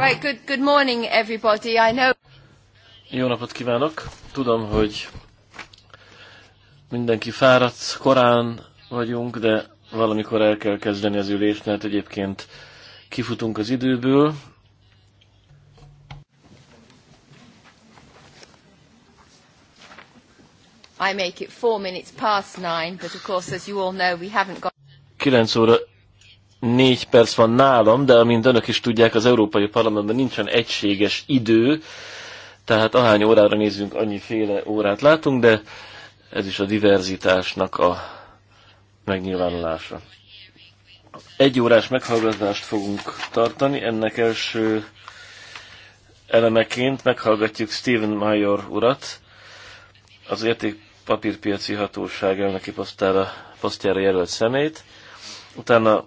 Right, good, good morning everybody. I know... Jó napot kívánok! Tudom, hogy mindenki fáradt, korán vagyunk, de valamikor el kell kezdeni az ülést, mert egyébként kifutunk az időből. I make it four minutes past nine, but of course, as you all know, we haven't got... 9 óra négy perc van nálam, de amint önök is tudják, az Európai Parlamentben nincsen egységes idő, tehát ahány órára nézzünk, annyiféle órát látunk, de ez is a diverzitásnak a megnyilvánulása. Egy órás meghallgatást fogunk tartani, ennek első elemeként meghallgatjuk Steven Major urat, az értékpapírpiaci hatóság elnöki posztára, posztjára jelölt szemét, utána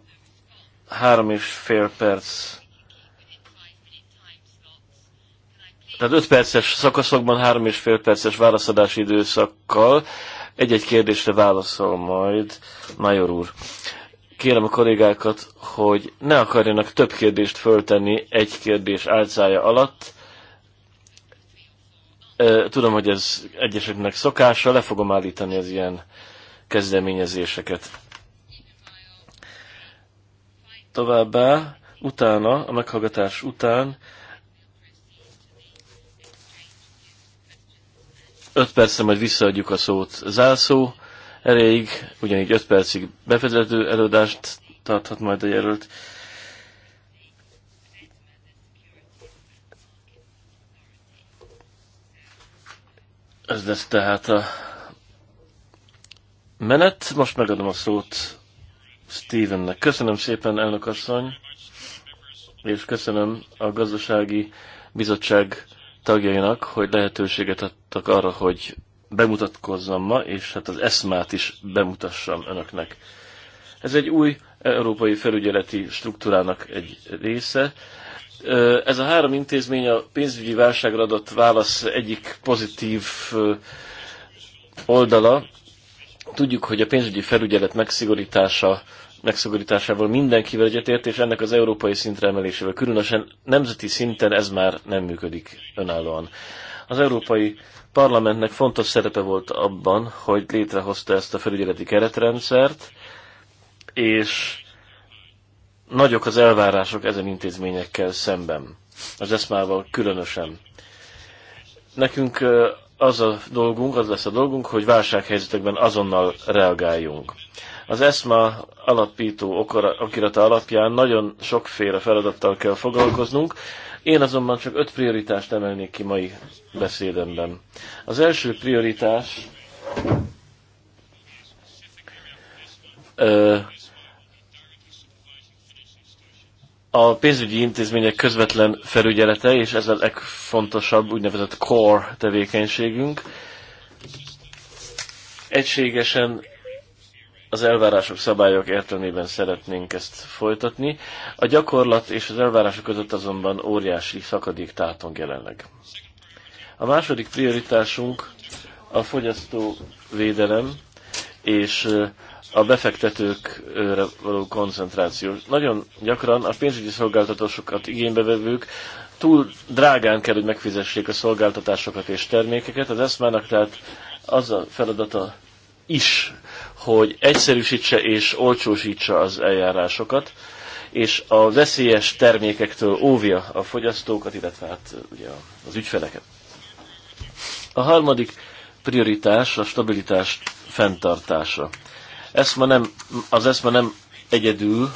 három és fél perc, tehát öt perces szakaszokban három és fél perces válaszadási időszakkal egy-egy kérdésre válaszol majd Major úr. Kérem a kollégákat, hogy ne akarjanak több kérdést föltenni egy kérdés álcája alatt. Tudom, hogy ez egyeseknek szokása, le fogom állítani az ilyen kezdeményezéseket. Továbbá utána, a meghallgatás után 5 percre majd visszaadjuk a szót zászó erejéig, ugyanígy 5 percig bevezető előadást tarthat majd a jelölt. Ez lesz tehát a menet. Most megadom a szót Stevennek. Köszönöm szépen, elnök asszony, és köszönöm a gazdasági bizottság tagjainak, hogy lehetőséget adtak arra, hogy bemutatkozzam ma, és hát az eszmát is bemutassam önöknek. Ez egy új európai felügyeleti struktúrának egy része. Ez a három intézmény a pénzügyi válságra adott válasz egyik pozitív oldala. Tudjuk, hogy a pénzügyi felügyelet megszigorítása megszabadításával mindenkivel egyetért, és ennek az európai szintre emelésével. Különösen nemzeti szinten ez már nem működik önállóan. Az Európai Parlamentnek fontos szerepe volt abban, hogy létrehozta ezt a felügyeleti keretrendszert, és nagyok az elvárások ezen intézményekkel szemben. Az eszmával különösen. Nekünk az a dolgunk, az lesz a dolgunk, hogy válsághelyzetekben azonnal reagáljunk. Az ESMA alapító okirata alapján nagyon sokféle feladattal kell foglalkoznunk, én azonban csak öt prioritást emelnék ki mai beszédemben. Az első prioritás a pénzügyi intézmények közvetlen felügyelete, és ez a legfontosabb úgynevezett core tevékenységünk. Egységesen az elvárások, szabályok értelmében szeretnénk ezt folytatni. A gyakorlat és az elvárások között azonban óriási szakadék tátong jelenleg. A második prioritásunk a fogyasztóvédelem és a befektetőkre való koncentráció. Nagyon gyakran a pénzügyi szolgáltatásokat igénybevevők túl drágán kell, hogy megfizessék a szolgáltatásokat és termékeket. Az eszmának tehát az a feladata is hogy egyszerűsítse és olcsósítsa az eljárásokat, és a veszélyes termékektől óvja a fogyasztókat, illetve hát ugye az ügyfeleket. A harmadik prioritás a stabilitás fenntartása. Ezt ma nem, az ESMA nem egyedül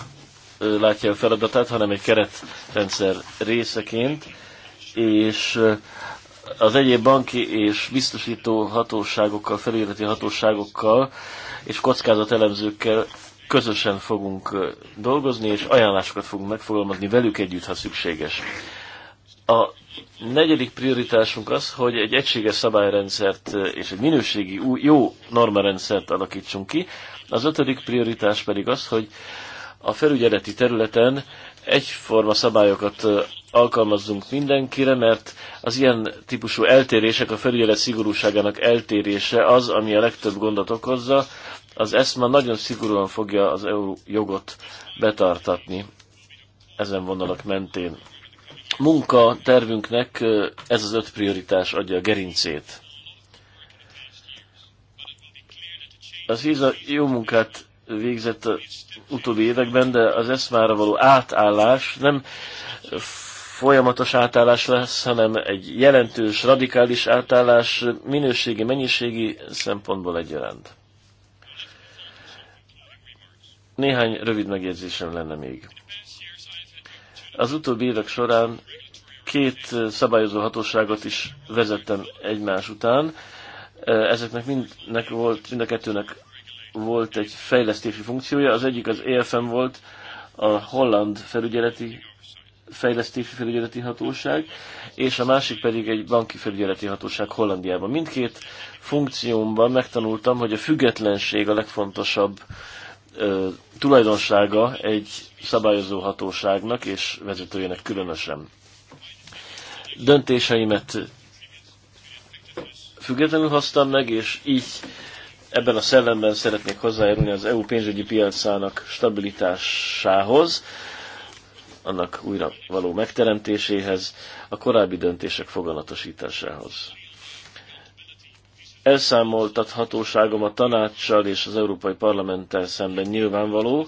látja a feladatát, hanem egy keretrendszer részeként, és az egyéb banki és biztosító hatóságokkal, felületi hatóságokkal és kockázat elemzőkkel közösen fogunk dolgozni, és ajánlásokat fogunk megfogalmazni velük együtt, ha szükséges. A negyedik prioritásunk az, hogy egy egységes szabályrendszert és egy minőségi új, jó normarendszert alakítsunk ki. Az ötödik prioritás pedig az, hogy a felügyeleti területen egyforma szabályokat alkalmazzunk mindenkire, mert az ilyen típusú eltérések, a felügyelet szigorúságának eltérése az, ami a legtöbb gondot okozza, az ESMA nagyon szigorúan fogja az EU jogot betartatni ezen vonalak mentén. Munka tervünknek ez az öt prioritás adja a gerincét. Az HISA jó munkát végzett a utóbbi években, de az eszmára való átállás nem folyamatos átállás lesz, hanem egy jelentős, radikális átállás minőségi, mennyiségi szempontból egyaránt. Néhány rövid megjegyzésem lenne még. Az utóbbi évek során két szabályozó hatóságot is vezettem egymás után. Ezeknek mindnek volt, mind a kettőnek volt egy fejlesztési funkciója. Az egyik az EFM volt, a holland felügyeleti fejlesztési felügyeleti hatóság, és a másik pedig egy banki felügyeleti hatóság Hollandiában. Mindkét funkciómban megtanultam, hogy a függetlenség a legfontosabb ö, tulajdonsága egy szabályozó hatóságnak és vezetőjének különösen. Döntéseimet függetlenül hoztam meg, és így ebben a szellemben szeretnék hozzájárulni az EU pénzügyi piacának stabilitásához, annak újra való megteremtéséhez, a korábbi döntések foganatosításához elszámoltathatóságom a tanácssal és az Európai Parlamenttel szemben nyilvánvaló.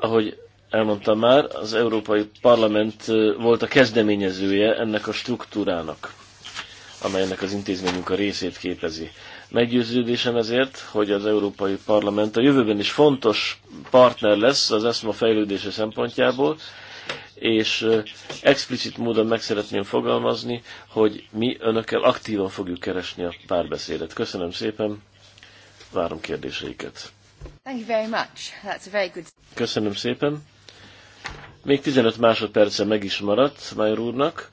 Ahogy elmondtam már, az Európai Parlament volt a kezdeményezője ennek a struktúrának, amelynek az intézményünk a részét képezi. Meggyőződésem ezért, hogy az Európai Parlament a jövőben is fontos partner lesz az ESMA fejlődése szempontjából, és explicit módon meg szeretném fogalmazni, hogy mi önökkel aktívan fogjuk keresni a párbeszédet. Köszönöm szépen, várom kérdéseiket. Thank you very much. That's a very good... Köszönöm szépen. Még 15 másodperce meg is maradt Major úrnak.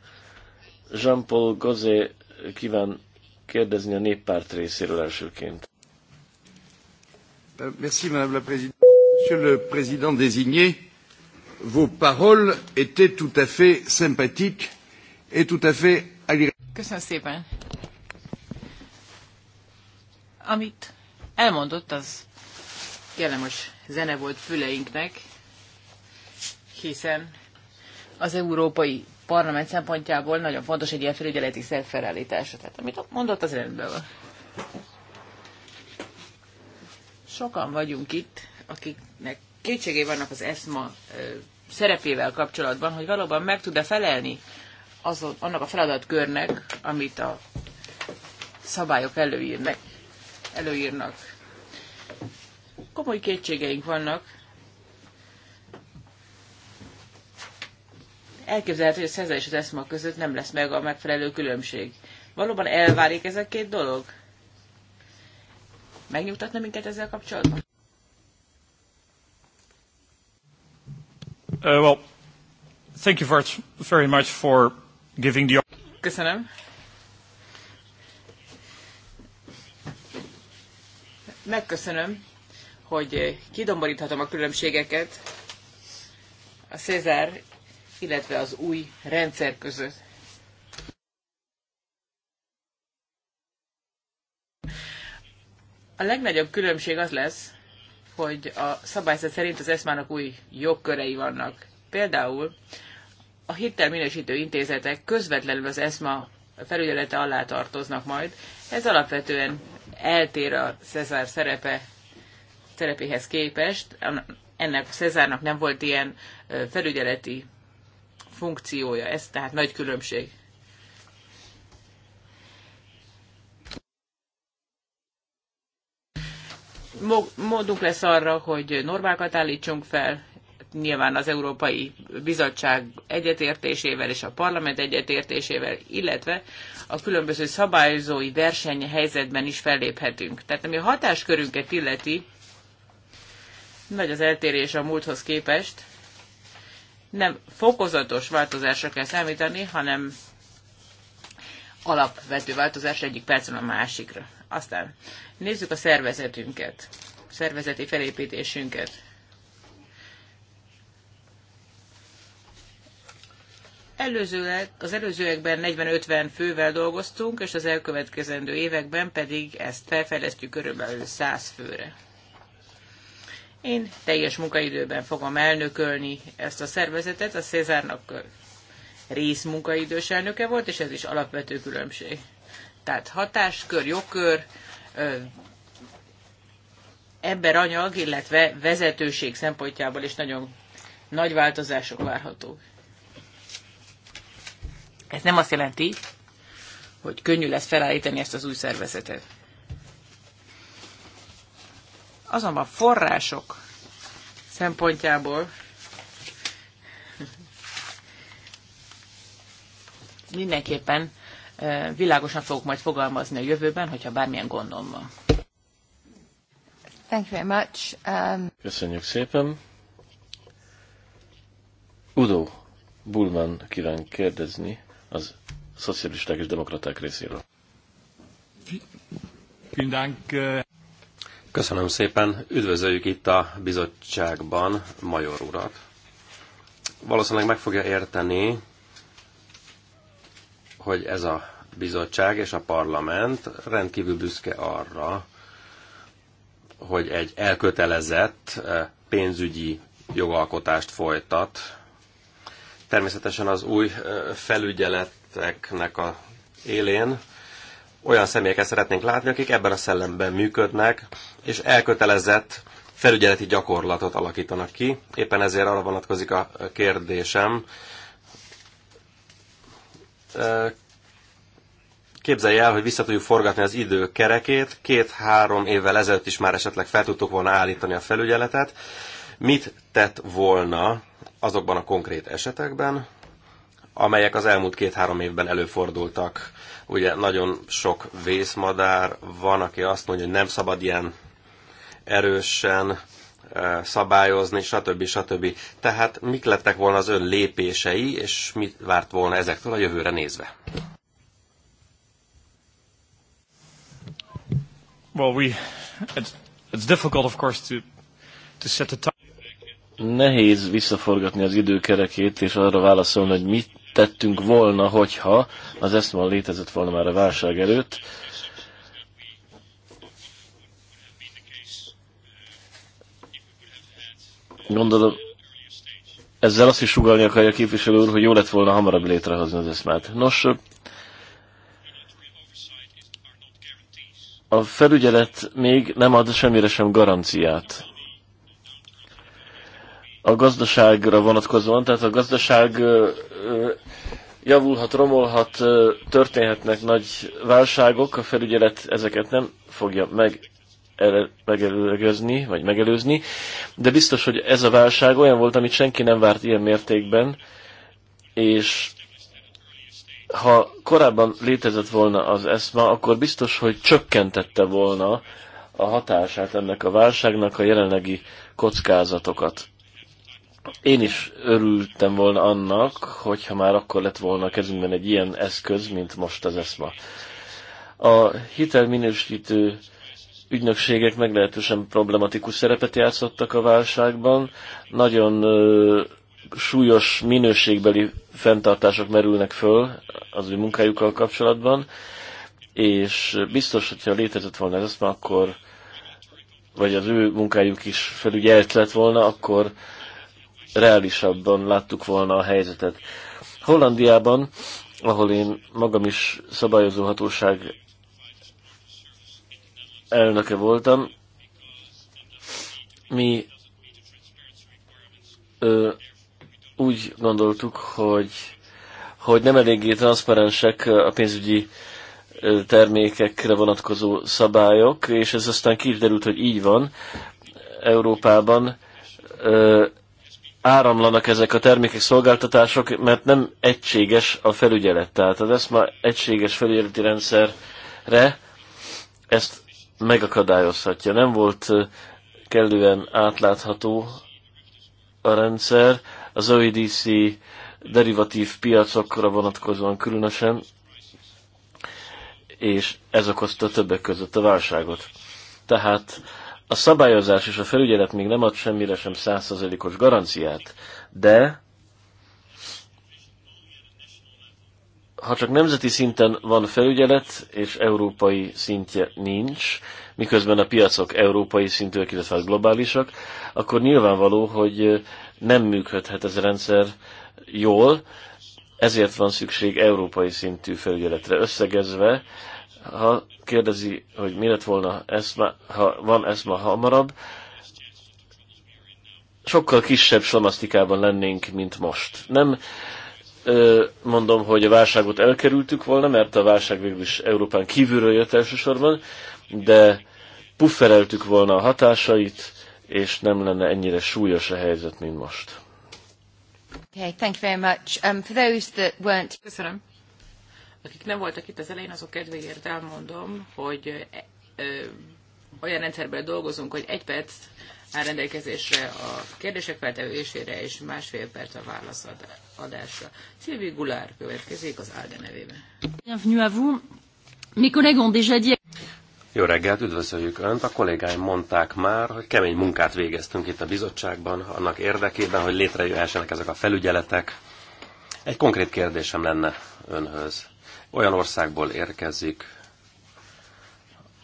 Jean-Paul Gozé kíván kérdezni a néppárt részéről elsőként. Euh, merci, Madame la Présidente. Monsieur le Président désigné, vos paroles étaient tout à fait sympathiques et tout à fait agréables. Amit elmondott, az kellemes zene volt füleinknek, hiszen az Európai Parlament szempontjából nagyon fontos egy ilyen felügyeleti szerv felállítása. Tehát amit mondott, az rendben van. Sokan vagyunk itt, akiknek kétségei vannak az ESMA szerepével kapcsolatban, hogy valóban meg tud-e felelni azon, annak a feladatkörnek, amit a szabályok előírnak. előírnak. Komoly kétségeink vannak. Elképzelhető, hogy a SZEZA és az ESMA között nem lesz meg a megfelelő különbség. Valóban elvárik ez a két dolog? Megnyugtatna minket ezzel kapcsolatban? Uh, well, thank you very much for giving the... Köszönöm. Megköszönöm, hogy kidomboríthatom a különbségeket a Cézár, illetve az új rendszer között. A legnagyobb különbség az lesz, hogy a szabályzat szerint az eszmának új jogkörei vannak. Például a hitelminősítő intézetek közvetlenül az ESMA felügyelete alá tartoznak majd. Ez alapvetően eltér a Cezár szerepe, szerepéhez képest. Ennek a Cezárnak nem volt ilyen felügyeleti funkciója, ez tehát nagy különbség. módunk lesz arra, hogy normákat állítsunk fel, nyilván az Európai Bizottság egyetértésével és a parlament egyetértésével, illetve a különböző szabályozói versenyhelyzetben is felléphetünk. Tehát ami a hatáskörünket illeti, nagy az eltérés a múlthoz képest, nem fokozatos változásra kell számítani, hanem alapvető változás egyik percen a másikra. Aztán nézzük a szervezetünket, szervezeti felépítésünket. Előzőleg, az előzőekben 40-50 fővel dolgoztunk, és az elkövetkezendő években pedig ezt felfejlesztjük körülbelül 100 főre. Én teljes munkaidőben fogom elnökölni ezt a szervezetet, a Cézárnak rész munkaidős elnöke volt, és ez is alapvető különbség. Tehát hatáskör, jogkör, emberanyag, illetve vezetőség szempontjából is nagyon nagy változások várhatók. Ez nem azt jelenti, hogy könnyű lesz felállítani ezt az új szervezetet. Azonban források szempontjából mindenképpen világosan fogok majd fogalmazni a jövőben, hogyha bármilyen gondom van. Thank you very much. Um... Köszönjük szépen. Udo Bulman kíván kérdezni az szocialisták és demokraták részéről. Köszönöm szépen. Üdvözöljük itt a bizottságban Major urat. Valószínűleg meg fogja érteni, hogy ez a bizottság és a parlament rendkívül büszke arra, hogy egy elkötelezett eh, pénzügyi jogalkotást folytat. Természetesen az új eh, felügyeleteknek a élén olyan személyeket szeretnénk látni, akik ebben a szellemben működnek, és elkötelezett felügyeleti gyakorlatot alakítanak ki. Éppen ezért arra vonatkozik a kérdésem, Képzelj el, hogy vissza tudjuk forgatni az idő kerekét, két-három évvel ezelőtt is már esetleg fel tudtuk volna állítani a felügyeletet. Mit tett volna azokban a konkrét esetekben, amelyek az elmúlt két-három évben előfordultak? Ugye nagyon sok vészmadár van, aki azt mondja, hogy nem szabad ilyen erősen szabályozni, stb. stb. Tehát mik lettek volna az ön lépései, és mit várt volna ezektől a jövőre nézve? Well, we, it's, it's difficult, of course, to, to set the time. Nehéz visszaforgatni az időkerekét, és arra válaszolni, hogy mit tettünk volna, hogyha az ESMA létezett volna már a válság előtt Gondolom, ezzel azt is sugalni akarja a képviselő úr, hogy jó lett volna hamarabb létrehozni az eszmát. Nos, a felügyelet még nem ad semmire sem garanciát. A gazdaságra vonatkozóan, tehát a gazdaság javulhat, romolhat, történhetnek nagy válságok, a felügyelet ezeket nem fogja meg el, megelőzni, vagy megelőzni, de biztos, hogy ez a válság olyan volt, amit senki nem várt ilyen mértékben, és ha korábban létezett volna az ESMA, akkor biztos, hogy csökkentette volna a hatását ennek a válságnak a jelenlegi kockázatokat. Én is örültem volna annak, hogyha már akkor lett volna a kezünkben egy ilyen eszköz, mint most az ESMA. A hitelminősítő ügynökségek meglehetősen problematikus szerepet játszottak a válságban. Nagyon ö, súlyos minőségbeli fenntartások merülnek föl az ő munkájukkal kapcsolatban, és biztos, hogyha létezett volna ez, már akkor, vagy az ő munkájuk is felügyelt lett volna, akkor reálisabban láttuk volna a helyzetet. Hollandiában, ahol én magam is szabályozóhatóság elnöke voltam. Mi ö, úgy gondoltuk, hogy, hogy nem eléggé transzparensek a pénzügyi termékekre vonatkozó szabályok, és ez aztán kiderült, hogy így van. Európában ö, áramlanak ezek a termékek, szolgáltatások, mert nem egységes a felügyelet. Tehát az ma egységes felügyeleti rendszerre ezt megakadályozhatja. Nem volt kellően átlátható a rendszer, az OEDC derivatív piacokra vonatkozóan különösen, és ez okozta többek között a válságot. Tehát a szabályozás és a felügyelet még nem ad semmire sem százszerzelékos garanciát, de ha csak nemzeti szinten van felügyelet, és európai szintje nincs, miközben a piacok európai szintűek, illetve hát globálisak, akkor nyilvánvaló, hogy nem működhet ez a rendszer jól, ezért van szükség európai szintű felügyeletre. Összegezve, ha kérdezi, hogy mi lett volna eszma, ha van ma hamarabb, sokkal kisebb slamasztikában lennénk, mint most. Nem mondom, hogy a válságot elkerültük volna, mert a válság végül is Európán kívülről jött elsősorban, de puffereltük volna a hatásait, és nem lenne ennyire súlyos a helyzet, mint most. Okay, thank you very much. Um, for those that weren't... Köszönöm. Akik nem voltak itt az elején, azok kedvéért elmondom, hogy ö, ö, olyan rendszerben dolgozunk, hogy egy perc áll rendelkezésre a kérdések feltevésére és másfél perc a válaszadásra. Szilvi Gulár következik az ALDE nevében. Bienvenue à vous. Mes collègues ont déjà dit... Jó reggelt, üdvözöljük Önt! A kollégáim mondták már, hogy kemény munkát végeztünk itt a bizottságban, annak érdekében, hogy létrejöhessenek ezek a felügyeletek. Egy konkrét kérdésem lenne Önhöz. Olyan országból érkezik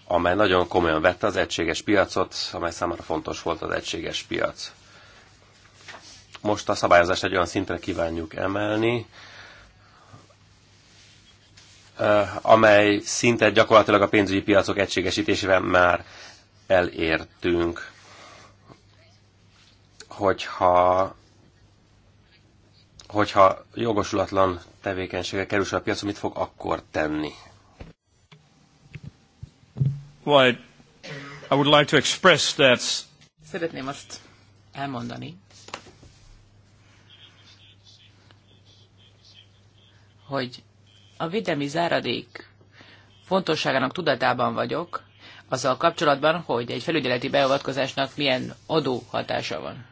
amely nagyon komolyan vette az egységes piacot, amely számára fontos volt az egységes piac. Most a szabályozást egy olyan szintre kívánjuk emelni, eh, amely szintet gyakorlatilag a pénzügyi piacok egységesítésével már elértünk. Hogyha, hogyha jogosulatlan tevékenységre kerül a piacon, mit fog akkor tenni Well, I would like to express that. Szeretném azt elmondani, hogy a védelmi záradék fontosságának tudatában vagyok, azzal kapcsolatban, hogy egy felügyeleti beavatkozásnak milyen adó hatása van.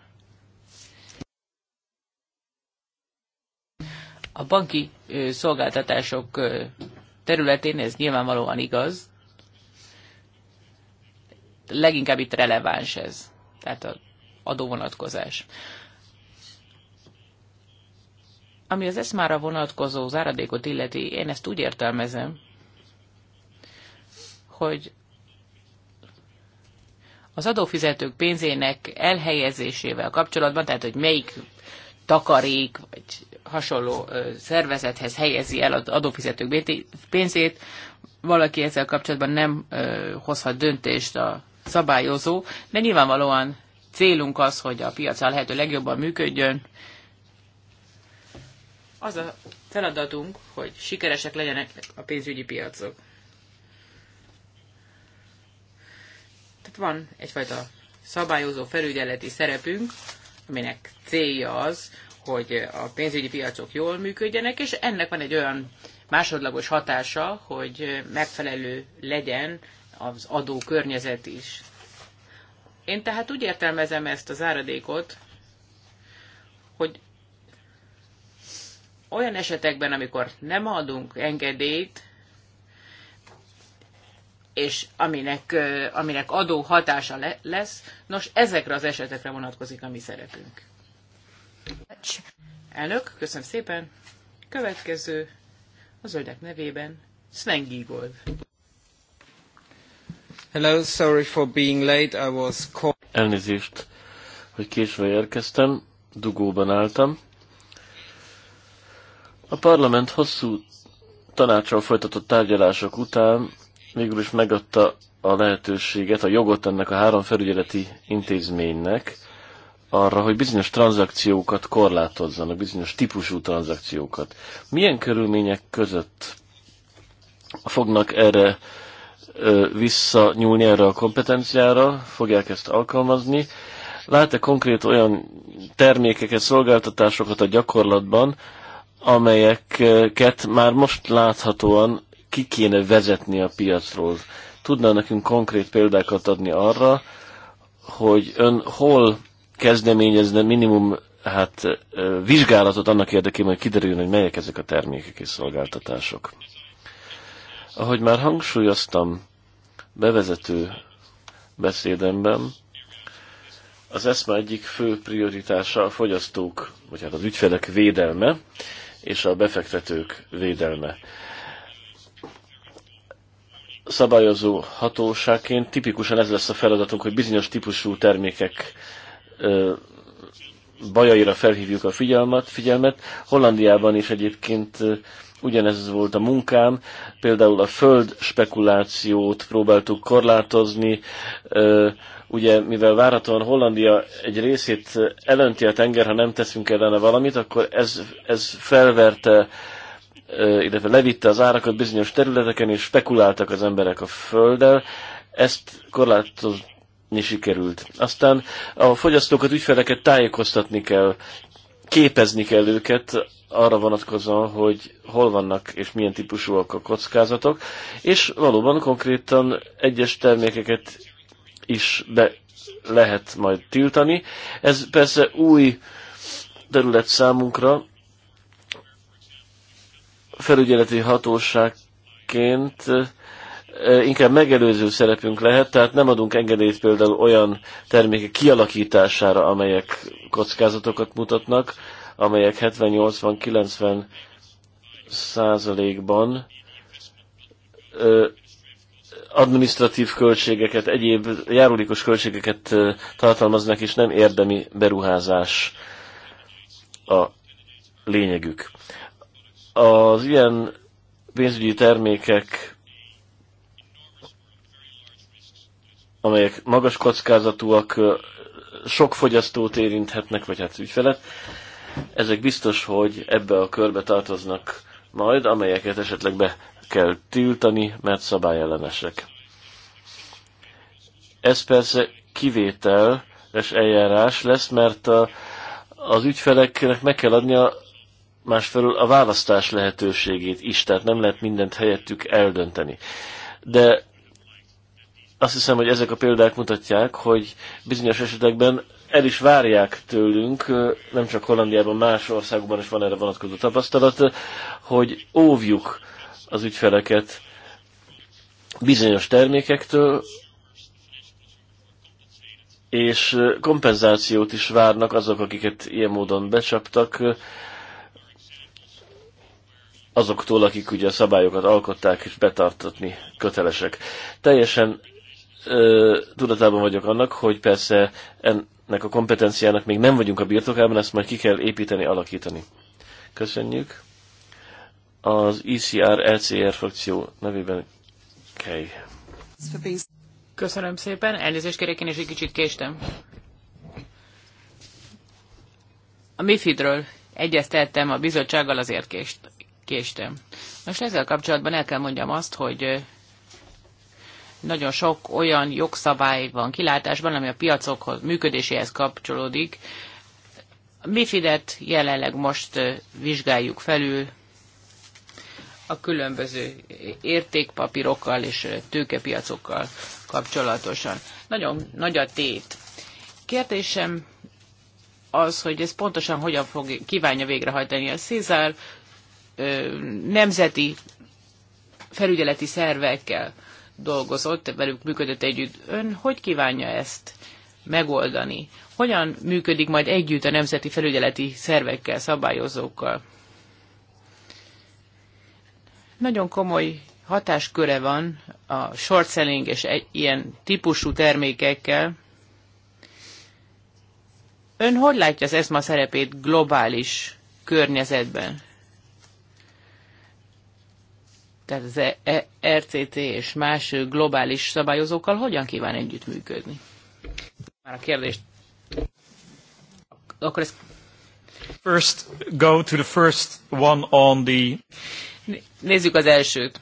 A banki szolgáltatások területén ez nyilvánvalóan igaz, leginkább itt releváns ez, tehát az adóvonatkozás. Ami az eszmára vonatkozó záradékot illeti, én ezt úgy értelmezem, hogy az adófizetők pénzének elhelyezésével kapcsolatban, tehát hogy melyik takarék vagy hasonló szervezethez helyezi el az adófizetők pénzét, valaki ezzel kapcsolatban nem hozhat döntést a szabályozó, de nyilvánvalóan célunk az, hogy a piac a lehető legjobban működjön. Az a feladatunk, hogy sikeresek legyenek a pénzügyi piacok. Tehát van egyfajta szabályozó felügyeleti szerepünk, aminek célja az, hogy a pénzügyi piacok jól működjenek, és ennek van egy olyan másodlagos hatása, hogy megfelelő legyen az adó környezet is. Én tehát úgy értelmezem ezt az áradékot, hogy olyan esetekben, amikor nem adunk engedélyt, és aminek, aminek adó hatása le, lesz, nos, ezekre az esetekre vonatkozik a mi szerepünk. Elnök, köszönöm szépen. Következő a zöldek nevében Sven Giegold. Hello, sorry for being late, I was Elnézést, hogy késve érkeztem, dugóban álltam. A parlament hosszú tanácsal folytatott tárgyalások után végül is megadta a lehetőséget, a jogot ennek a három felügyeleti intézménynek arra, hogy bizonyos tranzakciókat korlátozzanak, bizonyos típusú tranzakciókat. Milyen körülmények között fognak erre visszanyúlni erre a kompetenciára, fogják ezt alkalmazni. Lát-e konkrét olyan termékeket, szolgáltatásokat a gyakorlatban, amelyeket már most láthatóan ki kéne vezetni a piacról? Tudná nekünk konkrét példákat adni arra, hogy ön hol kezdeményezne minimum hát, vizsgálatot annak érdekében, hogy kiderüljön, hogy melyek ezek a termékek és szolgáltatások? Ahogy már hangsúlyoztam bevezető beszédemben, az eszme egyik fő prioritása a fogyasztók, vagy hát az ügyfelek védelme és a befektetők védelme. Szabályozó hatóságként tipikusan ez lesz a feladatunk, hogy bizonyos típusú termékek bajaira felhívjuk a figyelmet. figyelmet. Hollandiában is egyébként ugyanez volt a munkám, például a föld spekulációt próbáltuk korlátozni, ugye mivel várhatóan Hollandia egy részét elönti a tenger, ha nem teszünk ellene valamit, akkor ez, ez felverte, illetve levitte az árakat bizonyos területeken, és spekuláltak az emberek a földdel, ezt korlátozni sikerült. Aztán a fogyasztókat, ügyfeleket tájékoztatni kell, képezni kell őket arra vonatkozóan, hogy hol vannak és milyen típusúak a kockázatok, és valóban konkrétan egyes termékeket is be lehet majd tiltani. Ez persze új terület számunkra, felügyeleti hatóságként e, inkább megelőző szerepünk lehet, tehát nem adunk engedélyt például olyan termékek kialakítására, amelyek kockázatokat mutatnak, amelyek 70-80-90 százalékban administratív költségeket, egyéb járulékos költségeket tartalmaznak, és nem érdemi beruházás a lényegük. Az ilyen pénzügyi termékek, amelyek magas kockázatúak, sok fogyasztót érinthetnek, vagy hát ügyfelet, ezek biztos, hogy ebbe a körbe tartoznak majd, amelyeket esetleg be kell tiltani, mert szabályellenesek. Ez persze kivétel és eljárás lesz, mert a, az ügyfeleknek meg kell adnia másfelől a választás lehetőségét is, tehát nem lehet mindent helyettük eldönteni. De azt hiszem, hogy ezek a példák mutatják, hogy bizonyos esetekben el is várják tőlünk, nem csak Hollandiában, más országokban is van erre vonatkozó tapasztalat, hogy óvjuk az ügyfeleket bizonyos termékektől, és kompenzációt is várnak azok, akiket ilyen módon becsaptak, azoktól, akik ugye a szabályokat alkották és betartatni kötelesek. Teljesen ö, tudatában vagyok annak, hogy persze en, a kompetenciának még nem vagyunk a birtokában, ezt majd ki kell építeni, alakítani. Köszönjük. Az ICR-LCR e e frakció nevében Kej. Köszönöm szépen, elnézést kérek, én is egy kicsit késtem. A MIFID-ről egyeztettem a bizottsággal, azért késtem. Most ezzel kapcsolatban el kell mondjam azt, hogy nagyon sok olyan jogszabály van kilátásban, ami a piacokhoz, működéséhez kapcsolódik. Mi mifid jelenleg most vizsgáljuk felül a különböző értékpapírokkal és tőkepiacokkal kapcsolatosan. Nagyon nagy a tét. Kérdésem az, hogy ez pontosan hogyan fog, kívánja végrehajtani a Cézár nemzeti felügyeleti szervekkel dolgozott, velük működött együtt. Ön hogy kívánja ezt megoldani? Hogyan működik majd együtt a nemzeti felügyeleti szervekkel, szabályozókkal? Nagyon komoly hatásköre van a short selling és egy, ilyen típusú termékekkel. Ön hogy látja az ESMA szerepét globális környezetben? tehát az e- e- RCT és más globális szabályozókkal hogyan kíván együttműködni? Már a kérdést. Akkor ez... First, go to the first one on the... Nézzük az elsőt.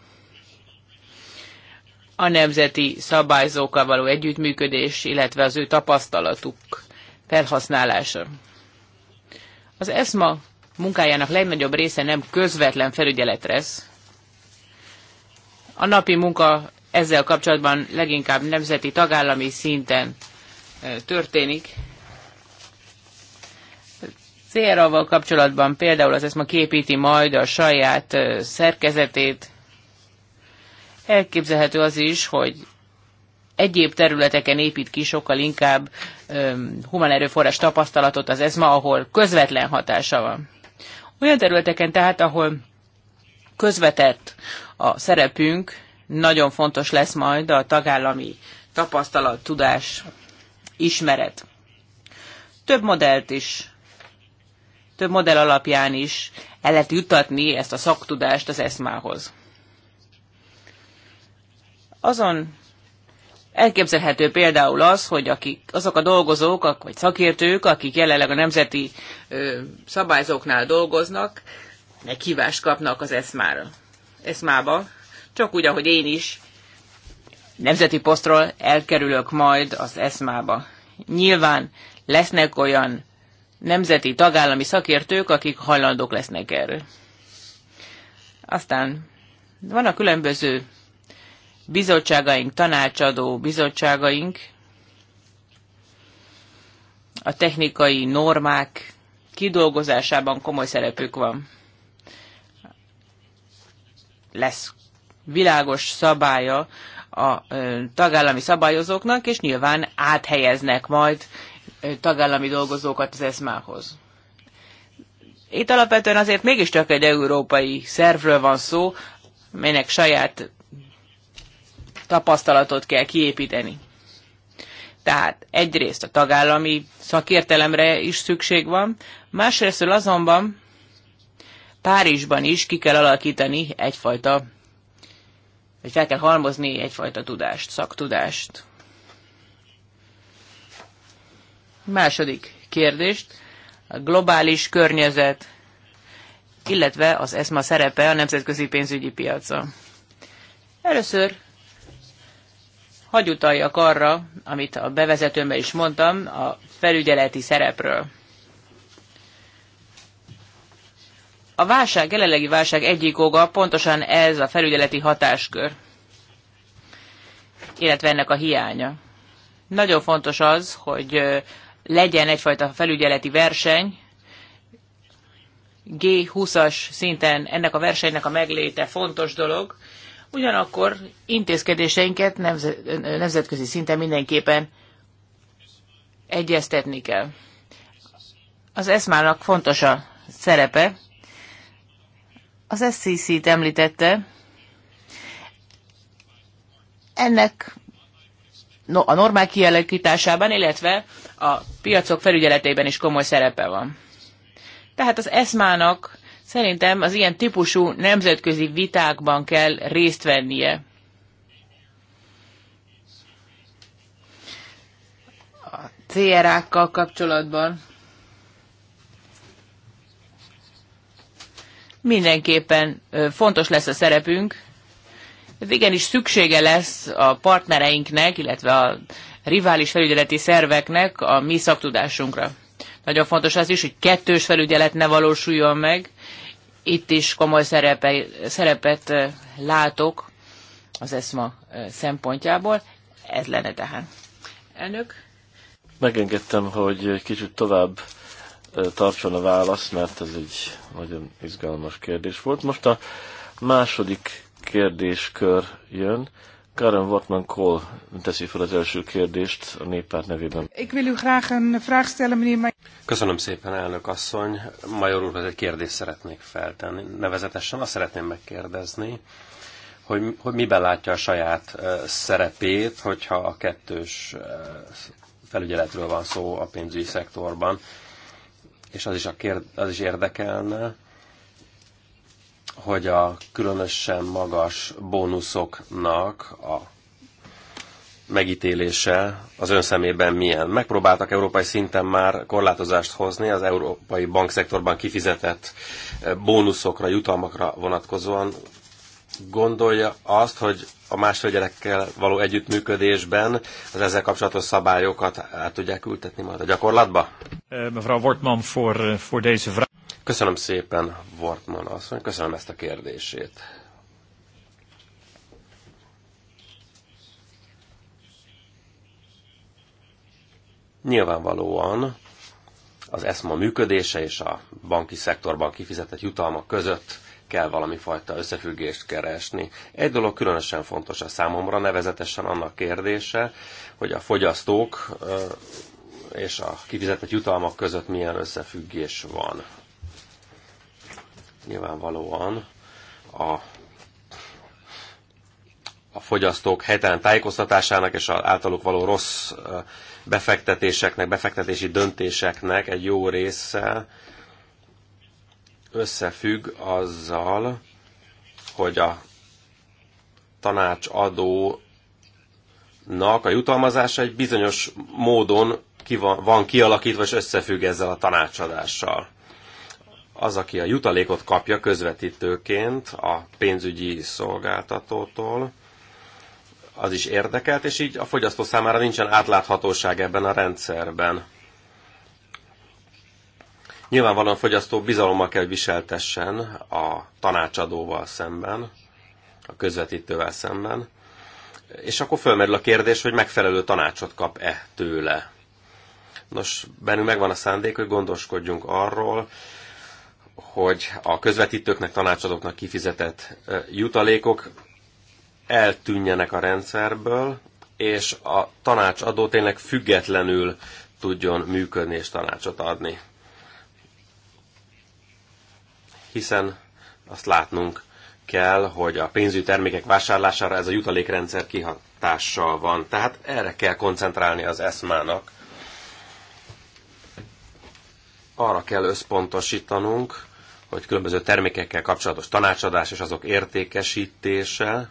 A nemzeti szabályzókkal való együttműködés, illetve az ő tapasztalatuk felhasználása. Az ESMA munkájának legnagyobb része nem közvetlen felügyeletre a napi munka ezzel kapcsolatban leginkább nemzeti tagállami szinten történik. Célraval kapcsolatban például az ma képíti majd a saját szerkezetét. Elképzelhető az is, hogy egyéb területeken épít ki sokkal inkább um, human erőforrás tapasztalatot az ESMA, ahol közvetlen hatása van. Olyan területeken tehát, ahol közvetett a szerepünk nagyon fontos lesz majd a tagállami tapasztalat, tudás, ismeret. Több modellt is, több modell alapján is el lehet jutatni ezt a szaktudást az eszmához. Azon Elképzelhető például az, hogy akik, azok a dolgozók, vagy szakértők, akik jelenleg a nemzeti ö, szabályzóknál dolgoznak, meghívást kapnak az eszmára eszmába, csak úgy, ahogy én is nemzeti posztról elkerülök majd az eszmába. Nyilván lesznek olyan nemzeti tagállami szakértők, akik hajlandók lesznek erre. Aztán van a különböző bizottságaink, tanácsadó bizottságaink, a technikai normák kidolgozásában komoly szerepük van lesz világos szabálya a tagállami szabályozóknak, és nyilván áthelyeznek majd tagállami dolgozókat az eszmához. Itt alapvetően azért mégiscsak egy európai szervről van szó, melynek saját tapasztalatot kell kiépíteni. Tehát egyrészt a tagállami szakértelemre is szükség van, másrészt azonban Párizsban is ki kell alakítani egyfajta, vagy fel kell halmozni egyfajta tudást, szaktudást. Második kérdést, a globális környezet, illetve az ESMA szerepe a nemzetközi pénzügyi piaca. Először hagy utaljak arra, amit a bevezetőmben is mondtam, a felügyeleti szerepről. A válság, jelenlegi válság egyik oga pontosan ez a felügyeleti hatáskör, illetve ennek a hiánya. Nagyon fontos az, hogy legyen egyfajta felügyeleti verseny, G20-as szinten ennek a versenynek a megléte fontos dolog, ugyanakkor intézkedéseinket nemzetközi szinten mindenképpen egyeztetni kell. Az eszmának fontos a szerepe, az SCC-t említette. Ennek a normál kialakításában, illetve a piacok felügyeletében is komoly szerepe van. Tehát az ESMA-nak szerintem az ilyen típusú nemzetközi vitákban kell részt vennie. CRA-kkal kapcsolatban. mindenképpen fontos lesz a szerepünk. Ez igenis szüksége lesz a partnereinknek, illetve a rivális felügyeleti szerveknek a mi szaktudásunkra. Nagyon fontos az is, hogy kettős felügyelet ne valósuljon meg. Itt is komoly szerepe, szerepet látok az ESMA szempontjából. Ez lenne tehát. Elnök? Megengedtem, hogy kicsit tovább tartson a válasz, mert ez egy nagyon izgalmas kérdés volt. Most a második kérdéskör jön. Karen Wortman Kohl teszi fel az első kérdést a néppárt nevében. Köszönöm szépen, elnök asszony. Major úrhoz egy kérdést szeretnék feltenni. Nevezetesen azt szeretném megkérdezni, hogy, hogy miben látja a saját uh, szerepét, hogyha a kettős uh, felügyeletről van szó a pénzügyi szektorban, és az is, a kérd, az is érdekelne, hogy a különösen magas bónuszoknak a megítélése az ön szemében milyen? Megpróbáltak európai szinten már korlátozást hozni az európai bankszektorban kifizetett eh, bónuszokra, jutalmakra vonatkozóan gondolja azt, hogy a másfél gyerekkel való együttműködésben az ezzel kapcsolatos szabályokat át tudják ültetni majd a gyakorlatba? Eh, mevrouw Wortman, for, for eh, deze vraag. Köszönöm szépen, Wortman asszony, köszönöm ezt a kérdését. Nyilvánvalóan az ESMA működése és a banki szektorban kifizetett jutalmak között kell valami fajta összefüggést keresni. Egy dolog különösen fontos a számomra, nevezetesen annak kérdése, hogy a fogyasztók és a kifizetett jutalmak között milyen összefüggés van. Nyilvánvalóan a a fogyasztók helytelen tájékoztatásának és az általuk való rossz befektetéseknek, befektetési döntéseknek egy jó része összefügg azzal, hogy a tanácsadónak a jutalmazása egy bizonyos módon ki van, van kialakítva és összefügg ezzel a tanácsadással. Az, aki a jutalékot kapja közvetítőként a pénzügyi szolgáltatótól, az is érdekelt, és így a fogyasztó számára nincsen átláthatóság ebben a rendszerben. Nyilvánvalóan a fogyasztó bizalommal kell, hogy viseltessen a tanácsadóval szemben, a közvetítővel szemben, és akkor fölmerül a kérdés, hogy megfelelő tanácsot kap-e tőle. Nos, bennünk megvan a szándék, hogy gondoskodjunk arról, hogy a közvetítőknek, tanácsadóknak kifizetett jutalékok eltűnjenek a rendszerből, és a tanácsadó tényleg függetlenül tudjon működni és tanácsot adni hiszen azt látnunk kell, hogy a pénzügyi termékek vásárlására ez a jutalékrendszer kihatással van. Tehát erre kell koncentrálni az eszmának. Arra kell összpontosítanunk, hogy különböző termékekkel kapcsolatos tanácsadás és azok értékesítése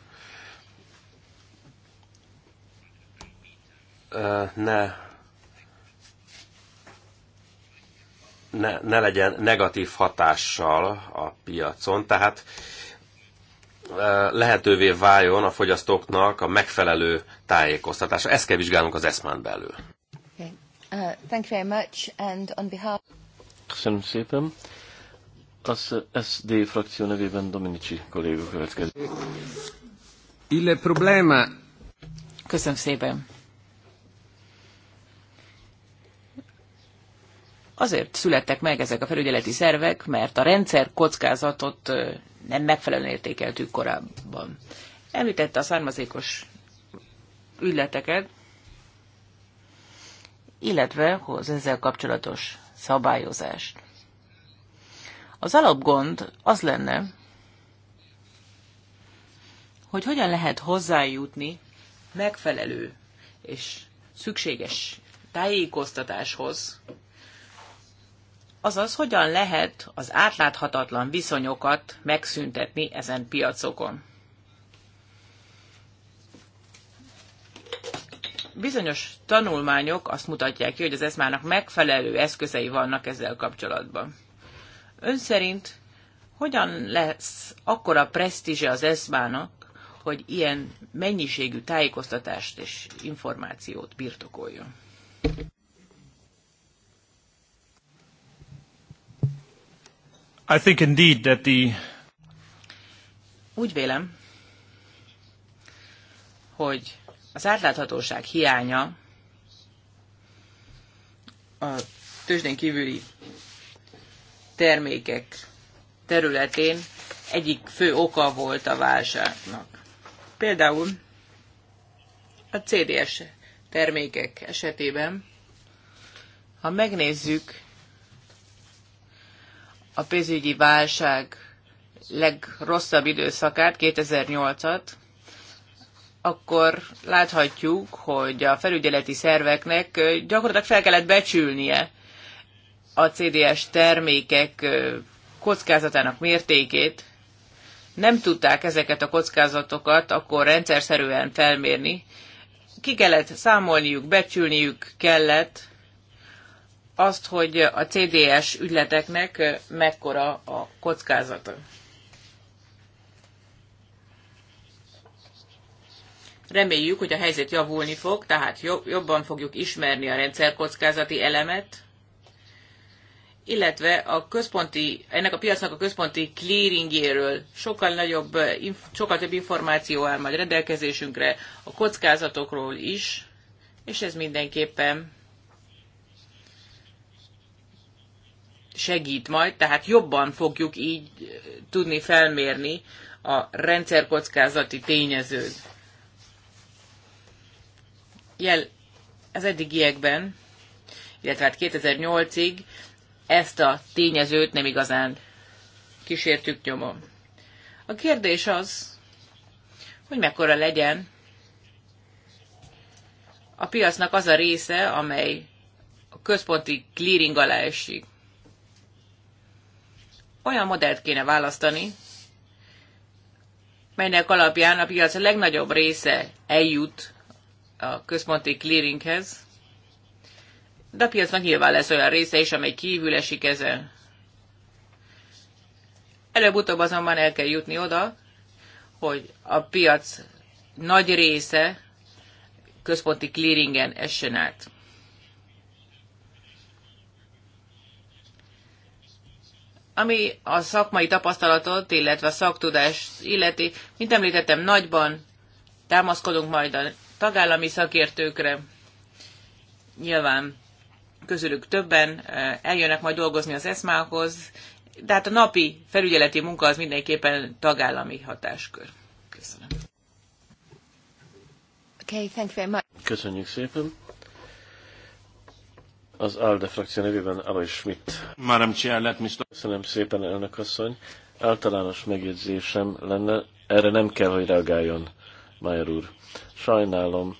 ne ne, ne legyen negatív hatással a piacon, tehát lehetővé váljon a fogyasztóknak a megfelelő tájékoztatása. Ezt kell vizsgálnunk az eszmán belül. Okay. Uh, thank you very much. And on behalf... Köszönöm szépen. Az SD frakció nevében Dominici kolléga következik. Il problema... Köszönöm szépen. Azért születtek meg ezek a felügyeleti szervek, mert a rendszer kockázatot nem megfelelően értékeltük korábban. Említette a származékos ügyleteket, illetve az ezzel kapcsolatos szabályozást. Az alapgond az lenne, hogy hogyan lehet hozzájutni megfelelő és szükséges tájékoztatáshoz Azaz, hogyan lehet az átláthatatlan viszonyokat megszüntetni ezen piacokon? Bizonyos tanulmányok azt mutatják ki, hogy az eszmának megfelelő eszközei vannak ezzel kapcsolatban. Ön szerint hogyan lesz akkora presztízse az eszmának, hogy ilyen mennyiségű tájékoztatást és információt birtokoljon? I think indeed that the... Úgy vélem, hogy az átláthatóság hiánya a tőzsdén kívüli termékek területén egyik fő oka volt a válságnak. Például a CDS termékek esetében, ha megnézzük a pénzügyi válság legrosszabb időszakát, 2008-at, akkor láthatjuk, hogy a felügyeleti szerveknek gyakorlatilag fel kellett becsülnie a CDS termékek kockázatának mértékét. Nem tudták ezeket a kockázatokat akkor rendszerszerűen felmérni. Ki kellett számolniuk, becsülniük kellett, azt, hogy a CDS ügyleteknek mekkora a kockázata. Reméljük, hogy a helyzet javulni fog, tehát jobban fogjuk ismerni a rendszerkockázati elemet, illetve a központi, ennek a piacnak a központi clearingéről sokkal, nagyobb, sokkal több információ áll majd rendelkezésünkre, a kockázatokról is, és ez mindenképpen segít majd, tehát jobban fogjuk így eh, tudni felmérni a rendszerkockázati tényezőt. Jel, az eddigiekben, illetve hát 2008-ig ezt a tényezőt nem igazán kísértük nyomon. A kérdés az, hogy mekkora legyen a piacnak az a része, amely a központi clearing alá esik olyan modellt kéne választani, melynek alapján a piac a legnagyobb része eljut a központi clearinghez, de a piacnak nyilván lesz olyan része is, amely kívül esik ezen. Előbb-utóbb azonban el kell jutni oda, hogy a piac nagy része központi clearingen essen át. Ami a szakmai tapasztalatot, illetve a szaktudást illeti, mint említettem, nagyban támaszkodunk majd a tagállami szakértőkre. Nyilván közülük többen eh, eljönnek majd dolgozni az eszmához, de hát a napi felügyeleti munka az mindenképpen tagállami hatáskör. Köszönöm. Okay, thank you very much. Köszönjük szépen. Az ALDE frakció nevében Alois Schmidt. Már nem let me stop. Köszönöm szépen, elnök asszony. Általános megjegyzésem lenne, erre nem kell, hogy reagáljon, Major úr. Sajnálom,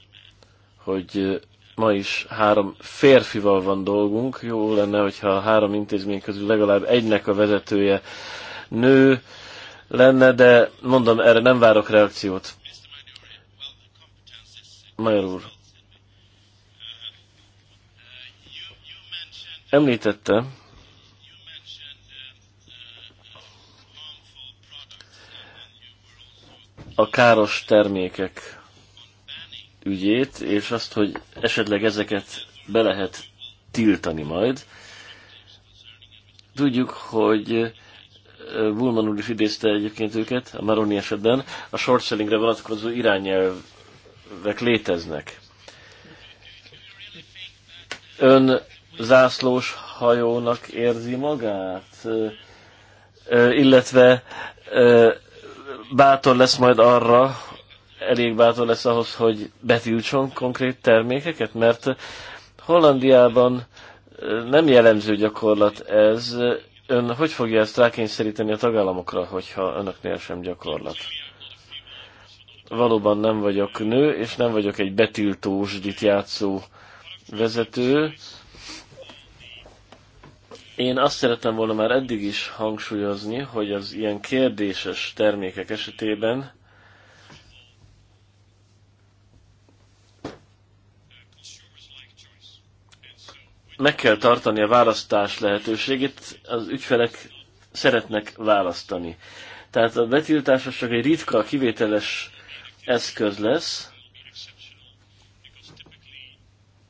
hogy ma is három férfival van dolgunk. Jó lenne, hogyha a három intézmény közül legalább egynek a vezetője nő lenne, de mondom, erre nem várok reakciót. Major úr, Említette, a káros termékek ügyét, és azt, hogy esetleg ezeket be lehet tiltani majd. Tudjuk, hogy Bulman úr is idézte egyébként őket, a Maroni esetben, a short sellingre vonatkozó irányelvek léteznek. Ön zászlós hajónak érzi magát, illetve bátor lesz majd arra, elég bátor lesz ahhoz, hogy betiltson konkrét termékeket, mert Hollandiában nem jellemző gyakorlat ez. Ön hogy fogja ezt rákényszeríteni a tagállamokra, hogyha önöknél sem gyakorlat? Valóban nem vagyok nő, és nem vagyok egy betiltós, játszó vezető, én azt szerettem volna már eddig is hangsúlyozni, hogy az ilyen kérdéses termékek esetében meg kell tartani a választás lehetőségét, az ügyfelek szeretnek választani. Tehát a betiltás az csak egy ritka, kivételes eszköz lesz,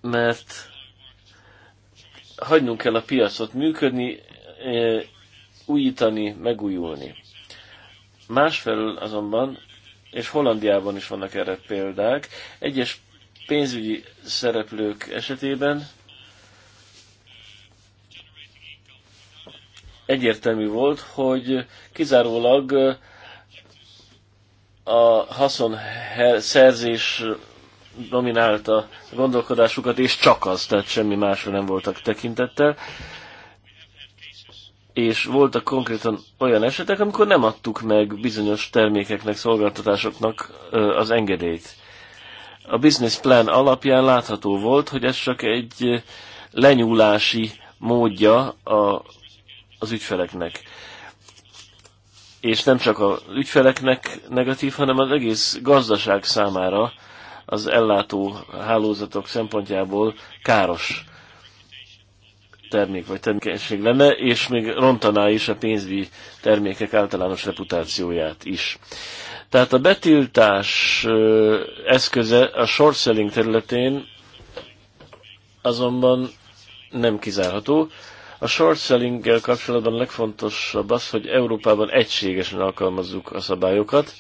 mert hagynunk kell a piacot működni, e, újítani, megújulni. Másfelől azonban, és Hollandiában is vannak erre példák, egyes pénzügyi szereplők esetében egyértelmű volt, hogy kizárólag a haszon szerzés dominálta a gondolkodásukat, és csak az, tehát semmi másra nem voltak tekintettel. És voltak konkrétan olyan esetek, amikor nem adtuk meg bizonyos termékeknek, szolgáltatásoknak az engedélyt. A business plan alapján látható volt, hogy ez csak egy lenyúlási módja a, az ügyfeleknek és nem csak az ügyfeleknek negatív, hanem az egész gazdaság számára az ellátó hálózatok szempontjából káros termék vagy termékenység lenne, és még rontaná is a pénzügyi termékek általános reputációját is. Tehát a betiltás eszköze a short selling területén azonban nem kizárható. A short sellinggel kapcsolatban legfontosabb az, hogy Európában egységesen alkalmazzuk a szabályokat,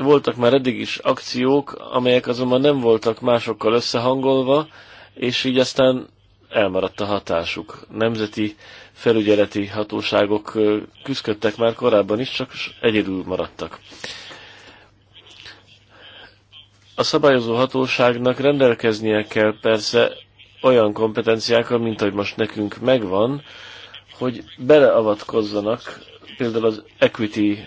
voltak már eddig is akciók, amelyek azonban nem voltak másokkal összehangolva, és így aztán elmaradt a hatásuk. Nemzeti felügyeleti hatóságok küzdöttek már korábban is, csak egyedül maradtak. A szabályozó hatóságnak rendelkeznie kell persze olyan kompetenciákkal, mint hogy most nekünk megvan, hogy beleavatkozzanak például az equity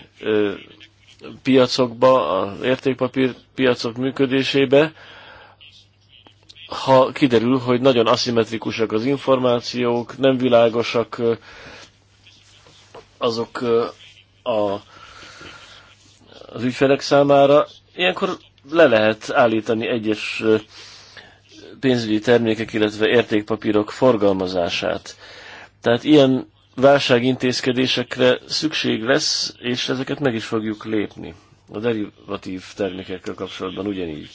piacokba, az értékpapír piacok működésébe, ha kiderül, hogy nagyon aszimmetrikusak az információk, nem világosak azok a, az ügyfelek számára, ilyenkor le lehet állítani egyes pénzügyi termékek, illetve értékpapírok forgalmazását. Tehát ilyen válságintézkedésekre szükség lesz, és ezeket meg is fogjuk lépni. A derivatív termékekkel kapcsolatban ugyanígy.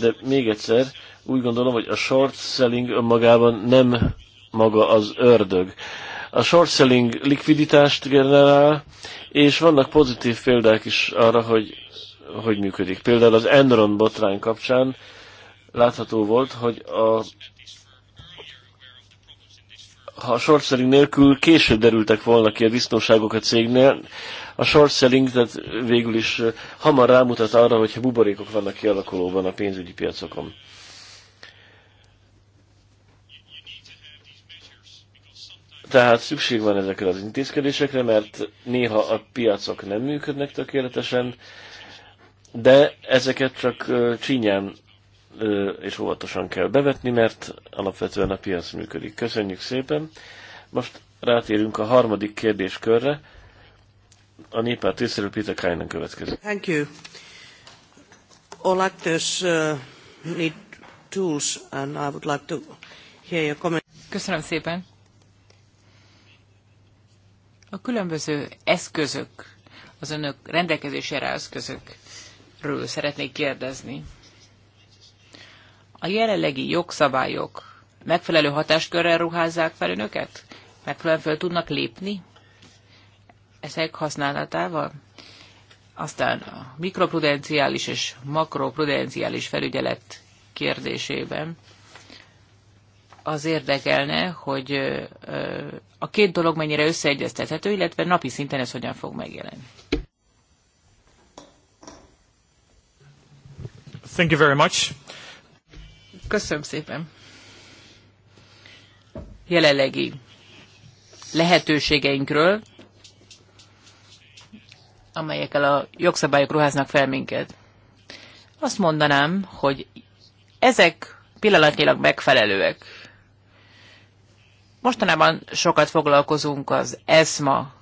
De még egyszer, úgy gondolom, hogy a short selling önmagában nem maga az ördög. A short selling likviditást generál, és vannak pozitív példák is arra, hogy hogy működik. Például az Enron botrány kapcsán látható volt, hogy a ha a short selling nélkül később derültek volna ki a disznóságok a cégnél, a short selling tehát végül is hamar rámutat arra, hogyha buborékok vannak kialakulóban a pénzügyi piacokon. Tehát szükség van ezekre az intézkedésekre, mert néha a piacok nem működnek tökéletesen, de ezeket csak csínyán és óvatosan kell bevetni, mert alapvetően a piac működik. Köszönjük szépen! Most rátérünk a harmadik kérdéskörre. A néppárt részéről Peter Kajnán következik. Thank you. All actors uh, need tools, and I would like to hear your comment. Köszönöm szépen. A különböző eszközök, az önök rendelkezésére eszközökről szeretnék kérdezni. A jelenlegi jogszabályok megfelelő hatáskörrel ruházzák fel önöket? Megfelelően fel tudnak lépni ezek használatával? Aztán a mikroprudenciális és makroprudenciális felügyelet kérdésében az érdekelne, hogy a két dolog mennyire összeegyeztethető, illetve napi szinten ez hogyan fog megjelenni. Thank you very much. Köszönöm szépen. Jelenlegi lehetőségeinkről, amelyekkel a jogszabályok ruháznak fel minket. Azt mondanám, hogy ezek pillanatnyilag megfelelőek. Mostanában sokat foglalkozunk az ESMA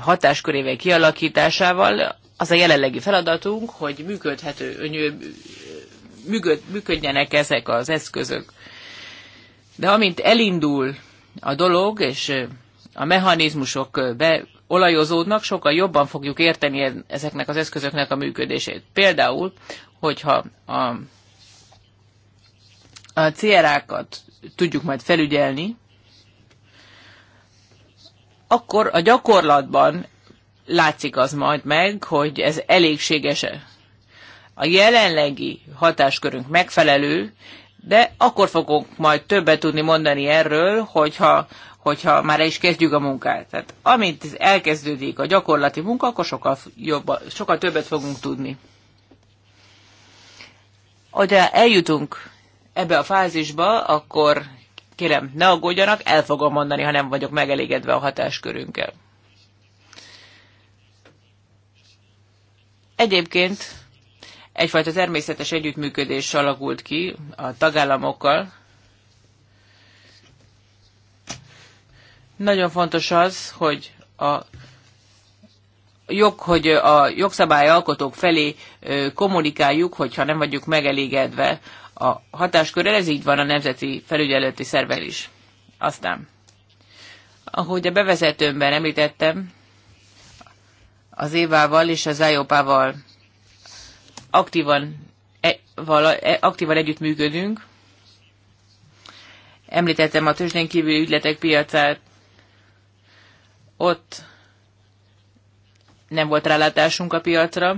hatáskörével kialakításával. Az a jelenlegi feladatunk, hogy működhető, működjenek ezek az eszközök. De amint elindul a dolog, és a mechanizmusok beolajozódnak, sokkal jobban fogjuk érteni e-, ezeknek az eszközöknek a működését. Például, hogyha a, a CRA-kat tudjuk majd felügyelni, akkor a gyakorlatban látszik az majd meg, hogy ez elégséges-e a jelenlegi hatáskörünk megfelelő, de akkor fogunk majd többet tudni mondani erről, hogyha, hogyha már is kezdjük a munkát. Tehát amint elkezdődik a gyakorlati munka, akkor sokkal, jobb, sokkal többet fogunk tudni. Hogyha eljutunk ebbe a fázisba, akkor kérem, ne aggódjanak, el fogom mondani, ha nem vagyok megelégedve a hatáskörünkkel. Egyébként egyfajta természetes együttműködés alakult ki a tagállamokkal. Nagyon fontos az, hogy a jog, hogy a jogszabályalkotók felé kommunikáljuk, hogyha nem vagyunk megelégedve a hatáskörrel, ez így van a nemzeti felügyelőti szervel is. Aztán, ahogy a bevezetőmben említettem, az Évával és az IOPával aktívan, e, vala, e, aktívan együttműködünk. Említettem a tőzsdén kívüli ügyletek piacát. Ott nem volt rálátásunk a piacra.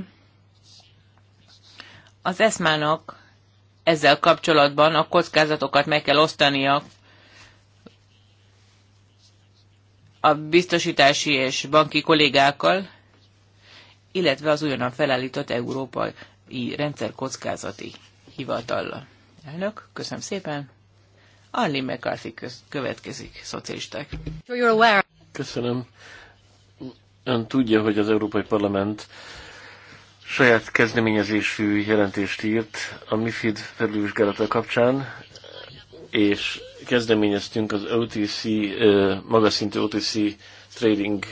Az eszmának ezzel kapcsolatban a kockázatokat meg kell osztania a biztosítási és banki kollégákkal, illetve az újonnan felállított Európai rendszer kockázati hivatalla Elnök, köszönöm szépen. Arlene McCarthy következik, szocialisták. Köszönöm. Ön tudja, hogy az Európai Parlament saját kezdeményezésű jelentést írt a MIFID felülvizsgálata kapcsán, és kezdeményeztünk az OTC, magas szintű OTC trading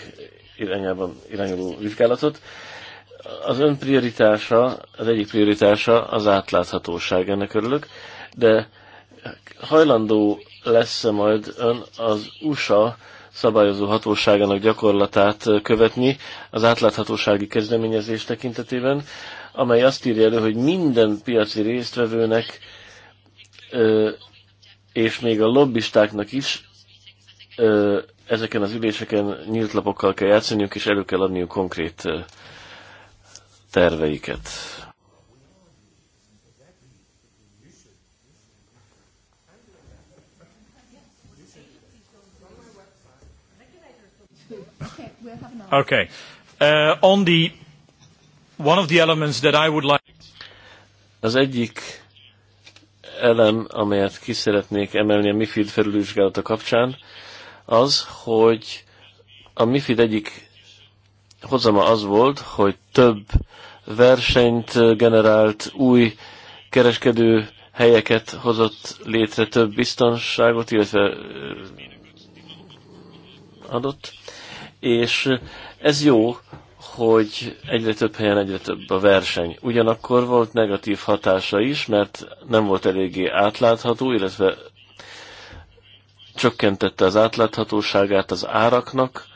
irányában irányuló vizsgálatot az ön prioritása, az egyik prioritása az átláthatóság, ennek örülök, de hajlandó lesz-e majd ön az USA szabályozó hatóságának gyakorlatát követni az átláthatósági kezdeményezés tekintetében, amely azt írja elő, hogy minden piaci résztvevőnek és még a lobbistáknak is ezeken az üléseken nyílt lapokkal kell játszaniuk, és elő kell adniuk konkrét terveiket. Okay. Uh, on the one of the elements that I would like. Az egyik elem, amelyet ki szeretnék emelni a MIFID felülvizsgálata kapcsán, az, hogy a MIFID egyik hozama az volt, hogy több versenyt eh, generált, új kereskedő helyeket hozott létre, több biztonságot, illetve eh, adott, és eh, ez jó, hogy egyre több helyen egyre több a verseny. Ugyanakkor volt negatív hatása is, mert nem volt eléggé átlátható, illetve csökkentette az átláthatóságát az áraknak,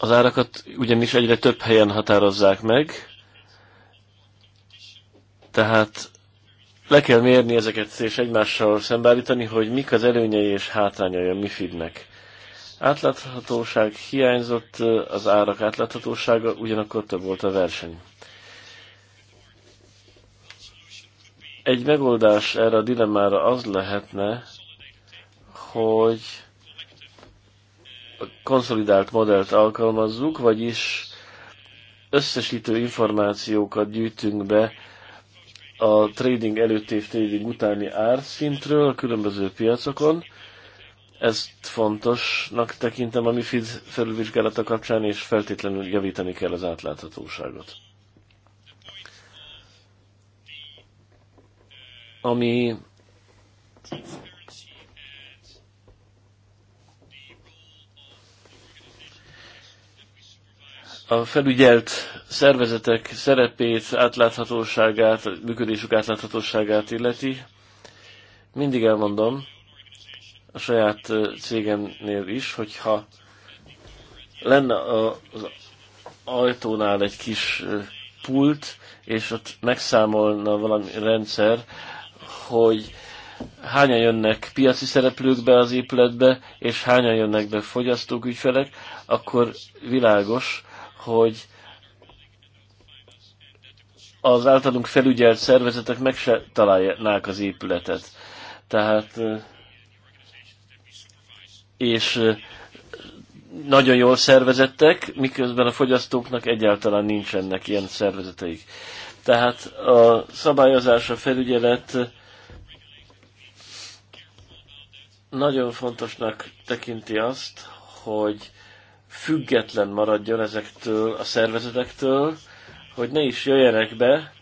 az árakat ugyanis egyre több helyen határozzák meg, tehát le kell mérni ezeket és egymással szembeállítani, hogy mik az előnyei és hátrányai a MIFID-nek. Átláthatóság hiányzott, az árak átláthatósága, ugyanakkor több volt a verseny. Egy megoldás erre a dilemmára az lehetne, hogy konszolidált modellt alkalmazzuk, vagyis összesítő információkat gyűjtünk be a trading előtt és trading utáni árszintről a különböző piacokon. Ezt fontosnak tekintem a MIFID felülvizsgálata kapcsán, és feltétlenül javítani kell az átláthatóságot. Ami a felügyelt szervezetek szerepét, átláthatóságát, működésük átláthatóságát illeti, mindig elmondom a saját cégemnél is, hogyha lenne az ajtónál egy kis pult, és ott megszámolna valami rendszer, hogy hányan jönnek piaci szereplők be az épületbe, és hányan jönnek be fogyasztók, ügyfelek, akkor világos, hogy az általunk felügyelt szervezetek meg se találnák az épületet. Tehát és nagyon jól szervezettek, miközben a fogyasztóknak egyáltalán nincsenek ilyen szervezeteik. Tehát a szabályozás, a felügyelet nagyon fontosnak tekinti azt, hogy független maradjon ezektől a szervezetektől, hogy ne is jöjjenek be,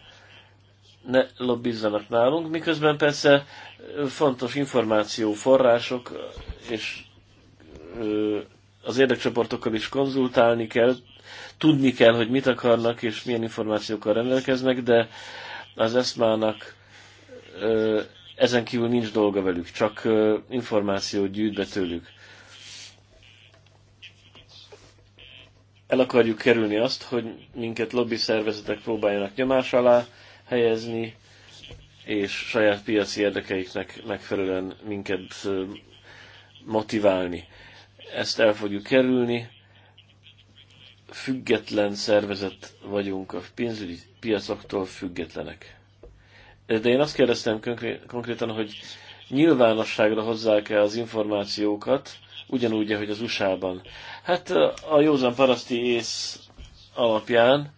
ne lobbizzanak nálunk, miközben persze fontos információ források és az érdekcsoportokkal is konzultálni kell, tudni kell, hogy mit akarnak és milyen információkkal rendelkeznek, de az eszmának ezen kívül nincs dolga velük, csak információt gyűjt be tőlük. el akarjuk kerülni azt, hogy minket lobby szervezetek próbáljanak nyomás alá helyezni, és saját piaci érdekeiknek megfelelően minket motiválni. Ezt el fogjuk kerülni. Független szervezet vagyunk, a pénzügyi piacoktól függetlenek. De én azt kérdeztem konkrétan, hogy nyilvánosságra hozzák-e az információkat, ugyanúgy, ahogy az USA-ban. Hát a józan paraszti ész alapján,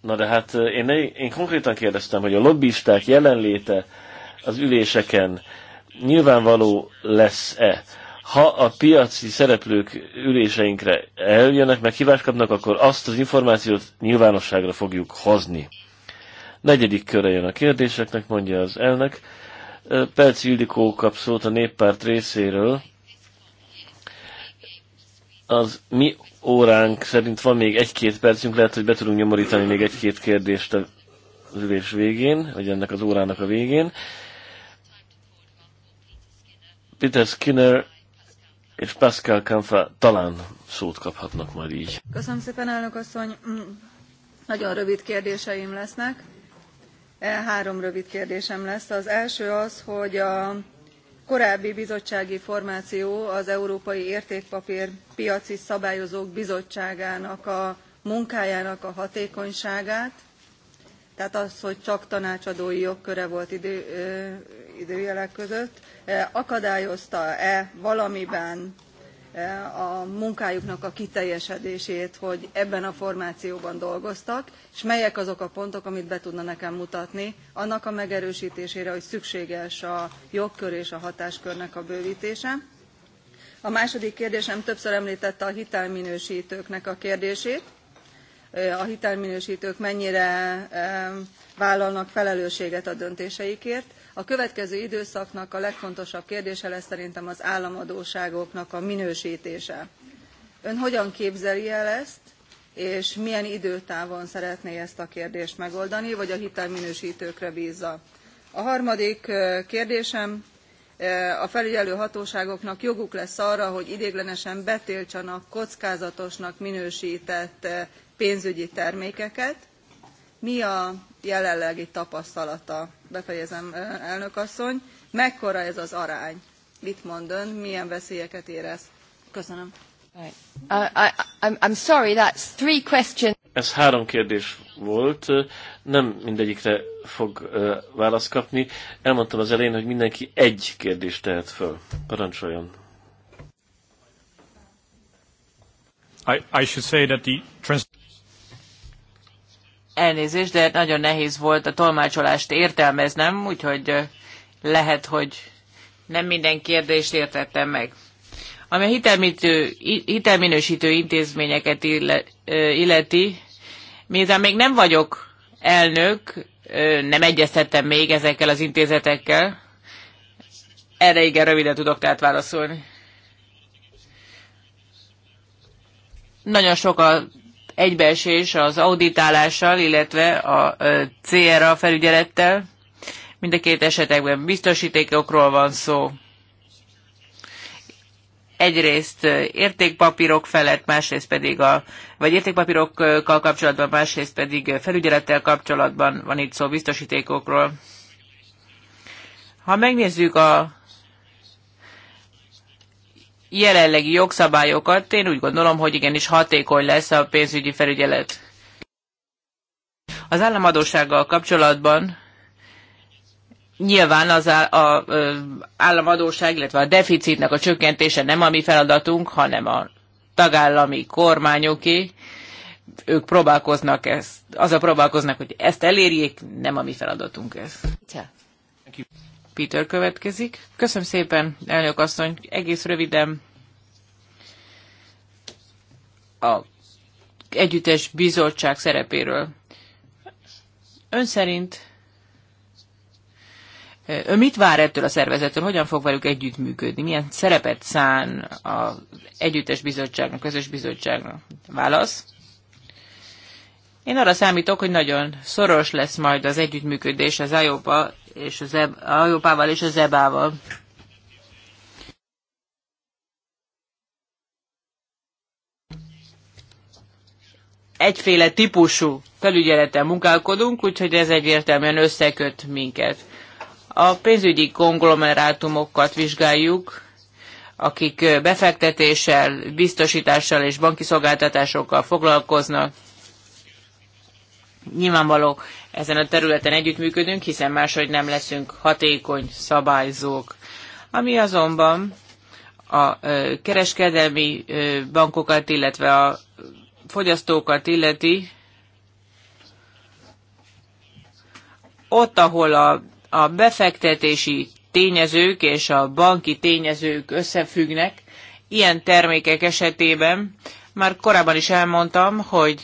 na de hát én, én konkrétan kérdeztem, hogy a lobbisták jelenléte az üléseken nyilvánvaló lesz-e? Ha a piaci szereplők üléseinkre eljönnek, meg hívást kapnak, akkor azt az információt nyilvánosságra fogjuk hozni. Negyedik köre jön a kérdéseknek, mondja az elnök. Perci Ildikó kap szót a néppárt részéről az mi óránk szerint van még egy-két percünk, lehet, hogy be tudunk nyomorítani még egy-két kérdést az ülés végén, vagy ennek az órának a végén. Peter Skinner és Pascal Kampfer talán szót kaphatnak majd így. Köszönöm szépen, elnök asszony. Nagyon rövid kérdéseim lesznek. E, három rövid kérdésem lesz. Az első az, hogy a korábbi bizottsági formáció az európai értékpapr piaci szabályozók bizottságának a munkájának a hatékonyságát tehát az hogy csak tanácsadói jogköre volt idő, időjelek között akadályozta e valamiben Eh, a munkájuknak a kiteljesedését, hogy ebben a formációban dolgoztak, és melyek azok a pontok, amit be tudna nekem mutatni, annak a megerősítésére, hogy szükséges a jogkör és a hatáskörnek a bővítése. A második kérdésem többször említette a hitelminősítőknek a kérdését. Eh, a hitelminősítők mennyire eh, vállalnak felelősséget a döntéseikért a következő időszaknak a legfontosabb kérdése lesz szerintem az államadósságoknak a minőstése. ön hogyan képzeli el ezt és milyen időtávon szeretné ezt a kérdést megoldani vagy a hitelminőstőkre bzza? a harmadik kérdésem a felügyelő hatóságoknak joguk lesz arra hogy ideiglenesen betiltsanak kockázatosnak minőstett pénzügyi termékeket. mi a jelenlegi tapasztalata? Befejezem, elnök asszony. Mekkora ez az arány? Mit mond ön? Milyen veszélyeket érez? Köszönöm. Uh, I'm, sorry, that's three questions. Ez három kérdés volt, nem mindegyikre fog választ kapni. Elmondtam az elején, hogy mindenki egy kérdést tehet föl. Parancsoljon. I, I should say that the trans Elnézést, de nagyon nehéz volt a tolmácsolást értelmeznem, úgyhogy lehet, hogy nem minden kérdést értettem meg. Ami a hitelmítő, hitelminősítő intézményeket illeti, miután még nem vagyok elnök, nem egyeztettem még ezekkel az intézetekkel, erre igen röviden tudok tehát válaszolni. Nagyon sok a egybeesés az auditálással, illetve a CRA felügyelettel. Mind a két esetekben biztosítékokról van szó. Egyrészt értékpapírok felett, másrészt pedig a, vagy értékpapírokkal kapcsolatban, másrészt pedig felügyelettel kapcsolatban van itt szó biztosítékokról. Ha megnézzük a jelenlegi jogszabályokat, én úgy gondolom, hogy igenis hatékony lesz a pénzügyi felügyelet. Az államadósággal kapcsolatban nyilván az áll, a, ö, államadóság, illetve a deficitnek a csökkentése nem a mi feladatunk, hanem a tagállami kormányoké. Ők próbálkoznak ezt, azzal próbálkoznak, hogy ezt elérjék, nem a mi feladatunk ez. Peter következik. Köszönöm szépen, elnök asszony, egész röviden a együttes bizottság szerepéről. Ön szerint Ön mit vár ettől a szervezettől? Hogyan fog velük együttműködni? Milyen szerepet szán az együttes bizottságnak, közös bizottságnak? Válasz? Én arra számítok, hogy nagyon szoros lesz majd az együttműködés az IOPA és az EB, a Jopával és az Ebával. Egyféle típusú felügyeleten munkálkodunk, úgyhogy ez egyértelműen összeköt minket. A pénzügyi konglomerátumokat vizsgáljuk, akik befektetéssel, biztosítással és banki szolgáltatásokkal foglalkoznak. Nyilvánvaló ezen a területen együttműködünk, hiszen máshogy nem leszünk hatékony szabályzók. Ami azonban a kereskedelmi bankokat, illetve a fogyasztókat illeti, ott, ahol a, a befektetési tényezők és a banki tényezők összefüggnek, ilyen termékek esetében már korábban is elmondtam, hogy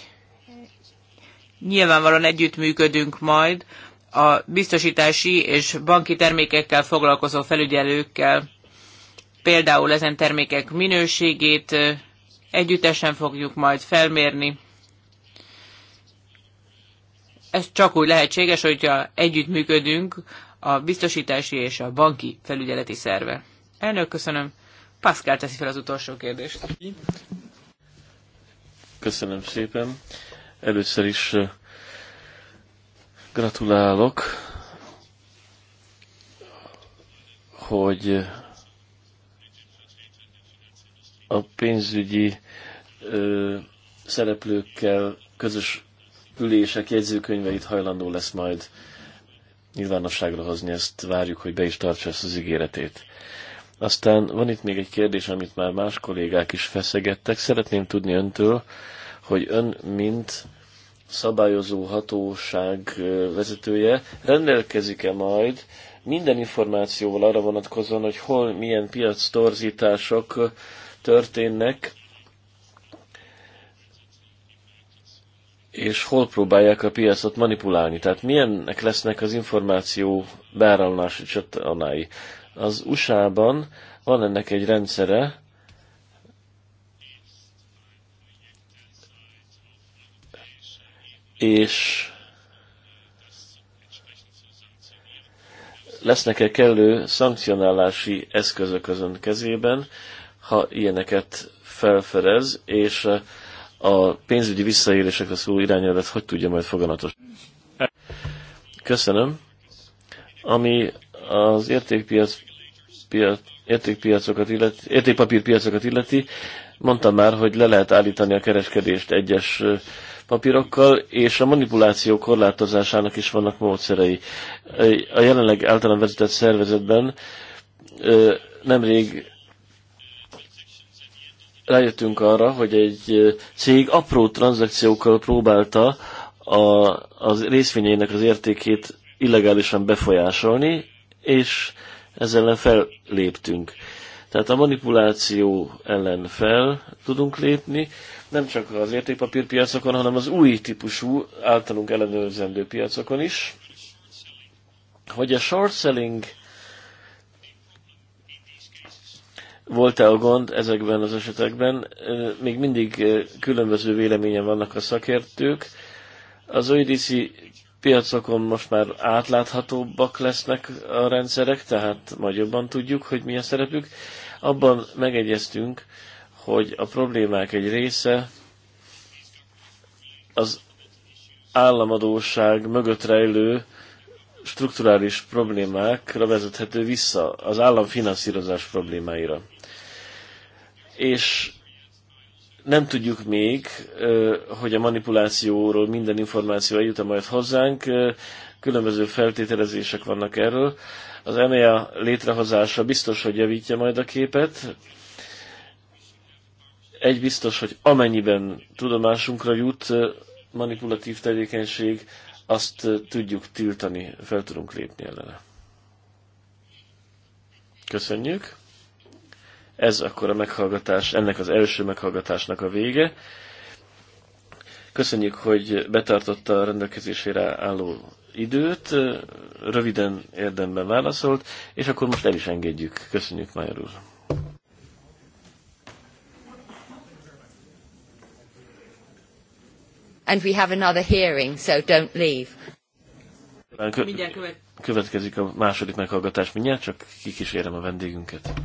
Nyilvánvalóan együttműködünk majd a biztosítási és banki termékekkel foglalkozó felügyelőkkel. Például ezen termékek minőségét együttesen fogjuk majd felmérni. Ez csak úgy lehetséges, hogyha együttműködünk a biztosítási és a banki felügyeleti szerve. Elnök, köszönöm. Pascal teszi fel az utolsó kérdést. Köszönöm szépen. Először is gratulálok, hogy a pénzügyi ö, szereplőkkel közös ülések jegyzőkönyveit hajlandó lesz majd nyilvánosságra hozni, ezt várjuk, hogy be is tartsa ezt az ígéretét. Aztán van itt még egy kérdés, amit már más kollégák is feszegettek. Szeretném tudni öntől, hogy ön, mint szabályozó hatóság vezetője rendelkezik-e majd minden információval arra vonatkozóan, hogy hol milyen piac torzítások történnek, és hol próbálják a piacot manipulálni. Tehát milyennek lesznek az információ beáramlási csatornái. Az USA-ban van ennek egy rendszere, és lesznek-e kellő szankcionálási eszközök az ön kezében, ha ilyeneket felfedez, és a pénzügyi visszaélésekre szó irányelvet hogy tudja majd foganatos? Köszönöm. Ami az értékpiac, piac, értékpiacokat illeti, értékpapírpiacokat illeti, mondtam már, hogy le lehet állítani a kereskedést egyes papírokkal, és a manipuláció korlátozásának is vannak módszerei. A jelenleg általán vezetett szervezetben nemrég rájöttünk arra, hogy egy cég apró tranzakciókkal próbálta a, az részvényeinek az értékét illegálisan befolyásolni, és ezzel ellen felléptünk. Tehát a manipuláció ellen fel tudunk lépni, nem csak az értékpapírpiacokon, hanem az új típusú, általunk ellenőrzendő piacokon is, hogy a short selling volt-e a gond ezekben az esetekben, még mindig különböző véleményen vannak a szakértők. Az OEDC piacokon most már átláthatóbbak lesznek a rendszerek, tehát majd jobban tudjuk, hogy mi a szerepük. Abban megegyeztünk, hogy a problémák egy része az államadóság mögött rejlő strukturális problémákra vezethető vissza, az államfinanszírozás problémáira. És nem tudjuk még, hogy a manipulációról minden információ eljut-e majd hozzánk, különböző feltételezések vannak erről. Az EMEA létrehozása biztos, hogy javítja majd a képet, egy biztos, hogy amennyiben tudomásunkra jut manipulatív tevékenység, azt tudjuk tiltani, fel tudunk lépni ellene. Köszönjük! Ez akkor a meghallgatás, ennek az első meghallgatásnak a vége. Köszönjük, hogy betartotta a rendelkezésére álló időt, röviden érdemben válaszolt, és akkor most el is engedjük. Köszönjük, Major úr! and we have another hearing, so don't leave. Mindjárt Következik a második meghallgatás mindjárt, csak kikísérem a vendégünket.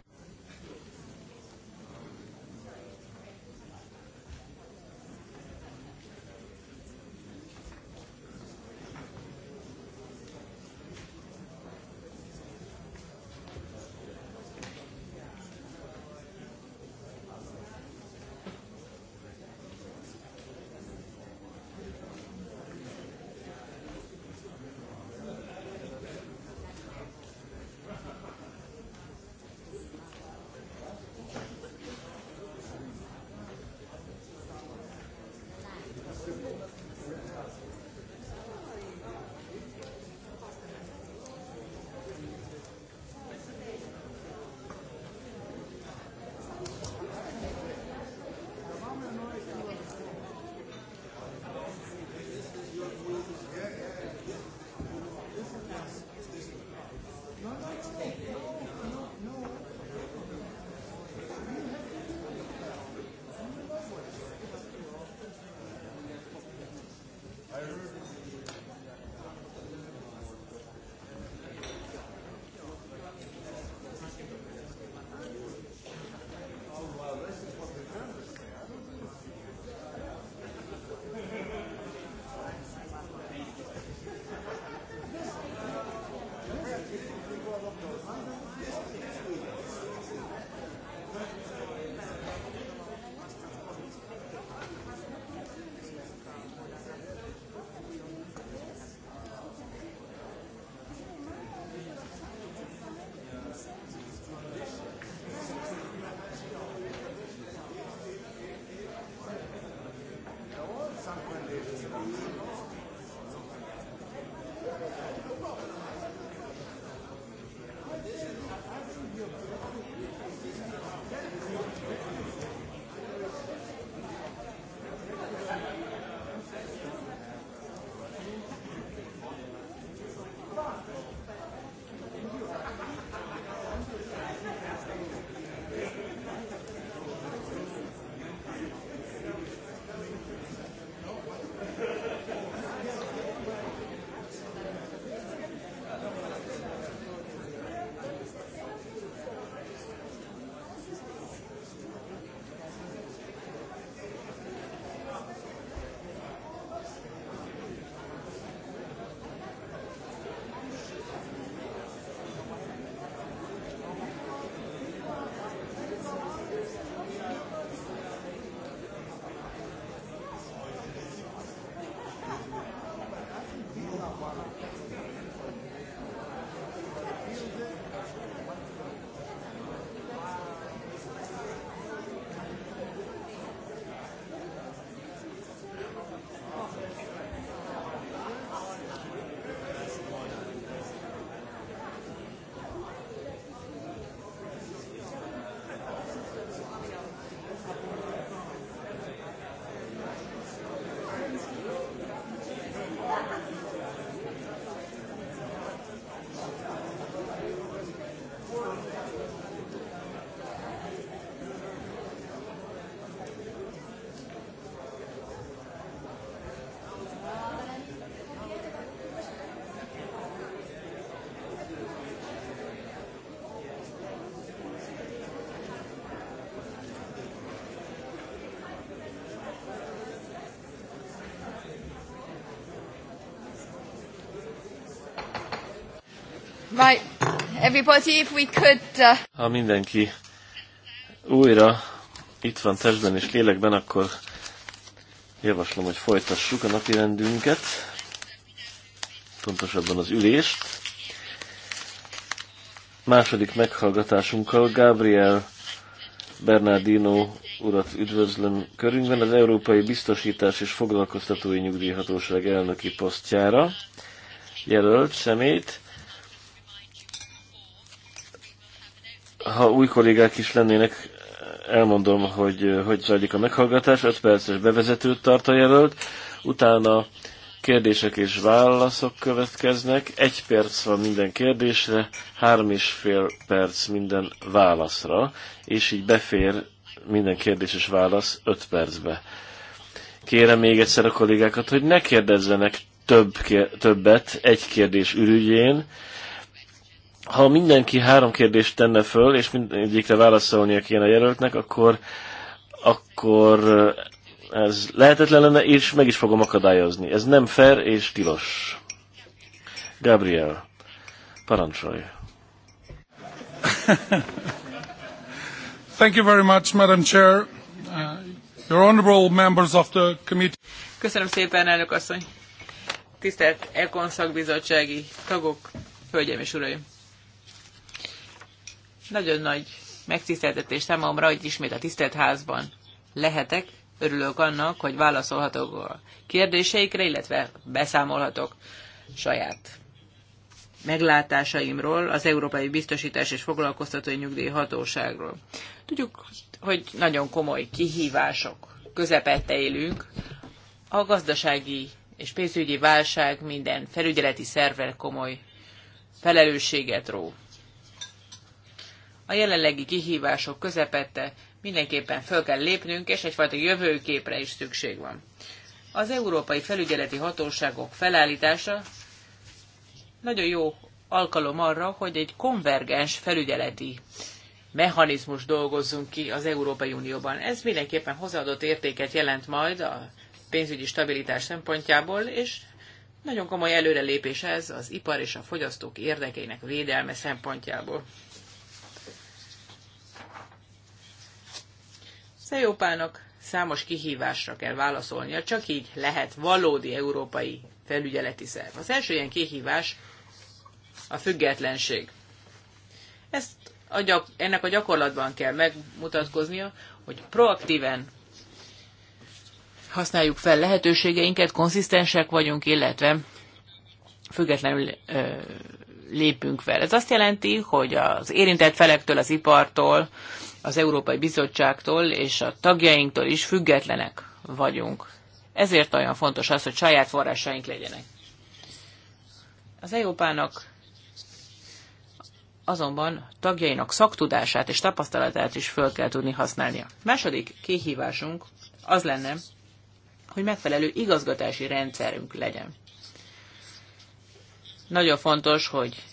everybody, if we could... Uh... Ha mindenki újra itt van testben és lélekben, akkor javaslom, hogy folytassuk a napi rendünket, pontosabban az ülést. Második meghallgatásunkkal Gabriel Bernardino urat üdvözlöm körünkben az Európai Biztosítás és Foglalkoztatói Nyugdíjhatóság elnöki posztjára jelölt szemét. ha új kollégák is lennének, elmondom, hogy eh, hogy zajlik a meghallgatás. 5 perces bevezetőt tart a jelölt, utána kérdések és válaszok következnek. Egy perc van minden kérdésre, három és fél perc minden válaszra, és így befér minden kérdés és válasz öt percbe. Kérem még egyszer a kollégákat, hogy ne kérdezzenek több, többet egy kérdés ürügyén, ha mindenki három kérdést tenne föl, és mindegyikre válaszolnia kéne a jelöltnek, akkor, akkor eh, ez lehetetlen lenne, és meg is fogom akadályozni. Ez nem fair és tilos. Gabriel, parancsolj. Thank you very much, Madam Chair. Uh, your honorable members of the committee. Köszönöm szépen, elnök asszony. Tisztelt Ekon szakbizottsági tagok, hölgyeim és uraim! Nagyon nagy megtiszteltetés számomra, hogy ismét a tisztelt házban lehetek. Örülök annak, hogy válaszolhatok a kérdéseikre, illetve beszámolhatok saját meglátásaimról az Európai Biztosítás és Foglalkoztatói Nyugdíj Hatóságról. Tudjuk, hogy nagyon komoly kihívások közepette élünk. A gazdasági és pénzügyi válság minden felügyeleti szervvel komoly felelősséget ró. A jelenlegi kihívások közepette mindenképpen föl kell lépnünk, és egyfajta jövőképre is szükség van. Az európai felügyeleti hatóságok felállítása nagyon jó alkalom arra, hogy egy konvergens felügyeleti mechanizmus dolgozzunk ki az Európai Unióban. Ez mindenképpen hozzáadott értéket jelent majd a pénzügyi stabilitás szempontjából, és nagyon komoly előrelépés ez az ipar és a fogyasztók érdekeinek védelme szempontjából. Szejópának számos kihívásra kell válaszolnia, csak így lehet valódi európai felügyeleti szerv. Az első ilyen kihívás a függetlenség. Ezt a gyak, ennek a gyakorlatban kell megmutatkoznia, hogy proaktíven használjuk fel lehetőségeinket, konzisztensek vagyunk, illetve függetlenül ö, lépünk fel. Ez azt jelenti, hogy az érintett felektől, az ipartól, az Európai Bizottságtól és a tagjainktól is függetlenek vagyunk. Ezért olyan fontos az, hogy saját forrásaink legyenek. Az európának azonban tagjainak szaktudását és tapasztalatát is föl kell tudni használnia. Második kihívásunk az lenne, hogy megfelelő igazgatási rendszerünk legyen. Nagyon fontos, hogy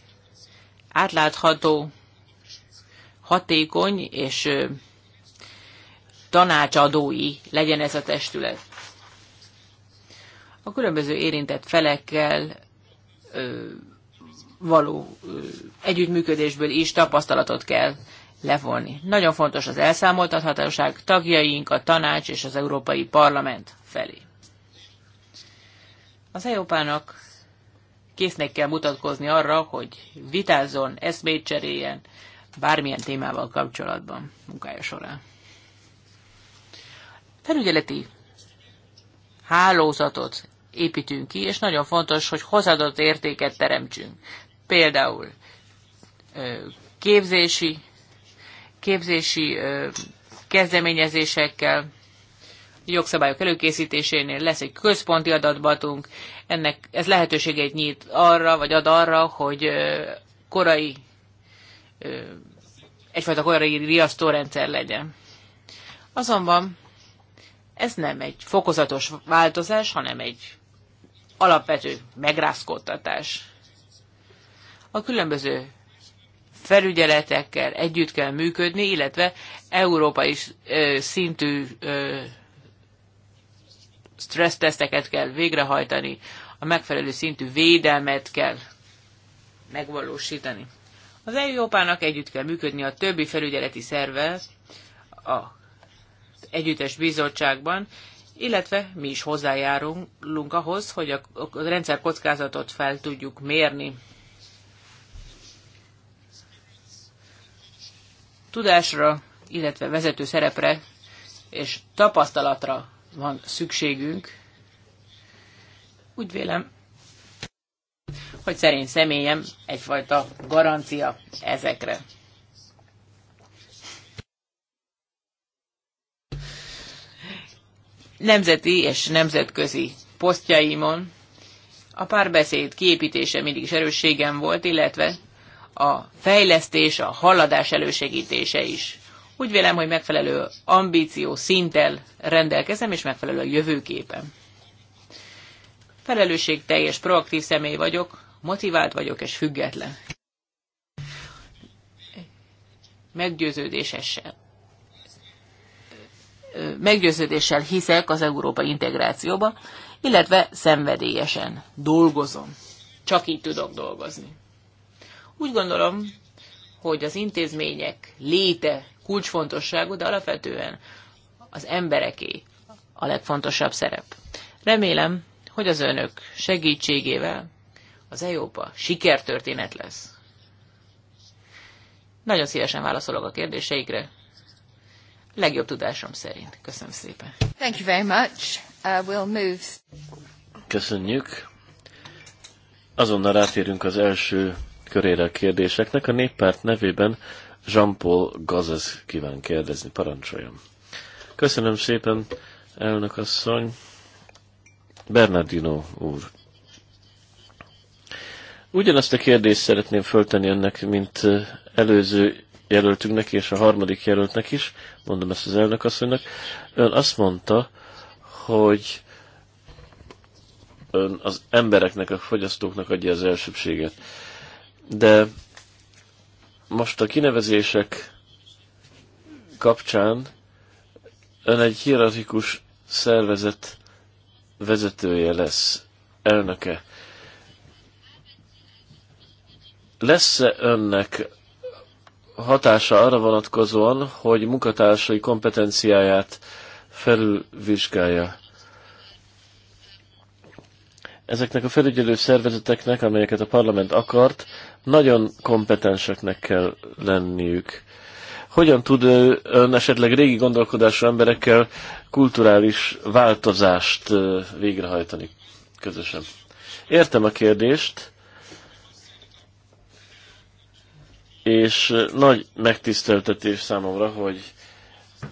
átlátható hatékony és tanácsadói legyen ez a testület. A különböző érintett felekkel való együttműködésből is tapasztalatot kell levonni. Nagyon fontos az elszámoltathatóság tagjaink, a tanács és az Európai Parlament felé. Az európának késznek kell mutatkozni arra, hogy vitázzon, eszmét cseréljen, bármilyen témával kapcsolatban munkája során. Felügyeleti hálózatot építünk ki, és nagyon fontos, hogy hozadott értéket teremtsünk. Például képzési, képzési kezdeményezésekkel, jogszabályok előkészítésénél lesz egy központi adatbatunk, ennek ez lehetőséget nyit arra, vagy ad arra, hogy korai egyfajta korai rendszer legyen. Azonban ez nem egy fokozatos változás, hanem egy alapvető megrázkódtatás. A különböző felügyeletekkel együtt kell működni, illetve európai szintű stresszteszteket kell végrehajtani, a megfelelő szintű védelmet kell megvalósítani. Az Európának együtt kell működni a többi felügyeleti szervez a együttes bizottságban, illetve mi is hozzájárulunk ahhoz, hogy a, a rendszer kockázatot fel tudjuk mérni. Tudásra, illetve vezető szerepre és tapasztalatra van szükségünk. Úgy vélem, hogy szerény személyem egyfajta garancia ezekre. Nemzeti és nemzetközi posztjaimon a párbeszéd kiépítése mindig is erősségem volt, illetve a fejlesztés, a haladás elősegítése is. Úgy vélem, hogy megfelelő ambíció szinttel rendelkezem, és megfelelő a jövőképen. Felelősségteljes, proaktív személy vagyok, motivált vagyok és független. Meggyőződésessel. Meggyőződéssel hiszek az európai integrációba, illetve szenvedélyesen dolgozom. Csak így tudok dolgozni. Úgy gondolom, hogy az intézmények léte kulcsfontosságú, de alapvetően az embereké a legfontosabb szerep. Remélem, hogy az önök segítségével az EOPA sikertörténet lesz? Nagyon szívesen válaszolok a kérdéseikre. Legjobb tudásom szerint. Köszönöm szépen. Thank you very much. Uh, we'll move. Köszönjük. Azonnal rátérünk az első körére a kérdéseknek. A néppárt nevében Jean-Paul Gazes kíván kérdezni. Parancsoljon. Köszönöm szépen, elnök asszony. Bernardino úr Ugyanazt a kérdést szeretném föltenni ennek, mint előző jelöltünknek és a harmadik jelöltnek is, mondom ezt az elnök asszonynak. Ön azt mondta, hogy ön az embereknek, a fogyasztóknak adja az elsőbséget. De most a kinevezések kapcsán ön egy hierarchikus szervezet vezetője lesz, elnöke lesz-e önnek hatása arra vonatkozóan, hogy munkatársai kompetenciáját felülvizsgálja? Ezeknek a felügyelő szervezeteknek, amelyeket a parlament akart, nagyon kompetenseknek kell lenniük. Hogyan tud ön esetleg régi gondolkodású emberekkel kulturális változást végrehajtani közösen? Értem a kérdést és nagy megtiszteltetés számomra, hogy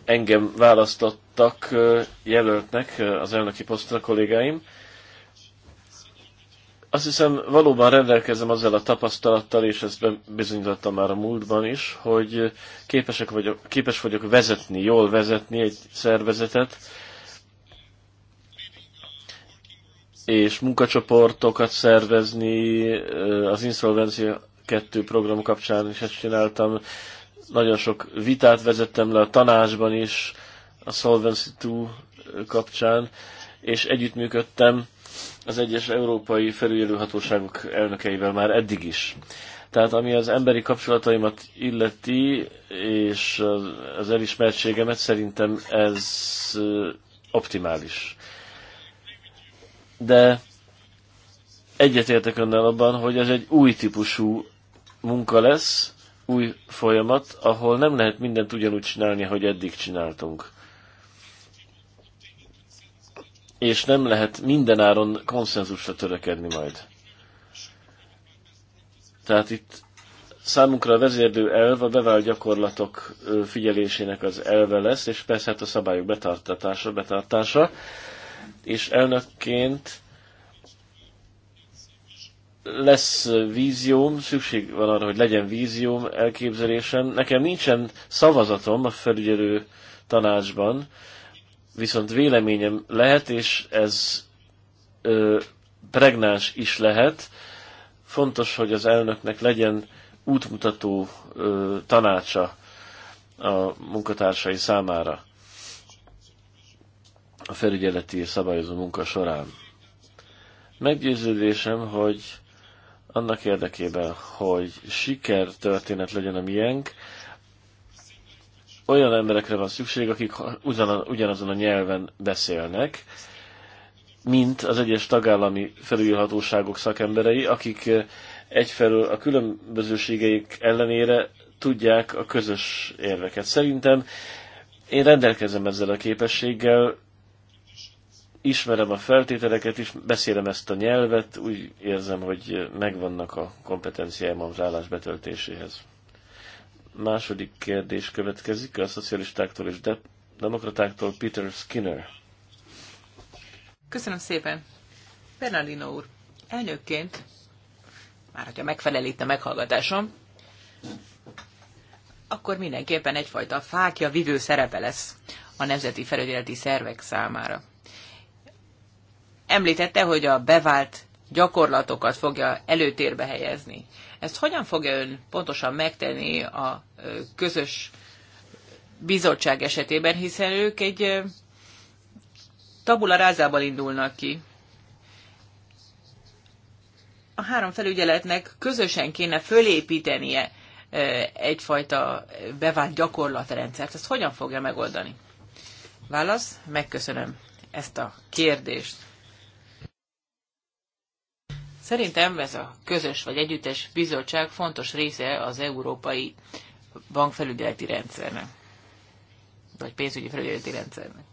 engem választottak jelöltnek az elnöki posztra kollégáim. Azt hiszem, valóban rendelkezem azzal a tapasztalattal, és ezt bizonyítottam már a múltban is, hogy képesek vagyok, képes vagyok vezetni, jól vezetni egy szervezetet, és munkacsoportokat szervezni, az insolvencia kettő program kapcsán is ezt csináltam. Nagyon sok vitát vezettem le a tanácsban is, a Solvency 2 kapcsán, és együttműködtem az egyes európai felügyelőhatóságok elnökeivel már eddig is. Tehát ami az emberi kapcsolataimat illeti, és az elismertségemet szerintem ez optimális. De egyetértek önnel abban, hogy ez egy új típusú munka lesz, új folyamat, ahol nem lehet mindent ugyanúgy csinálni, hogy eddig csináltunk. És nem lehet mindenáron konszenzusra törekedni majd. Tehát itt számunkra a vezérdő elv a bevált gyakorlatok figyelésének az elve lesz, és persze hát a szabályok betartatása, betartása. És elnökként lesz vízióm, szükség van arra, hogy legyen vízióm elképzelésem. Nekem nincsen szavazatom a felügyelő tanácsban, viszont véleményem lehet, és ez ö, pregnáns is lehet. Fontos, hogy az elnöknek legyen útmutató ö, tanácsa a munkatársai számára a felügyeleti és szabályozó munka során. Meggyőződésem, hogy annak érdekében, hogy siker történet legyen a miénk, olyan emberekre van szükség, akik ugyanazon a nyelven beszélnek, mint az egyes tagállami felügyelhatóságok szakemberei, akik eh, egyfelől a különbözőségeik ellenére tudják a közös érveket. Szerintem én rendelkezem ezzel a képességgel, ismerem a feltételeket is, beszélem ezt a nyelvet, úgy érzem, hogy megvannak a kompetenciáim az állás betöltéséhez. Második kérdés következik a szocialistáktól és de- demokratáktól Peter Skinner. Köszönöm szépen. Bernardino úr, elnökként, már hogyha megfelel itt a meghallgatásom, akkor mindenképpen egyfajta fákja vivő szerepe lesz a nemzeti felügyeleti szervek számára. Említette, hogy a bevált gyakorlatokat fogja előtérbe helyezni. Ezt hogyan fogja ön pontosan megtenni a közös bizottság esetében, hiszen ők egy tabula rázában indulnak ki. A három felügyeletnek közösen kéne fölépítenie egyfajta bevált gyakorlatrendszert. Ezt hogyan fogja megoldani? Válasz, megköszönöm ezt a kérdést. Szerintem ez a közös vagy együttes bizottság fontos része az európai bankfelügyeleti rendszernek, vagy pénzügyi felügyeleti rendszernek.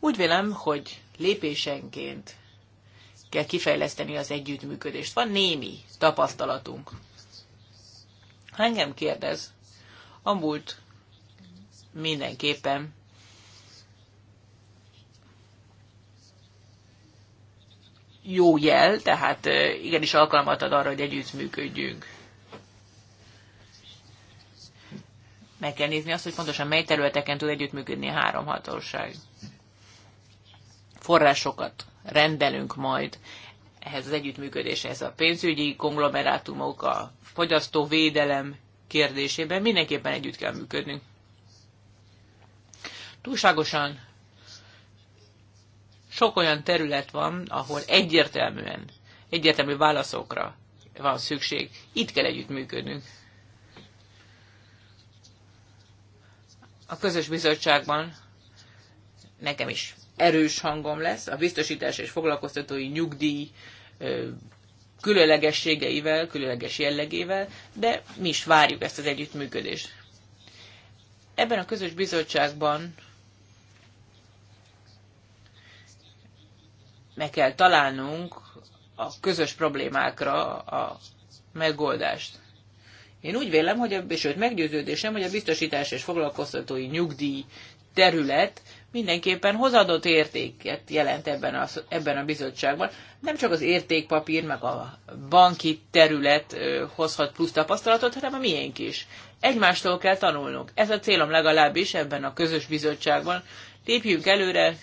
Úgy vélem, hogy lépésenként kell kifejleszteni az együttműködést. Van némi tapasztalatunk. Ha engem kérdez, amúgy mindenképpen jó jel, tehát igenis alkalmat ad arra, hogy együttműködjünk. Meg kell nézni azt, hogy pontosan mely területeken tud együttműködni a három hatóság. Forrásokat rendelünk majd ehhez az együttműködéshez a pénzügyi konglomerátumok, a fogyasztóvédelem kérdésében mindenképpen együtt kell működnünk. Túlságosan sok olyan terület van, ahol egyértelműen, egyértelmű válaszokra van szükség. Itt kell együttműködnünk. A közös bizottságban nekem is erős hangom lesz a biztosítás és foglalkoztatói nyugdíj különlegességeivel, különleges jellegével, de mi is várjuk ezt az együttműködést. Ebben a közös bizottságban meg kell találnunk a közös problémákra a megoldást. Én úgy vélem, hogy a, sőt meggyőződésem, hogy a biztosítás és foglalkoztatói nyugdíj terület mindenképpen hozadott értéket jelent ebben a, ebben a bizottságban. Nem csak az értékpapír, meg a banki terület hozhat plusz tapasztalatot, hanem a miénk is. Egymástól kell tanulnunk. Ez a célom legalábbis ebben a közös bizottságban. Lépjünk előre,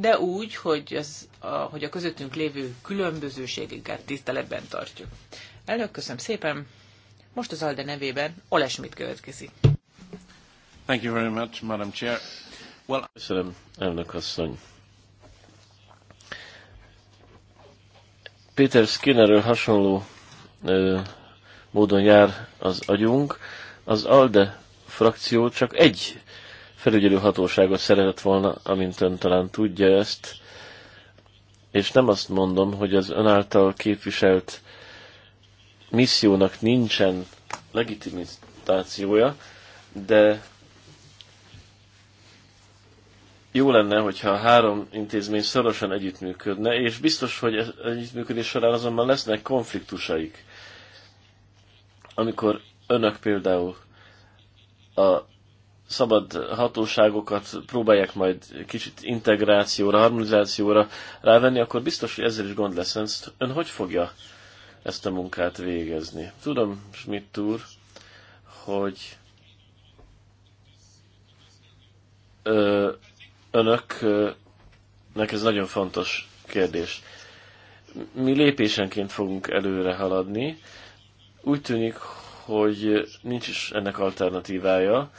de úgy, hogy, az, a, hogy a közöttünk lévő különbözőségeket tiszteletben tartjuk. Elnök, köszönöm szépen. Most az ALDE nevében Oles mit következik. Thank you very much, Madam Chair. Well, köszönöm, elnök asszony. Peter Skinnerről hasonló ö, módon jár az agyunk. Az ALDE frakció csak egy ö, felügyelő hatóságot szeretett volna, amint ön talán tudja ezt, és nem azt mondom, hogy az ön által képviselt missziónak nincsen legitimizációja, de jó lenne, hogyha a három intézmény szorosan együttműködne, és biztos, hogy ez együttműködés során azonban lesznek konfliktusaik. Amikor önök például a szabad hatóságokat próbálják majd kicsit integrációra, harmonizációra rávenni, akkor biztos, hogy ezzel is gond lesz. Ezt, ön hogy fogja ezt a munkát végezni? Tudom, Schmidt úr, hogy önöknek ez nagyon fontos kérdés. Mi lépésenként fogunk előre haladni. Úgy tűnik, hogy nincs is ennek alternatívája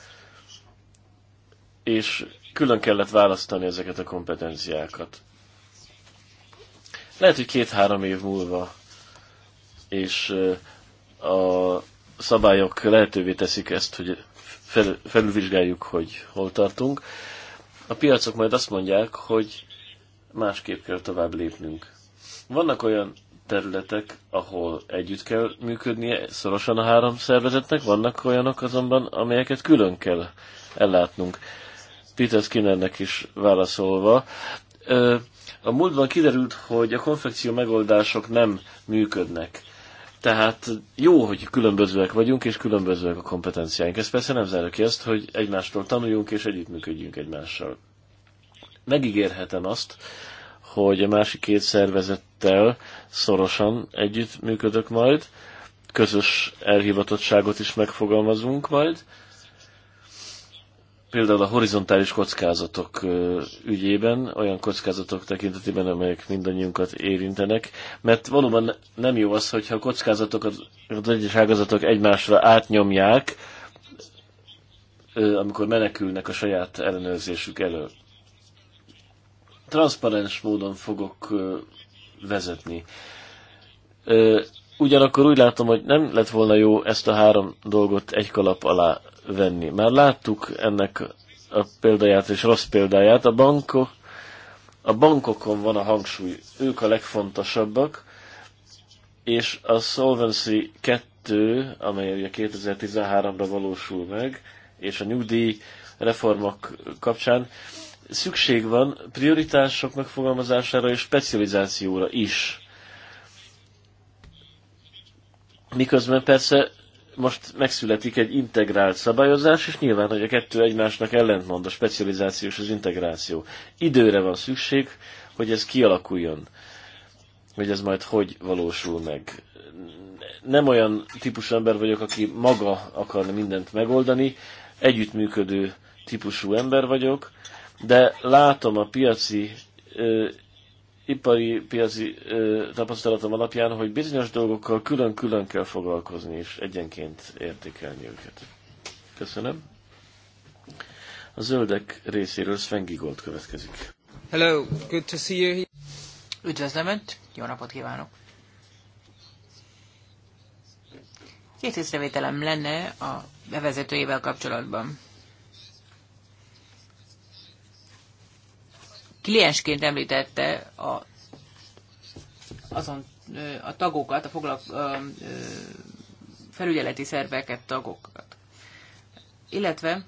és külön kellett választani ezeket a kompetenciákat. Lehet, hogy két-három év múlva, és a szabályok lehetővé teszik ezt, hogy fel, felülvizsgáljuk, hogy hol tartunk. A piacok majd azt mondják, hogy másképp kell tovább lépnünk. Vannak olyan területek, ahol együtt kell működnie szorosan a három szervezetnek, vannak olyanok azonban, amelyeket külön kell ellátnunk. Peter Skinnernek is válaszolva. A múltban kiderült, hogy a konfekció megoldások nem működnek. Tehát jó, hogy különbözőek vagyunk, és különbözőek a kompetenciáink. Ez persze nem zárja ki azt, hogy egymástól tanuljunk, és együttműködjünk egymással. Megígérhetem azt, hogy a másik két szervezettel szorosan együttműködök majd, közös elhivatottságot is megfogalmazunk majd, például a horizontális kockázatok ügyében, olyan kockázatok tekintetében, amelyek mindannyiunkat érintenek, mert valóban nem jó az, hogyha a kockázatokat az egyes ágazatok egymásra átnyomják, amikor menekülnek a saját ellenőrzésük elől. Transzparens módon fogok vezetni. Ugyanakkor úgy látom, hogy nem lett volna jó ezt a három dolgot egy kalap alá venni. Már láttuk ennek a példáját és rossz példáját. A, bankok, a bankokon van a hangsúly, ők a legfontosabbak, és a Solvency 2, amely ugye 2013-ra valósul meg, és a nyugdíj reformok kapcsán szükség van prioritások megfogalmazására és specializációra is. Miközben persze most megszületik egy integrált szabályozás, és nyilván, hogy a kettő egymásnak ellentmond, a specializáció és az integráció. Időre van szükség, hogy ez kialakuljon, hogy ez majd hogy valósul meg. Nem olyan típusú ember vagyok, aki maga akarna mindent megoldani, együttműködő típusú ember vagyok, de látom a piaci ipari piaci tapasztalatom alapján, hogy bizonyos dolgokkal külön-külön kell foglalkozni, és egyenként értékelni őket. Köszönöm. A zöldek részéről Sven Gigolt következik. Hello, good to see you here. Üdvözlöm Önt, jó napot kívánok! Két észrevételem lenne a bevezetőjével kapcsolatban. kliensként említette a, azon a tagokat, a, foglak, a felügyeleti szerveket, tagokat. Illetve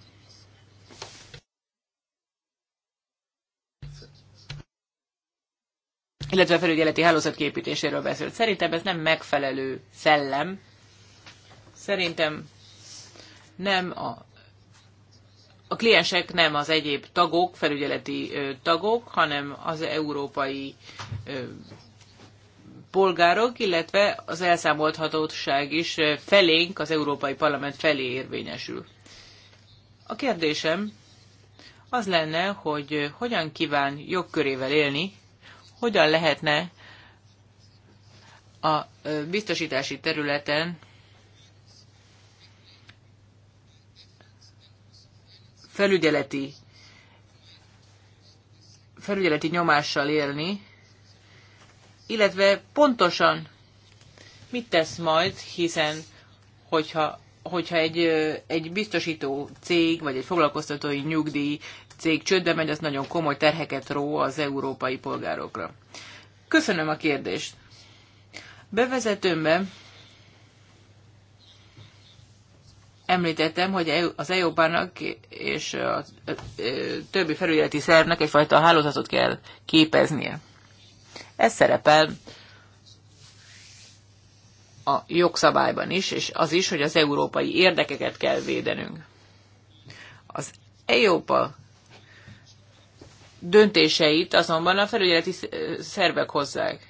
illetve a felügyeleti hálózat képítéséről beszélt. Szerintem ez nem megfelelő szellem. Szerintem nem a a kliensek nem az egyéb tagok, felügyeleti tagok, hanem az európai polgárok, illetve az elszámolthatóság is felénk, az Európai Parlament felé érvényesül. A kérdésem az lenne, hogy hogyan kíván jogkörével élni, hogyan lehetne a biztosítási területen felügyeleti, felügyeleti nyomással élni, illetve pontosan mit tesz majd, hiszen hogyha, hogyha egy, egy biztosító cég, vagy egy foglalkoztatói nyugdíj cég csődbe megy, az nagyon komoly terheket ró az európai polgárokra. Köszönöm a kérdést. Bevezetőmben említettem, hogy e az EU-bának és a e, többi felügyeleti szervnek egyfajta hálózatot kell képeznie. Ez szerepel a jogszabályban is, és az is, hogy az európai érdekeket kell védenünk. Az EIOPA döntéseit azonban a felügyeleti szervek hozzák.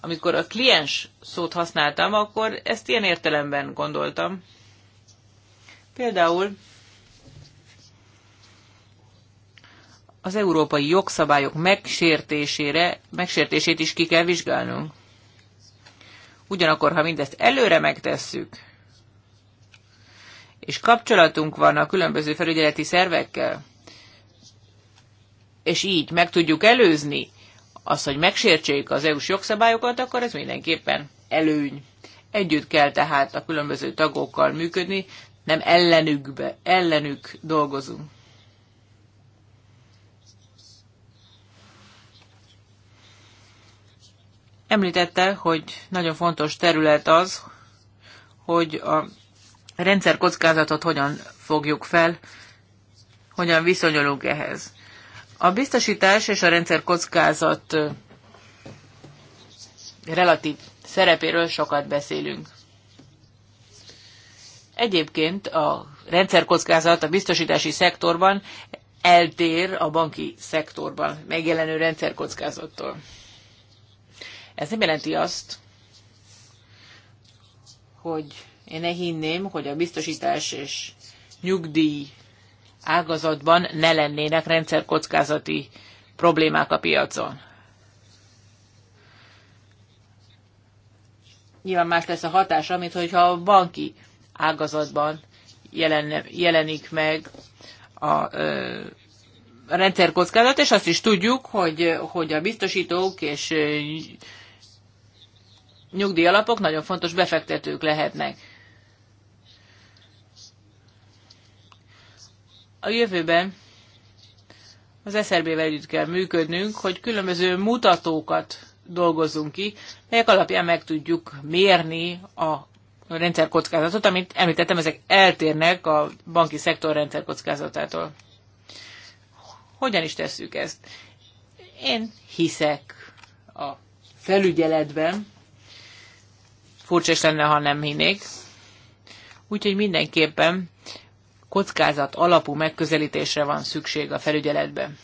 Amikor a kliens szót használtam, akkor ezt ilyen értelemben gondoltam. Például az európai jogszabályok megsértésére, megsértését is ki kell vizsgálnunk. Ugyanakkor, ha mindezt előre megtesszük, és kapcsolatunk van a különböző felügyeleti szervekkel, és így meg tudjuk előzni azt, hogy megsértsék az EU-s jogszabályokat, akkor ez mindenképpen előny. Együtt kell tehát a különböző tagokkal működni, nem ellenükbe, ellenük dolgozunk. Említette, hogy nagyon fontos terület az, hogy a rendszer kockázatot hogyan fogjuk fel, hogyan viszonyulunk ehhez. A biztosítás és a rendszer kockázat relatív szerepéről sokat beszélünk. Egyébként a rendszerkockázat a biztosítási szektorban eltér a banki szektorban megjelenő rendszerkockázattól. Ez nem jelenti azt, hogy én ne hinném, hogy a biztosítás és nyugdíj ágazatban ne lennének rendszerkockázati problémák a piacon. Nyilván más lesz a hatása, mint hogyha a banki ágazatban jelen, jelenik meg a a rendszerkockázat, és azt is tudjuk, hogy, hogy a biztosítók és nyugdíjalapok nagyon fontos befektetők lehetnek. A jövőben az SZRB-vel együtt kell működnünk, hogy különböző mutatókat dolgozzunk ki, melyek alapján meg tudjuk mérni a rendszerkockázatot, amit említettem, ezek eltérnek a banki szektor rendszerkockázatától. Hogyan is tesszük ezt? Én hiszek a felügyeletben, furcsa is lenne, ha nem hinnék. Úgyhogy mindenképpen kockázat alapú megközelítésre van szükség a felügyeletben.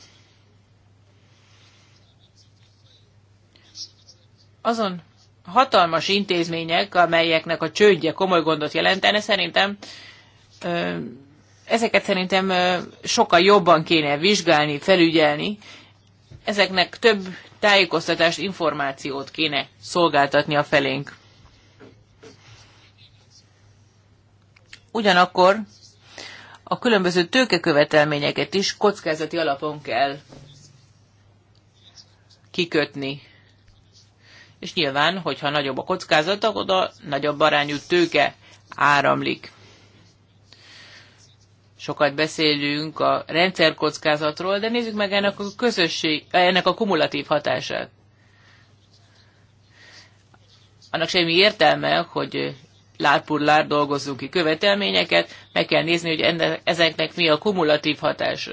Azon hatalmas intézmények, amelyeknek a csődje komoly gondot jelentene, szerintem ezeket szerintem sokkal jobban kéne vizsgálni, felügyelni. Ezeknek több tájékoztatást, információt kéne szolgáltatni a felénk. Ugyanakkor a különböző tőkekövetelményeket is kockázati alapon kell kikötni és nyilván, hogyha nagyobb a kockázat, akkor oda nagyobb arányú tőke áramlik. Sokat beszélünk a rendszerkockázatról, de nézzük meg ennek a közösség, ennek a kumulatív hatását. Annak semmi értelme, hogy lárpurlár dolgozzunk ki követelményeket, meg kell nézni, hogy ennek, ezeknek mi a kumulatív hatása.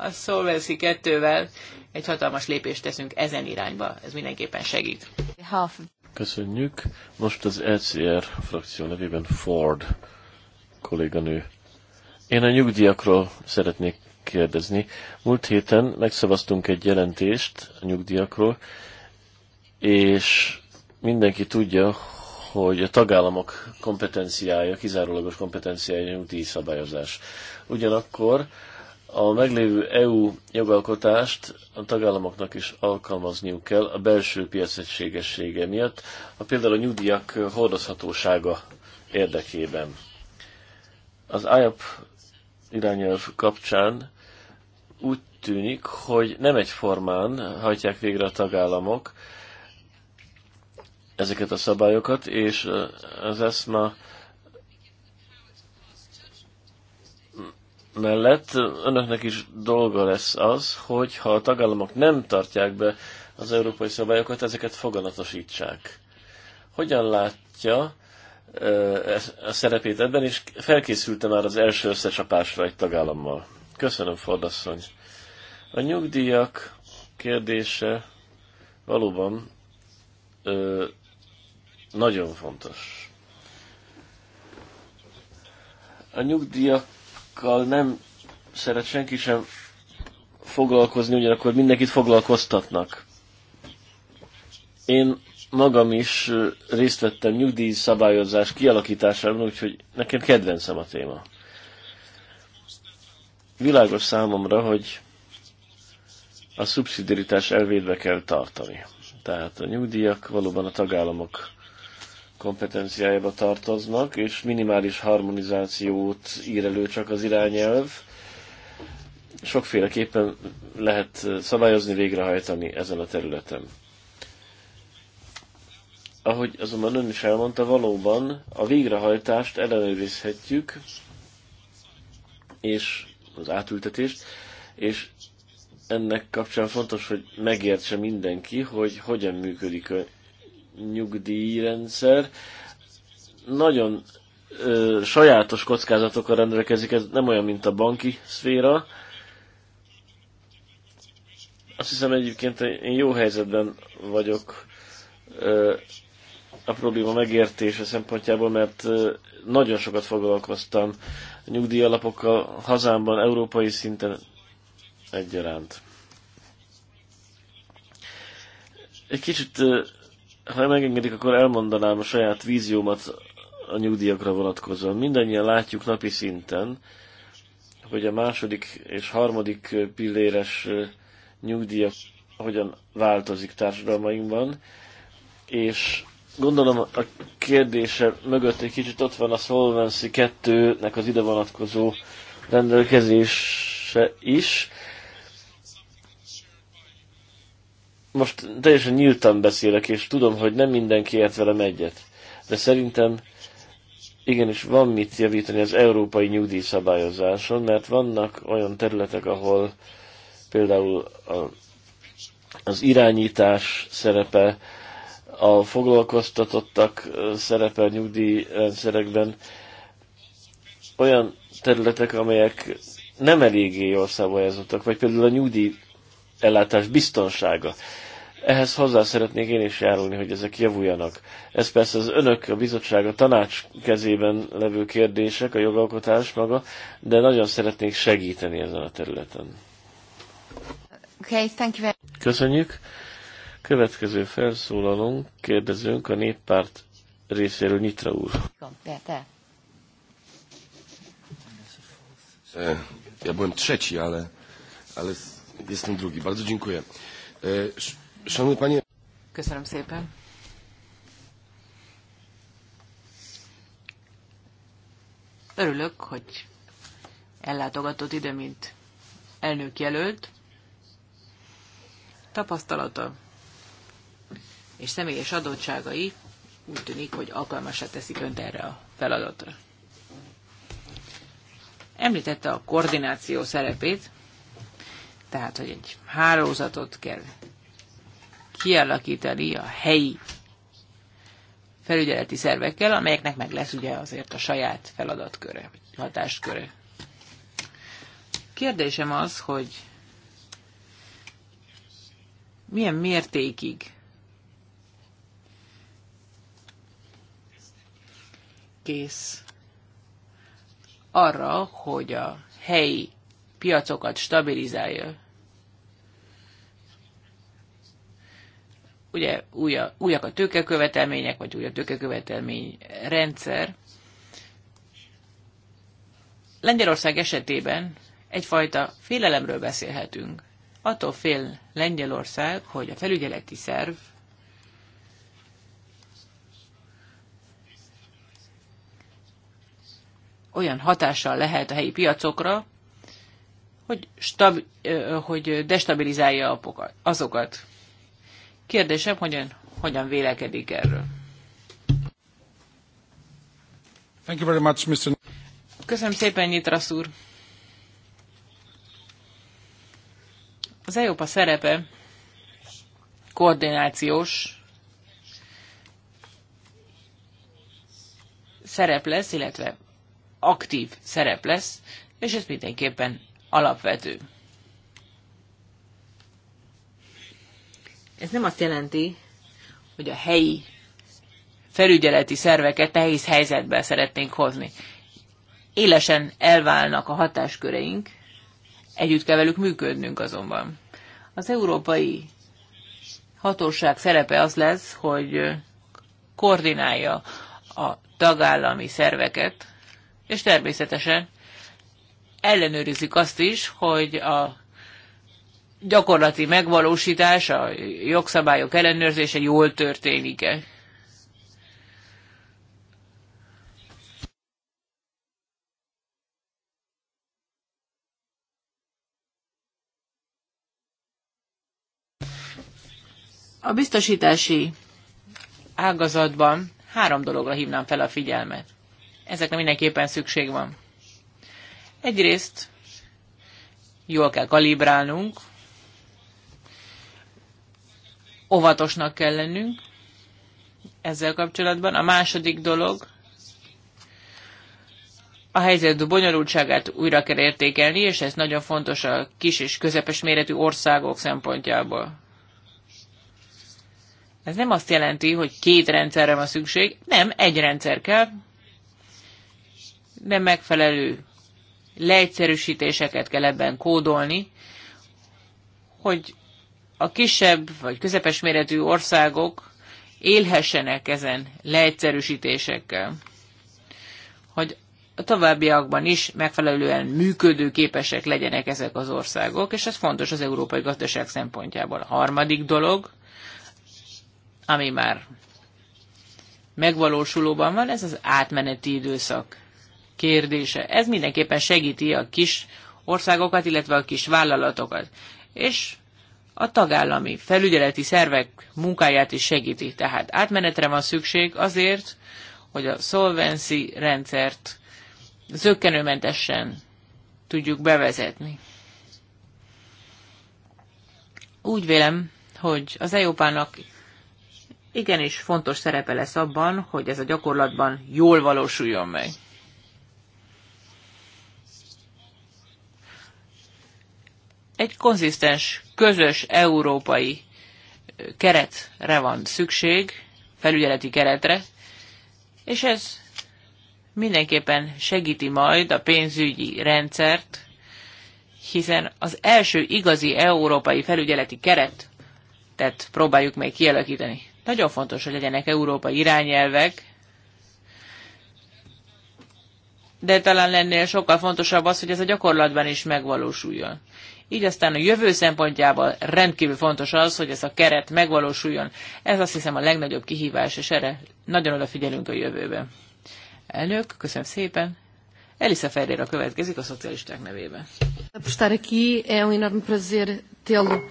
a Solvency 2-vel egy hatalmas lépést teszünk ezen irányba. Ez mindenképpen segít. Köszönjük. Most az ECR frakció nevében Ford kolléganő. Én a nyugdíjakról szeretnék kérdezni. Múlt héten megszavaztunk egy jelentést a nyugdíjakról, és mindenki tudja, hogy a tagállamok kompetenciája, kizárólagos kompetenciája nyugdíjszabályozás. Ugyanakkor a meglévő EU jogalkotást a tagállamoknak is alkalmazniuk kell a belső piac egységessége miatt, a például a nyugdíjak hordozhatósága érdekében. Az IAP irányelv kapcsán úgy tűnik, hogy nem egyformán hajtják végre a tagállamok ezeket a szabályokat, és az ESMA mellett önöknek is dolga lesz az, hogy ha a tagállamok nem tartják be az európai szabályokat, ezeket foganatosítsák. Hogyan látja a szerepét ebben, és felkészülte már az első összecsapásra egy tagállammal. Köszönöm, Fordasszony. A nyugdíjak kérdése valóban ö, nagyon fontos. A nyugdíjak problémákkal nem szeret senki sem foglalkozni, ugyanakkor mindenkit foglalkoztatnak. Én magam is részt vettem nyugdíj szabályozás kialakításában, úgyhogy nekem kedvencem a téma. Világos számomra, hogy a szubszidiritás elvédve kell tartani. Tehát a nyugdíjak valóban a tagállamok kompetenciájába tartoznak, és minimális harmonizációt ír elő csak az irányelv. Sokféleképpen lehet szabályozni, végrehajtani ezen a területen. Ahogy azonban ön is elmondta, valóban a végrehajtást ellenőrizhetjük, és az átültetést, és ennek kapcsán fontos, hogy megértse mindenki, hogy hogyan működik nyugdíjrendszer nagyon ö, sajátos kockázatokkal rendelkezik, ez nem olyan, mint a banki szféra. Azt hiszem egyébként én jó helyzetben vagyok ö, a probléma megértése szempontjából, mert ö, nagyon sokat foglalkoztam nyugdíjalapokkal hazámban, európai szinten egyaránt. Egy kicsit ö, ha megengedik, akkor elmondanám a saját víziómat a nyugdíjakra vonatkozóan. Mindannyian látjuk napi szinten, hogy a második és harmadik pilléres nyugdíjak hogyan változik társadalmainkban, és gondolom a kérdése mögött egy kicsit ott van a Solvency 2-nek az ide vonatkozó rendelkezése is. most teljesen nyíltan beszélek, és tudom, hogy nem mindenki ért velem egyet, de szerintem igenis van mit javítani az európai nyugdíjszabályozáson, mert vannak olyan területek, ahol például a, az irányítás szerepe, a foglalkoztatottak szerepe a nyugdíjrendszerekben, olyan területek, amelyek nem eléggé jól szabályozottak, vagy például a nyugdíj ellátás biztonsága. Ehhez hozzá szeretnék én is járulni, hogy ezek javuljanak. Ez persze az önök, a bizottság, a tanács kezében levő kérdések, a jogalkotás maga, de nagyon szeretnék segíteni ezen a területen. Okay, thank you very Köszönjük. Következő felszólalónk, kérdezünk a néppárt részéről Nyitra úr. Ja byłem trzeci, ale, ale Jestem drugi. Bardzo dziękuję. E, szanowny panie... Köszönöm szépen. Örülök, hogy ellátogatott ide, mint elnök jelölt. Tapasztalata és személyes adottságai úgy tűnik, hogy alkalmasra teszik önt erre a feladatra. Említette a koordináció szerepét, tehát hogy egy hálózatot kell kialakítani a helyi felügyeleti szervekkel, amelyeknek meg lesz ugye azért a saját feladatköre, hatásköre. Kérdésem az, hogy milyen mértékig kész arra, hogy a helyi piacokat stabilizálja. Ugye újak a tőkekövetelmények, vagy új a tőkekövetelmény rendszer. Lengyelország esetében egyfajta félelemről beszélhetünk. Attól fél Lengyelország, hogy a felügyeleti szerv olyan hatással lehet a helyi piacokra, hogy, stab, hogy destabilizálja azokat. Kérdésem, hogyan, hogyan vélekedik erről? Thank you very much, Mr. Köszönöm szépen, Nyitrasz úr. Az EOPA szerepe koordinációs szerep lesz, illetve aktív szerep lesz, és ez mindenképpen alapvető. Ez nem azt jelenti, hogy a helyi felügyeleti szerveket nehéz helyzetbe szeretnénk hozni. Élesen elválnak a hatásköreink, együtt kell velük működnünk azonban. Az európai hatóság szerepe az lesz, hogy koordinálja a tagállami szerveket, és természetesen ellenőrizzük azt is, hogy a gyakorlati megvalósítás, a jogszabályok ellenőrzése jól történik-e. A biztosítási ágazatban három dologra hívnám fel a figyelmet. Ezekre mindenképpen szükség van. Egyrészt jól kell kalibrálnunk, óvatosnak kell lennünk ezzel kapcsolatban. A második dolog, a helyzet bonyolultságát újra kell értékelni, és ez nagyon fontos a kis és közepes méretű országok szempontjából. Ez nem azt jelenti, hogy két rendszerre van szükség, nem, egy rendszer kell, de megfelelő leegyszerűsítéseket kell ebben kódolni, hogy a kisebb vagy közepes méretű országok élhessenek ezen leegyszerűsítésekkel, hogy a továbbiakban is megfelelően működőképesek legyenek ezek az országok, és ez fontos az európai gazdaság szempontjából. A harmadik dolog, ami már megvalósulóban van, ez az átmeneti időszak kérdése. Ez mindenképpen segíti a kis országokat, illetve a kis vállalatokat. És a tagállami felügyeleti szervek munkáját is segíti. Tehát átmenetre van szükség azért, hogy a szolvenci rendszert zöggenőmentesen tudjuk bevezetni. Úgy vélem, hogy az EOPának igenis fontos szerepe lesz abban, hogy ez a gyakorlatban jól valósuljon meg. Egy konzisztens, közös európai keretre van szükség, felügyeleti keretre, és ez mindenképpen segíti majd a pénzügyi rendszert, hiszen az első igazi európai felügyeleti keretet próbáljuk meg kialakítani. Nagyon fontos, hogy legyenek európai irányelvek, de talán lennél sokkal fontosabb az, hogy ez a gyakorlatban is megvalósuljon. Így aztán a jövő szempontjából rendkívül fontos az, hogy ez a keret megvalósuljon. Ez azt hiszem a legnagyobb kihívás, és erre nagyon odafigyelünk a jövőben. Elnök, köszönöm szépen. Elisa Ferreira következik a szocialisták nevében. Um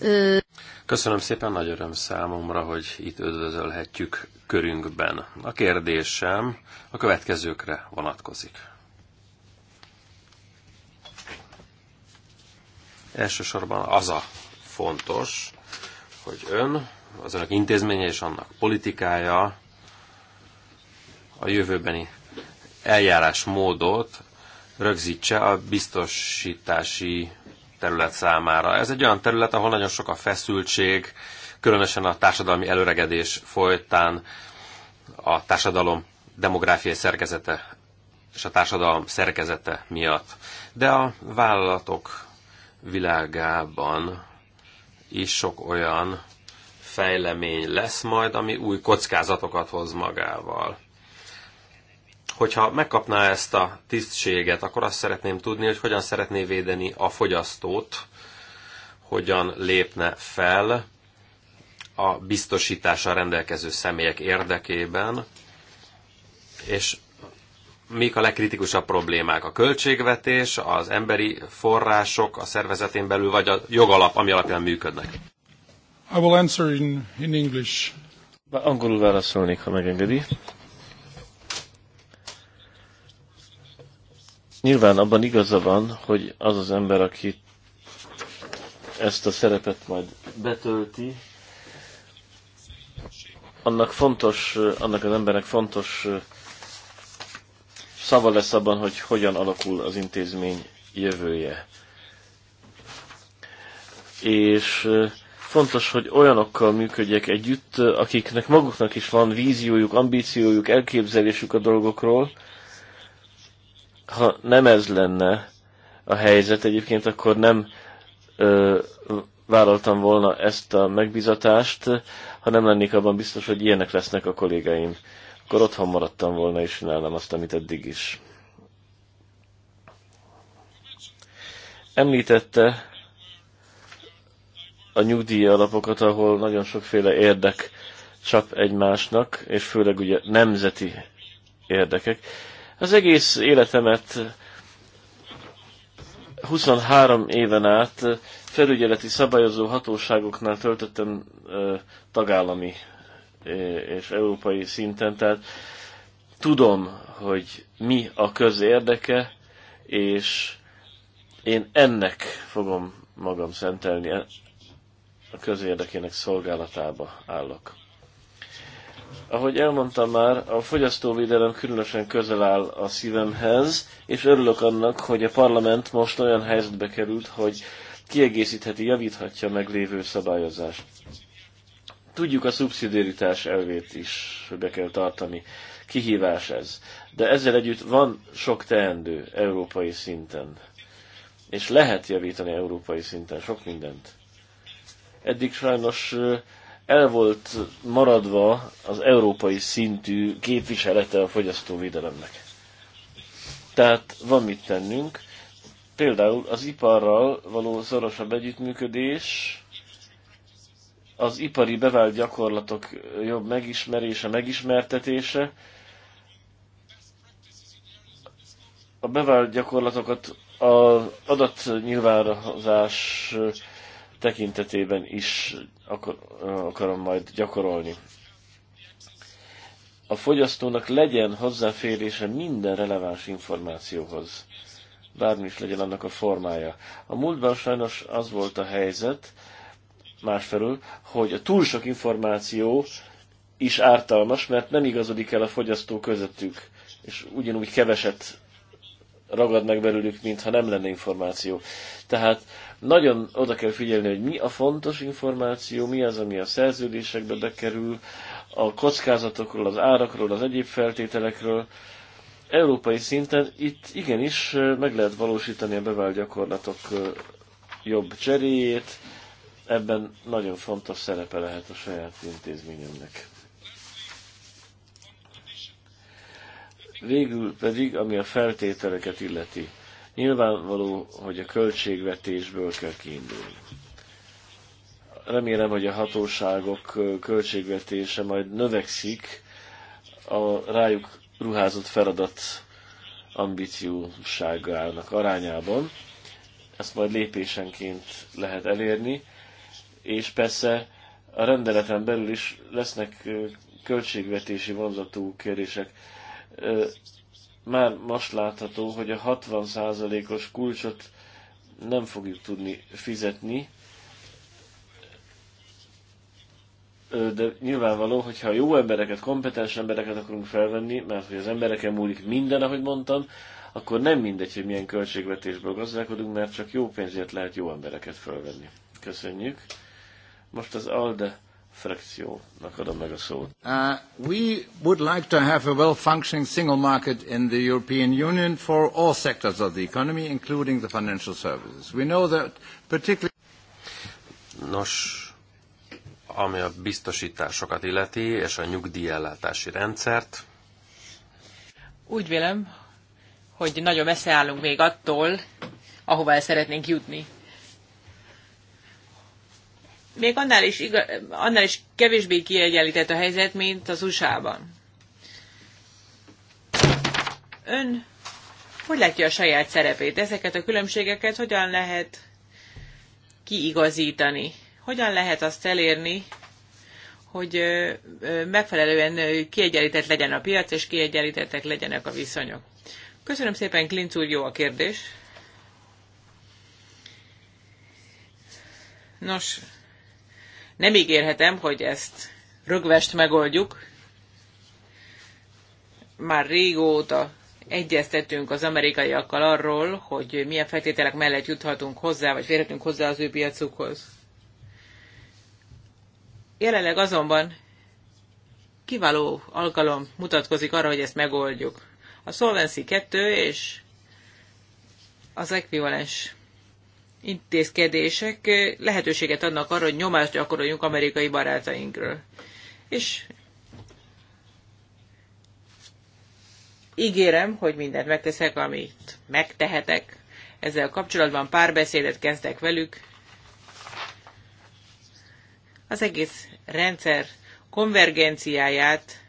eh, köszönöm szépen, nagy öröm számomra, hogy itt üdvözölhetjük körünkben. A kérdésem a következőkre vonatkozik. Elsősorban az a fontos, hogy ön, az önök intézménye és annak politikája a jövőbeni eljárásmódot rögzítse a biztosítási terület számára. Ez egy olyan terület, ahol nagyon sok a feszültség, különösen a társadalmi előregedés folytán a társadalom demográfiai szerkezete és a társadalom szerkezete miatt. De a vállalatok világában is sok olyan fejlemény lesz majd, ami új kockázatokat hoz magával. Hogyha megkapná ezt a tisztséget, akkor azt szeretném tudni, hogy hogyan szeretné védeni a fogyasztót, hogyan lépne fel a biztosítással rendelkező személyek érdekében, és mik a legkritikusabb problémák? A költségvetés, az emberi források a szervezetén belül, vagy a jogalap, ami alapján működnek? I will answer in, in English. Angolul válaszolnék, ha megengedi. Nyilván abban igaza van, hogy az az ember, aki ezt a szerepet majd betölti, annak fontos, annak az embernek fontos szava lesz abban, hogy hogyan alakul az intézmény jövője. És fontos, hogy olyanokkal működjek együtt, akiknek maguknak is van víziójuk, ambíciójuk, elképzelésük a dolgokról. Ha nem ez lenne a helyzet egyébként, akkor nem ö, vállaltam volna ezt a megbizatást, ha nem lennék abban biztos, hogy ilyenek lesznek a kollégáim akkor otthon maradtam volna és csinálnám azt, amit eddig is. Említette a nyugdíj alapokat, ahol nagyon sokféle érdek csap egymásnak, és főleg ugye nemzeti érdekek. Az egész életemet 23 éven át felügyeleti szabályozó hatóságoknál töltöttem tagállami és európai szinten, tehát tudom, hogy mi a közérdeke, és én ennek fogom magam szentelni, e- a közérdekének szolgálatába állok. Ahogy elmondtam már, a fogyasztóvédelem különösen közel áll a szívemhez, és örülök annak, hogy a parlament most olyan helyzetbe került, hogy kiegészítheti, javíthatja meglévő szabályozást. Tudjuk a szubszidiaritás elvét is, hogy be kell tartani. Kihívás ez. De ezzel együtt van sok teendő európai szinten. És lehet javítani európai szinten sok mindent. Eddig sajnos el volt maradva az európai szintű képviselete a fogyasztóvédelemnek. Tehát van mit tennünk. Például az iparral való szorosabb együttműködés, az ipari bevált gyakorlatok jobb megismerése, megismertetése, a bevált gyakorlatokat az adatnyilvánozás tekintetében is akarom majd gyakorolni. A fogyasztónak legyen hozzáférése minden releváns információhoz, bármi is legyen annak a formája. A múltban sajnos az volt a helyzet, másfelől, hogy a túl sok információ is ártalmas, mert nem igazodik el a fogyasztó közöttük, és ugyanúgy keveset ragad meg belőlük, mintha nem lenne információ. Tehát nagyon oda kell figyelni, hogy mi a fontos információ, mi az, ami a szerződésekbe bekerül, a kockázatokról, az árakról, az egyéb feltételekről. Európai szinten itt igenis meg lehet valósítani a bevált gyakorlatok jobb cseréjét, ebben nagyon fontos szerepe lehet a saját intézményemnek. Végül pedig, ami a feltételeket illeti, nyilvánvaló, hogy a költségvetésből kell kiindulni. Remélem, hogy a hatóságok költségvetése majd növekszik a rájuk ruházott feladat ambícióságának arányában. Ezt majd lépésenként lehet elérni és persze a rendeleten belül is lesznek költségvetési vonzatú kérések. Már most látható, hogy a 60%-os kulcsot nem fogjuk tudni fizetni, de nyilvánvaló, hogyha jó embereket, kompetens embereket akarunk felvenni, mert hogy az embereken múlik minden, ahogy mondtam, akkor nem mindegy, hogy milyen költségvetésből gazdálkodunk, mert csak jó pénzért lehet jó embereket felvenni. Köszönjük! Most az ALDE frakciónak adom meg a szót. Uh, we would like to have a well-functioning single market in the European Union for all sectors of the economy, including the financial services. We know that particularly... Nos, ami a biztosításokat illeti, és a nyugdíjellátási rendszert. Úgy vélem, hogy nagyon messze állunk még attól, ahová el szeretnénk jutni még annál is, igaz, annál is kevésbé kiegyenlített a helyzet, mint az USA-ban. Ön hogy látja a saját szerepét? Ezeket a különbségeket hogyan lehet kiigazítani? Hogyan lehet azt elérni, hogy megfelelően kiegyenlített legyen a piac, és kiegyenlítettek legyenek a viszonyok? Köszönöm szépen, Klinc úr, jó a kérdés. Nos, nem ígérhetem, hogy ezt rögvest megoldjuk. Már régóta egyeztetünk az amerikaiakkal arról, hogy milyen feltételek mellett juthatunk hozzá, vagy férhetünk hozzá az ő piacukhoz. Jelenleg azonban kiváló alkalom mutatkozik arra, hogy ezt megoldjuk. A Solvency 2 és az ekvivalens intézkedések lehetőséget adnak arra, hogy nyomást gyakoroljunk amerikai barátainkról. És ígérem, hogy mindent megteszek, amit megtehetek. Ezzel kapcsolatban párbeszédet kezdek velük. Az egész rendszer konvergenciáját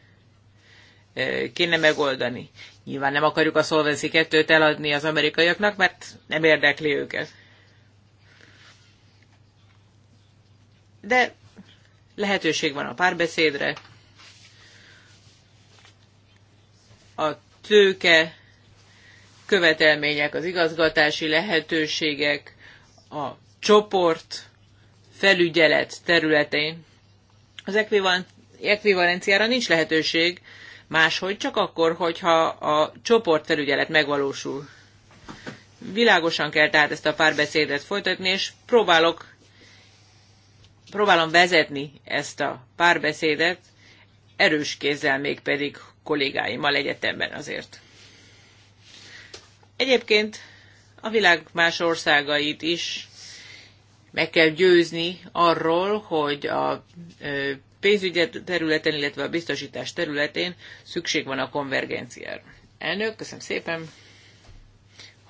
kéne megoldani. Nyilván nem akarjuk a Solvency 2-t eladni az amerikaiaknak, mert nem érdekli őket. de lehetőség van a párbeszédre. A tőke követelmények, az igazgatási lehetőségek, a csoport felügyelet területén. Az ekvivalenciára nincs lehetőség máshogy, csak akkor, hogyha a csoport felügyelet megvalósul. Világosan kell tehát ezt a párbeszédet folytatni, és próbálok próbálom vezetni ezt a párbeszédet, erős kézzel még pedig kollégáimmal egyetemben azért. Egyébként a világ más országait is meg kell győzni arról, hogy a pénzügyet területen, illetve a biztosítás területén szükség van a konvergenciára. Elnök, köszönöm szépen.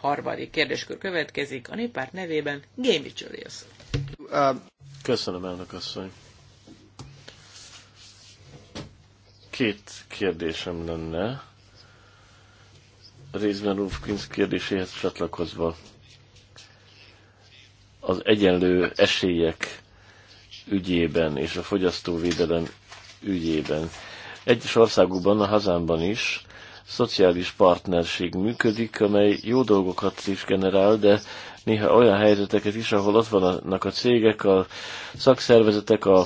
Harmadik kérdéskör következik a néppárt nevében. Gémi Csöliusz. Köszönöm, elnök asszony. Két kérdésem lenne. Részben Rúf Kinsz kérdéséhez csatlakozva. Az egyenlő esélyek ügyében és a fogyasztóvédelem ügyében. Egyes országokban, a hazámban is szociális partnerség működik, amely jó dolgokat is generál, de néha olyan helyzeteket is, ahol ott vannak a cégek, a szakszervezetek, a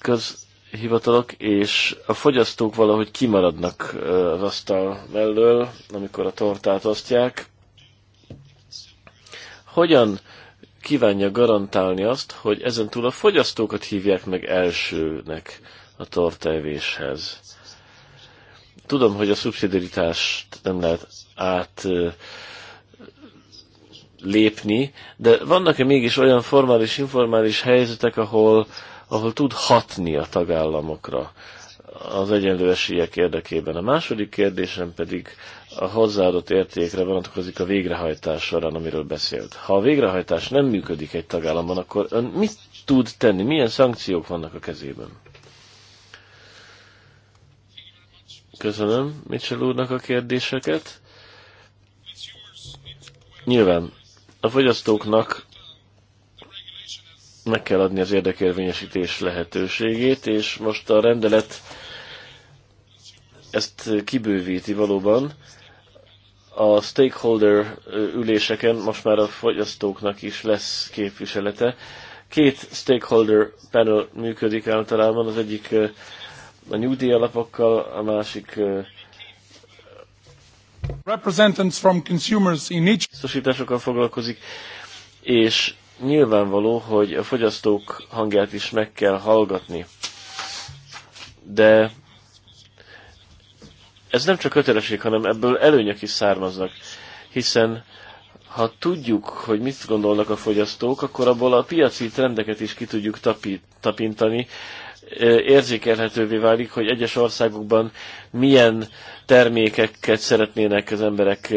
közhivatalok, és a fogyasztók valahogy kimaradnak az asztal mellől, amikor a tortát osztják. Hogyan kívánja garantálni azt, hogy ezentúl a fogyasztókat hívják meg elsőnek a tortaevéshez? Tudom, hogy a szubszidiaritást nem lehet át lépni, de vannak-e mégis olyan formális, informális helyzetek, ahol, ahol tud hatni a tagállamokra az egyenlő esélyek érdekében? A második kérdésem pedig a hozzáadott értékre vonatkozik a végrehajtás során, amiről beszélt. Ha a végrehajtás nem működik egy tagállamban, akkor ön mit tud tenni? Milyen szankciók vannak a kezében? Köszönöm Mitchell úrnak a kérdéseket. Nyilván a fogyasztóknak meg kell adni az érdekérvényesítés lehetőségét, és most a rendelet ezt kibővíti valóban. A stakeholder üléseken most már a fogyasztóknak is lesz képviselete. Két stakeholder panel működik általában, az egyik a nyugdíjalapokkal, a másik from consumers in each biztosításokkal foglalkozik, és nyilvánvaló, hogy a fogyasztók hangját is meg kell hallgatni. De ez nem csak kötelesség, hanem ebből előnyök is származnak, hiszen ha tudjuk, hogy mit gondolnak a fogyasztók, akkor abból a piaci trendeket is ki tudjuk tapi, tapintani, érzékelhetővé válik, hogy egyes országokban milyen termékeket szeretnének az emberek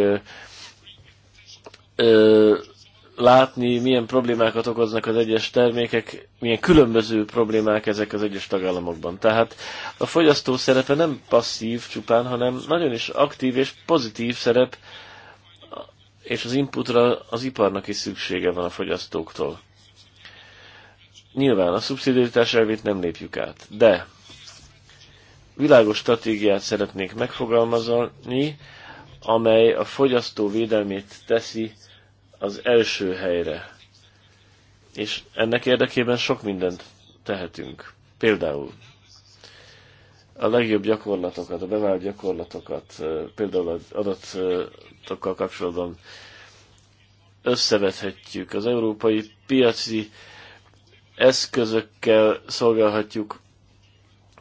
látni, milyen problémákat okoznak az egyes termékek, milyen különböző problémák ezek az egyes tagállamokban. Tehát a fogyasztó szerepe nem passzív csupán, hanem nagyon is aktív és pozitív szerep, és az inputra az iparnak is szüksége van a fogyasztóktól. Nyilván a szubszidiaritás elvét nem lépjük át, de világos stratégiát szeretnék megfogalmazni, amely a fogyasztó védelmét teszi az első helyre. És ennek érdekében sok mindent tehetünk. Például a legjobb gyakorlatokat, a bevált gyakorlatokat, például az adatokkal kapcsolatban összevethetjük az európai piaci eszközökkel szolgálhatjuk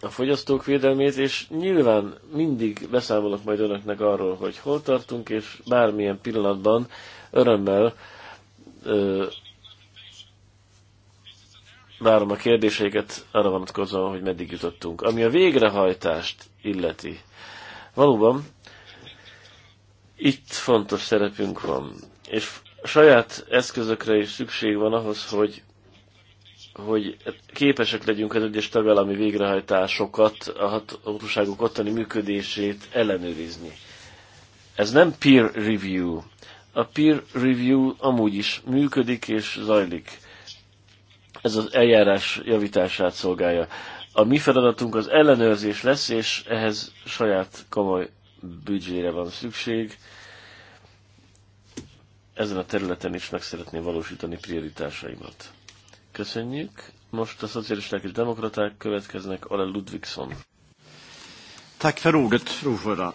a fogyasztók védelmét, és nyilván mindig beszámolok majd önöknek arról, hogy hol tartunk, és bármilyen pillanatban örömmel ö, várom a kérdéseiket arra vonatkozóan, hogy meddig jutottunk. Ami a végrehajtást illeti, valóban itt fontos szerepünk van, és saját eszközökre is szükség van ahhoz, hogy hogy képesek legyünk az egyes tagállami végrehajtásokat, a hatóságok ottani működését ellenőrizni. Ez nem peer review. A peer review amúgy is működik és zajlik. Ez az eljárás javítását szolgálja. A mi feladatunk az ellenőrzés lesz, és ehhez saját komoly büdzsére van szükség. Ezen a területen is meg szeretném valósítani prioritásaimat. Köszönjük. Most a szocialisták és demokraták következnek, Ale Ludvigson. Tack för ordet,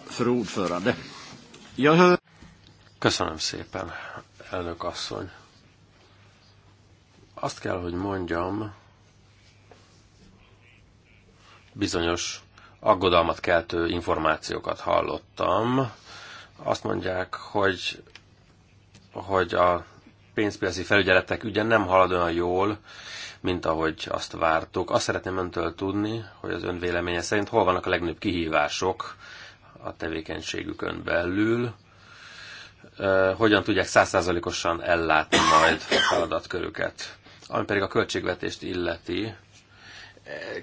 fru ordförande. Jag hör... Köszönöm szépen, elnök asszony. Azt kell, hogy mondjam, bizonyos aggodalmat keltő információkat hallottam. Azt mondják, hogy, hogy a pénzpiaci felügyeletek ügye nem halad olyan jól, mint ahogy azt vártuk. Azt szeretném öntől tudni, hogy az ön véleménye szerint hol vannak a legnagyobb kihívások a tevékenységükön belül, hogyan tudják százszázalékosan ellátni majd a feladatkörüket. Ami pedig a költségvetést illeti,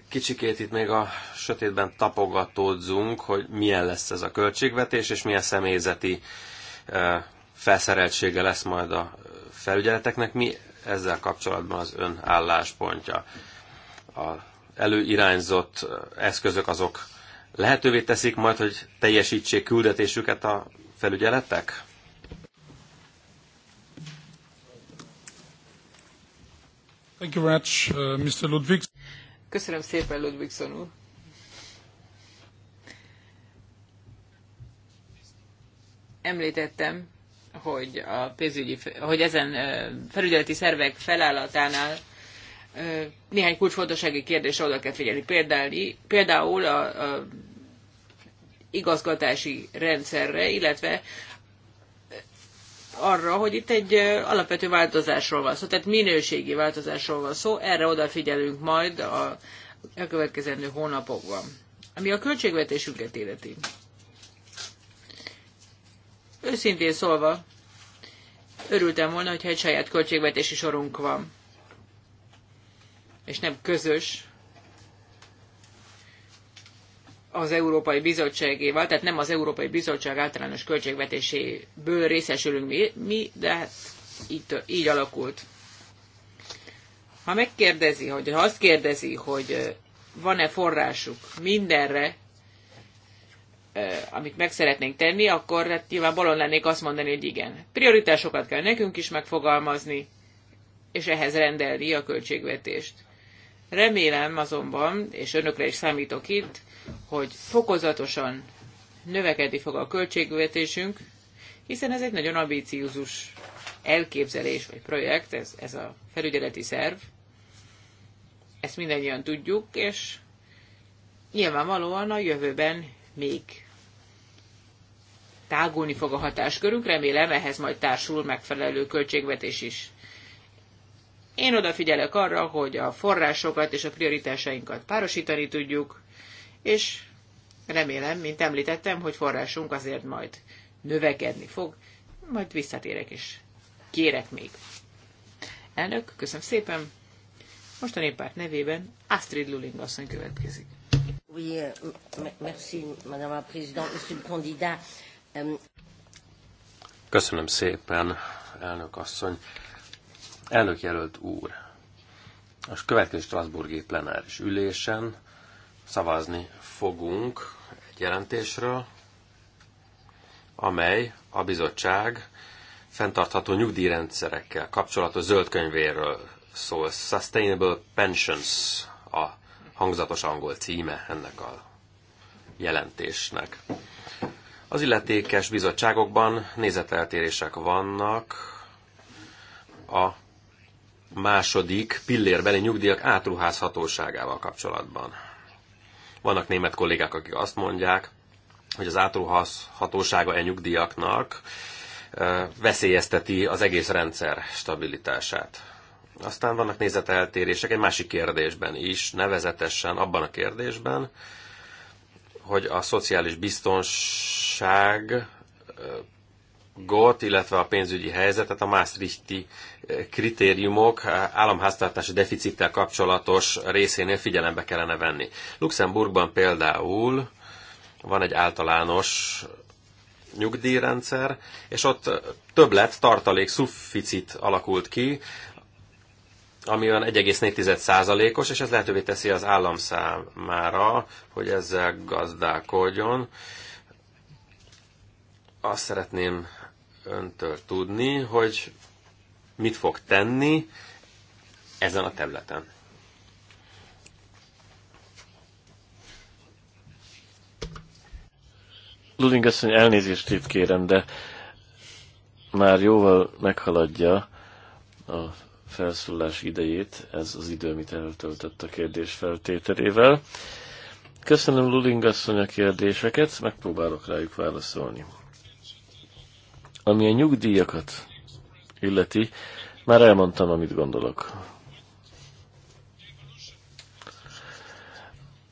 kicsikét itt még a sötétben tapogatódzunk, hogy milyen lesz ez a költségvetés, és milyen személyzeti felszereltsége lesz majd a felügyeleteknek. Mi ezzel kapcsolatban az ön álláspontja? A előirányzott eszközök azok lehetővé teszik majd, hogy teljesítsék küldetésüket a felügyeletek? Thank you very much, uh, Mr. Ludwig. Köszönöm szépen, Ludvigson úr. Említettem hogy, a pénzügyi, hogy ezen felügyeleti szervek felállatánál néhány kulcsfontossági kérdésre oda kell figyelni. Például, például a, a igazgatási rendszerre, illetve arra, hogy itt egy alapvető változásról van szó, tehát minőségi változásról van szó, erre odafigyelünk majd a következő hónapokban. Ami a költségvetésünket illeti. Őszintén szólva, örültem volna, hogyha egy saját költségvetési sorunk van, és nem közös az Európai Bizottságéval, tehát nem az Európai Bizottság általános költségvetéséből részesülünk mi, mi de hát így, így alakult. Ha megkérdezi, hogy ha azt kérdezi, hogy van-e forrásuk mindenre, amit meg szeretnénk tenni, akkor hát nyilván balon lennék azt mondani, hogy igen. Prioritásokat kell nekünk is megfogalmazni, és ehhez rendelni a költségvetést. Remélem azonban, és önökre is számítok itt, hogy fokozatosan növekedni fog a költségvetésünk, hiszen ez egy nagyon ambíciózus elképzelés vagy projekt, ez, ez a felügyeleti szerv. Ezt mindannyian tudjuk, és nyilvánvalóan a jövőben még tágulni fog a hatáskörünk, remélem ehhez majd társul megfelelő költségvetés is. Én odafigyelek arra, hogy a forrásokat és a prioritásainkat párosítani tudjuk, és remélem, mint említettem, hogy forrásunk azért majd növekedni fog, majd visszatérek és kérek még. Elnök, köszönöm szépen! Most a néppárt nevében Astrid Luling asszony következik. Oui, euh, merci, Madame la Présidente, Monsieur le Candidat. Euh, Köszönöm szépen, elnök asszony. Elnök jelölt úr, a következő Strasburgi plenáris ülésen szavazni fogunk egy jelentésről, amely a bizottság fenntartható nyugdíjrendszerekkel kapcsolatos zöldkönyvéről szól. Sustainable Pensions a hangzatos angol címe ennek a jelentésnek. Az illetékes bizottságokban nézeteltérések vannak a második pillérbeli nyugdíjak átruházhatóságával kapcsolatban. Vannak német kollégák, akik azt mondják, hogy az átruházhatósága e nyugdíjaknak veszélyezteti az egész rendszer stabilitását. Aztán vannak nézeteltérések egy másik kérdésben is, nevezetesen abban a kérdésben, hogy a szociális biztonság got, illetve a pénzügyi helyzetet a Maastrichti eh, kritériumok eh, államháztartási deficittel kapcsolatos részénél figyelembe kellene venni. Luxemburgban például van egy általános nyugdíjrendszer, és ott többlet tartalék szufficit alakult ki, ami olyan 1,4%-os, és ez lehetővé teszi az állam számára, hogy ezzel gazdálkodjon. Azt szeretném öntől tudni, hogy mit fog tenni ezen a területen. Luding mondja, elnézést itt kérem, de már jóval meghaladja a felszólás idejét, ez az idő, amit eltöltött a kérdés feltételével. Köszönöm Luling asszony a kérdéseket, megpróbálok rájuk válaszolni. Ami a nyugdíjakat illeti, már elmondtam, amit gondolok.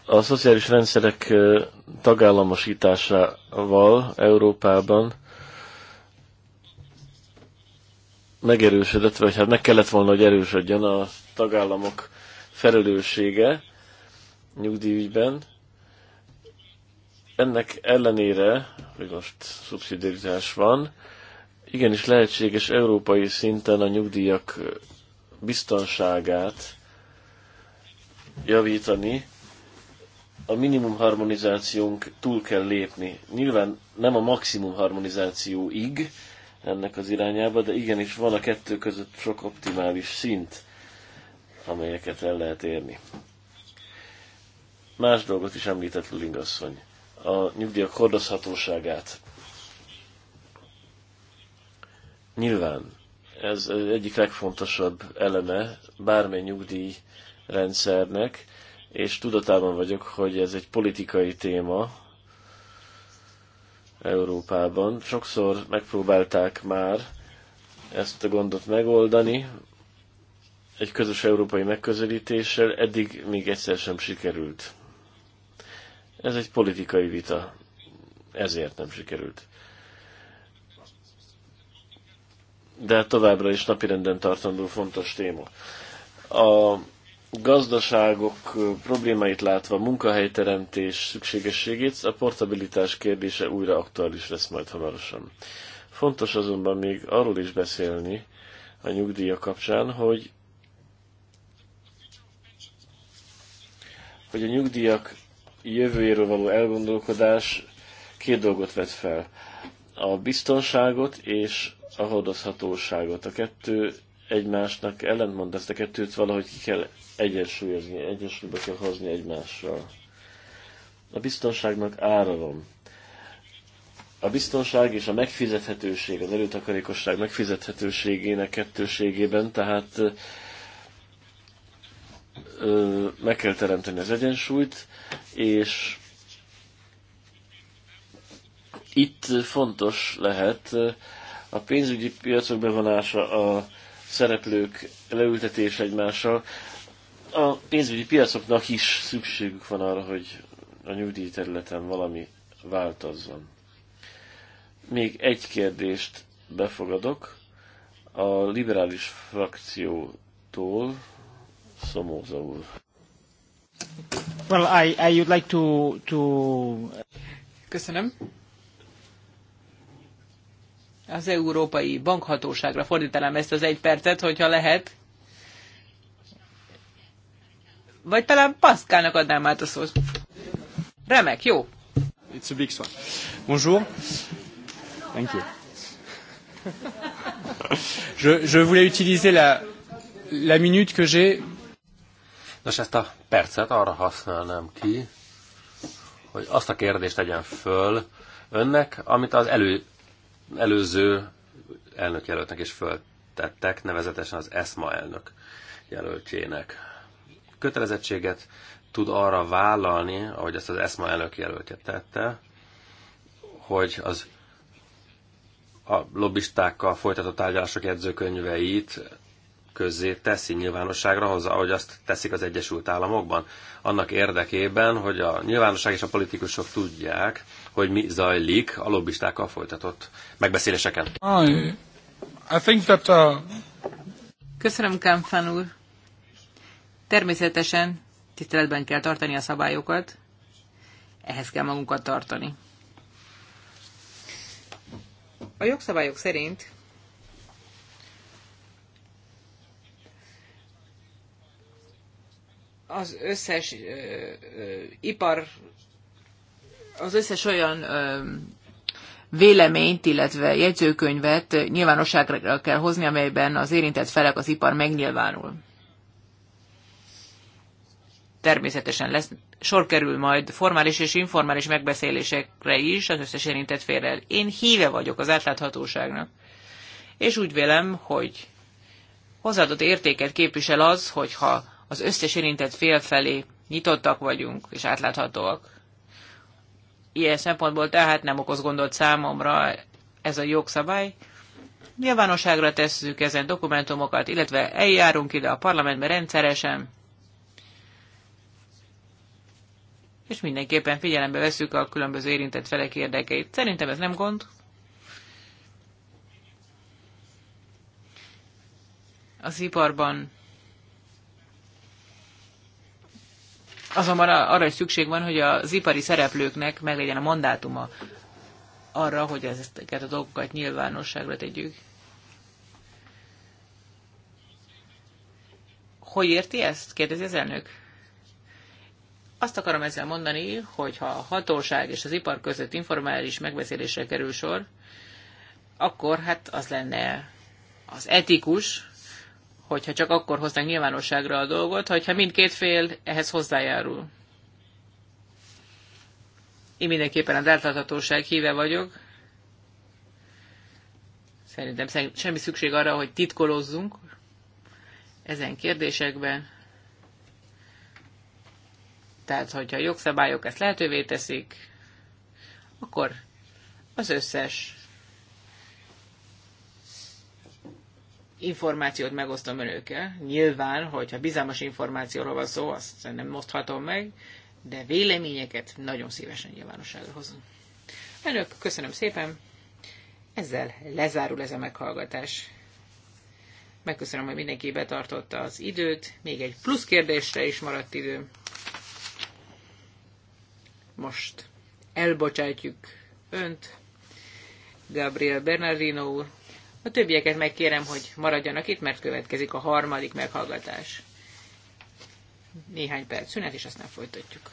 A szociális rendszerek tagállamosításával Európában megerősödött, vagy hát meg kellett volna, hogy erősödjön a tagállamok felelőssége nyugdíjügyben. Ennek ellenére, hogy most szubszidizás van, igenis lehetséges európai szinten a nyugdíjak biztonságát javítani, a minimum harmonizációnk túl kell lépni. Nyilván nem a maximum harmonizációig, ennek az irányába, de igenis van a kettő között sok optimális szint, amelyeket el lehet érni. Más dolgot is említett Luling asszony. A nyugdíjak hordozhatóságát. Nyilván ez egyik legfontosabb eleme bármely nyugdíj rendszernek, és tudatában vagyok, hogy ez egy politikai téma, Európában. Sokszor megpróbálták már ezt a gondot megoldani egy közös európai megközelítéssel, eddig még egyszer sem sikerült. Ez egy politikai vita, ezért nem sikerült. De továbbra is napirenden tartandó fontos téma. A gazdaságok problémáit látva, munkahelyteremtés szükségességét, a portabilitás kérdése újra aktuális lesz majd hamarosan. Fontos azonban még arról is beszélni a nyugdíja kapcsán, hogy, hogy a nyugdíjak jövőjéről való elgondolkodás két dolgot vet fel. A biztonságot és a hordozhatóságot. A kettő egymásnak ellentmond, ezt a kettőt valahogy ki kell egyensúlyozni, egyensúlyba kell hozni egymással. A biztonságnak ára van. A biztonság és a megfizethetőség, az előtakarékosság megfizethetőségének kettőségében, tehát ö, meg kell teremteni az egyensúlyt, és itt fontos lehet a pénzügyi piacok bevonása, a szereplők leültetés egymással, a pénzügyi piacoknak is szükségük van arra, hogy a nyugdíj területen valami változzon. Még egy kérdést befogadok a liberális frakciótól, Szomóza úr. Well, I, I would like to, to... Köszönöm. Az Európai Bankhatóságra fordítanám ezt az egy percet, hogyha lehet vagy talán Pascalnak adnám át a szót. Remek, jó. It's a big one. Bonjour. Thank you. Je, je voulais utiliser la, la minute que j'ai. Nos, ezt a percet arra használnám ki, hogy azt a kérdést tegyen föl önnek, amit az elő, előző elnök jelöltnek is föltettek, nevezetesen az ESMA elnök jelöltjének kötelezettséget tud arra vállalni, ahogy ezt az ESMA elnök jelöltje tette, hogy az a lobbistákkal folytatott tárgyalások jegyzőkönyveit közzé teszi nyilvánosságra hozzá, ahogy azt teszik az Egyesült Államokban. Annak érdekében, hogy a nyilvánosság és a politikusok tudják, hogy mi zajlik a lobbistákkal folytatott megbeszéléseken. I, I think that, uh... Köszönöm, Kánfán úr. Természetesen tiszteletben kell tartani a szabályokat, ehhez kell magunkat tartani. A jogszabályok szerint az összes ö, ö, ipar, az összes olyan ö, véleményt, illetve jegyzőkönyvet nyilvánosságra kell hozni, amelyben az érintett felek az ipar megnyilvánul természetesen lesz, sor kerül majd formális és informális megbeszélésekre is az összes érintett félrel. Én híve vagyok az átláthatóságnak, és úgy vélem, hogy hozzáadott értéket képvisel az, hogyha az összes érintett fél felé nyitottak vagyunk és átláthatóak. Ilyen szempontból tehát nem okoz gondot számomra ez a jogszabály. Nyilvánosságra tesszük ezen dokumentumokat, illetve eljárunk ide a parlamentbe rendszeresen, és mindenképpen figyelembe veszük a különböző érintett felek érdekeit. Szerintem ez nem gond. Az iparban azonban arra is szükség van, hogy az ipari szereplőknek meglegyen a mandátuma arra, hogy ezeket a dolgokat nyilvánosságra tegyük. Hogy érti ezt? kérdezi az elnök. Azt akarom ezzel mondani, hogy ha a hatóság és az ipar között informális megbeszélésre kerül sor, akkor hát az lenne az etikus, hogyha csak akkor hoznánk nyilvánosságra a dolgot, hogyha mindkét fél ehhez hozzájárul. Én mindenképpen az átláthatóság híve vagyok. Szerintem semmi szükség arra, hogy titkolozzunk ezen kérdésekben. Tehát, hogyha a jogszabályok ezt lehetővé teszik, akkor az összes információt megosztom önökkel. Nyilván, hogyha bizalmas információról van szó, azt nem oszthatom meg, de véleményeket nagyon szívesen nyilvánosságra hozom. Önök, köszönöm szépen! Ezzel lezárul ez a meghallgatás. Megköszönöm, hogy mindenki betartotta az időt. Még egy plusz kérdésre is maradt idő most elbocsátjuk önt, Gabriel Bernardino úr. A többieket megkérem, hogy maradjanak itt, mert következik a harmadik meghallgatás. Néhány perc szünet, és aztán folytatjuk.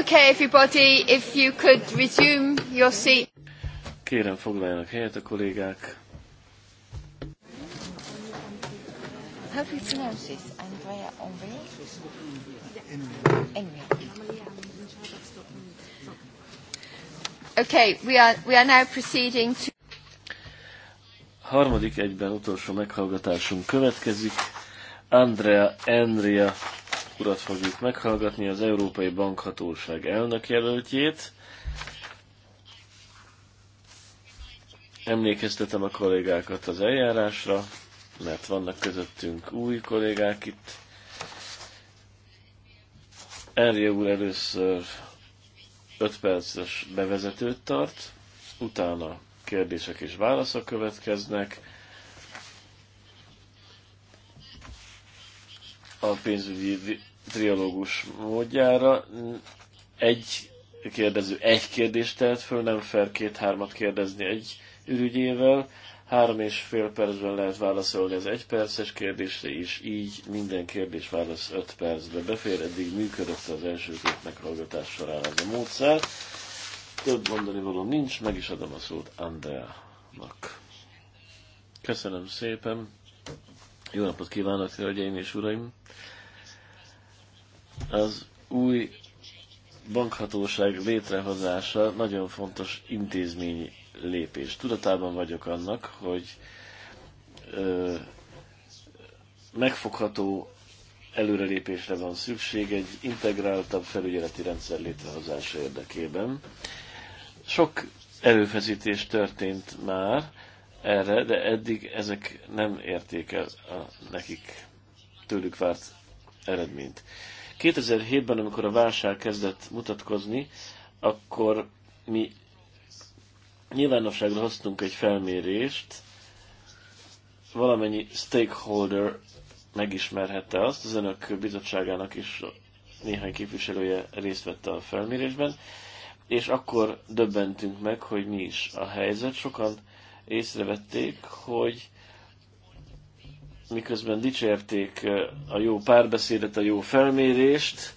Okay, everybody, if you could resume your seat. Kérem, foglaljanak helyet a kollégák. Andrea Okay, we are, we are now proceeding to... Harmadik egyben utolsó meghallgatásunk következik. Andrea Enria urat fogjuk meghallgatni, az Európai Bankhatóság jelöltjét. Emlékeztetem a kollégákat az eljárásra, mert vannak közöttünk új kollégák itt. Erje úr először 5 perces bevezetőt tart, utána kérdések és válaszok következnek. A pénzügyi trialógus módjára. Egy kérdező egy kérdést tehet föl, nem fel két-hármat kérdezni egy ürügyével. Három és fél percben lehet válaszolni az egy perces kérdésre, is így minden kérdés válasz öt percbe befér. Eddig működött az első két meghallgatás során ez a módszer. Több mondani való nincs, meg is adom a szót nak. Köszönöm szépen. Jó napot kívánok, hölgyeim és uraim! Az új bankhatóság létrehozása nagyon fontos intézményi lépés. Tudatában vagyok annak, hogy ö, megfogható előrelépésre van szükség egy integráltabb felügyeleti rendszer létrehozása érdekében. Sok előfezítés történt már erre, de eddig ezek nem érték el a nekik tőlük várt eredményt. 2007-ben, amikor a válság kezdett mutatkozni, akkor mi nyilvánosságra hoztunk egy felmérést, valamennyi stakeholder megismerhette azt, az önök bizottságának is néhány képviselője részt vette a felmérésben, és akkor döbbentünk meg, hogy mi is a helyzet. Sokan észrevették, hogy miközben dicsérték a jó párbeszédet, a jó felmérést,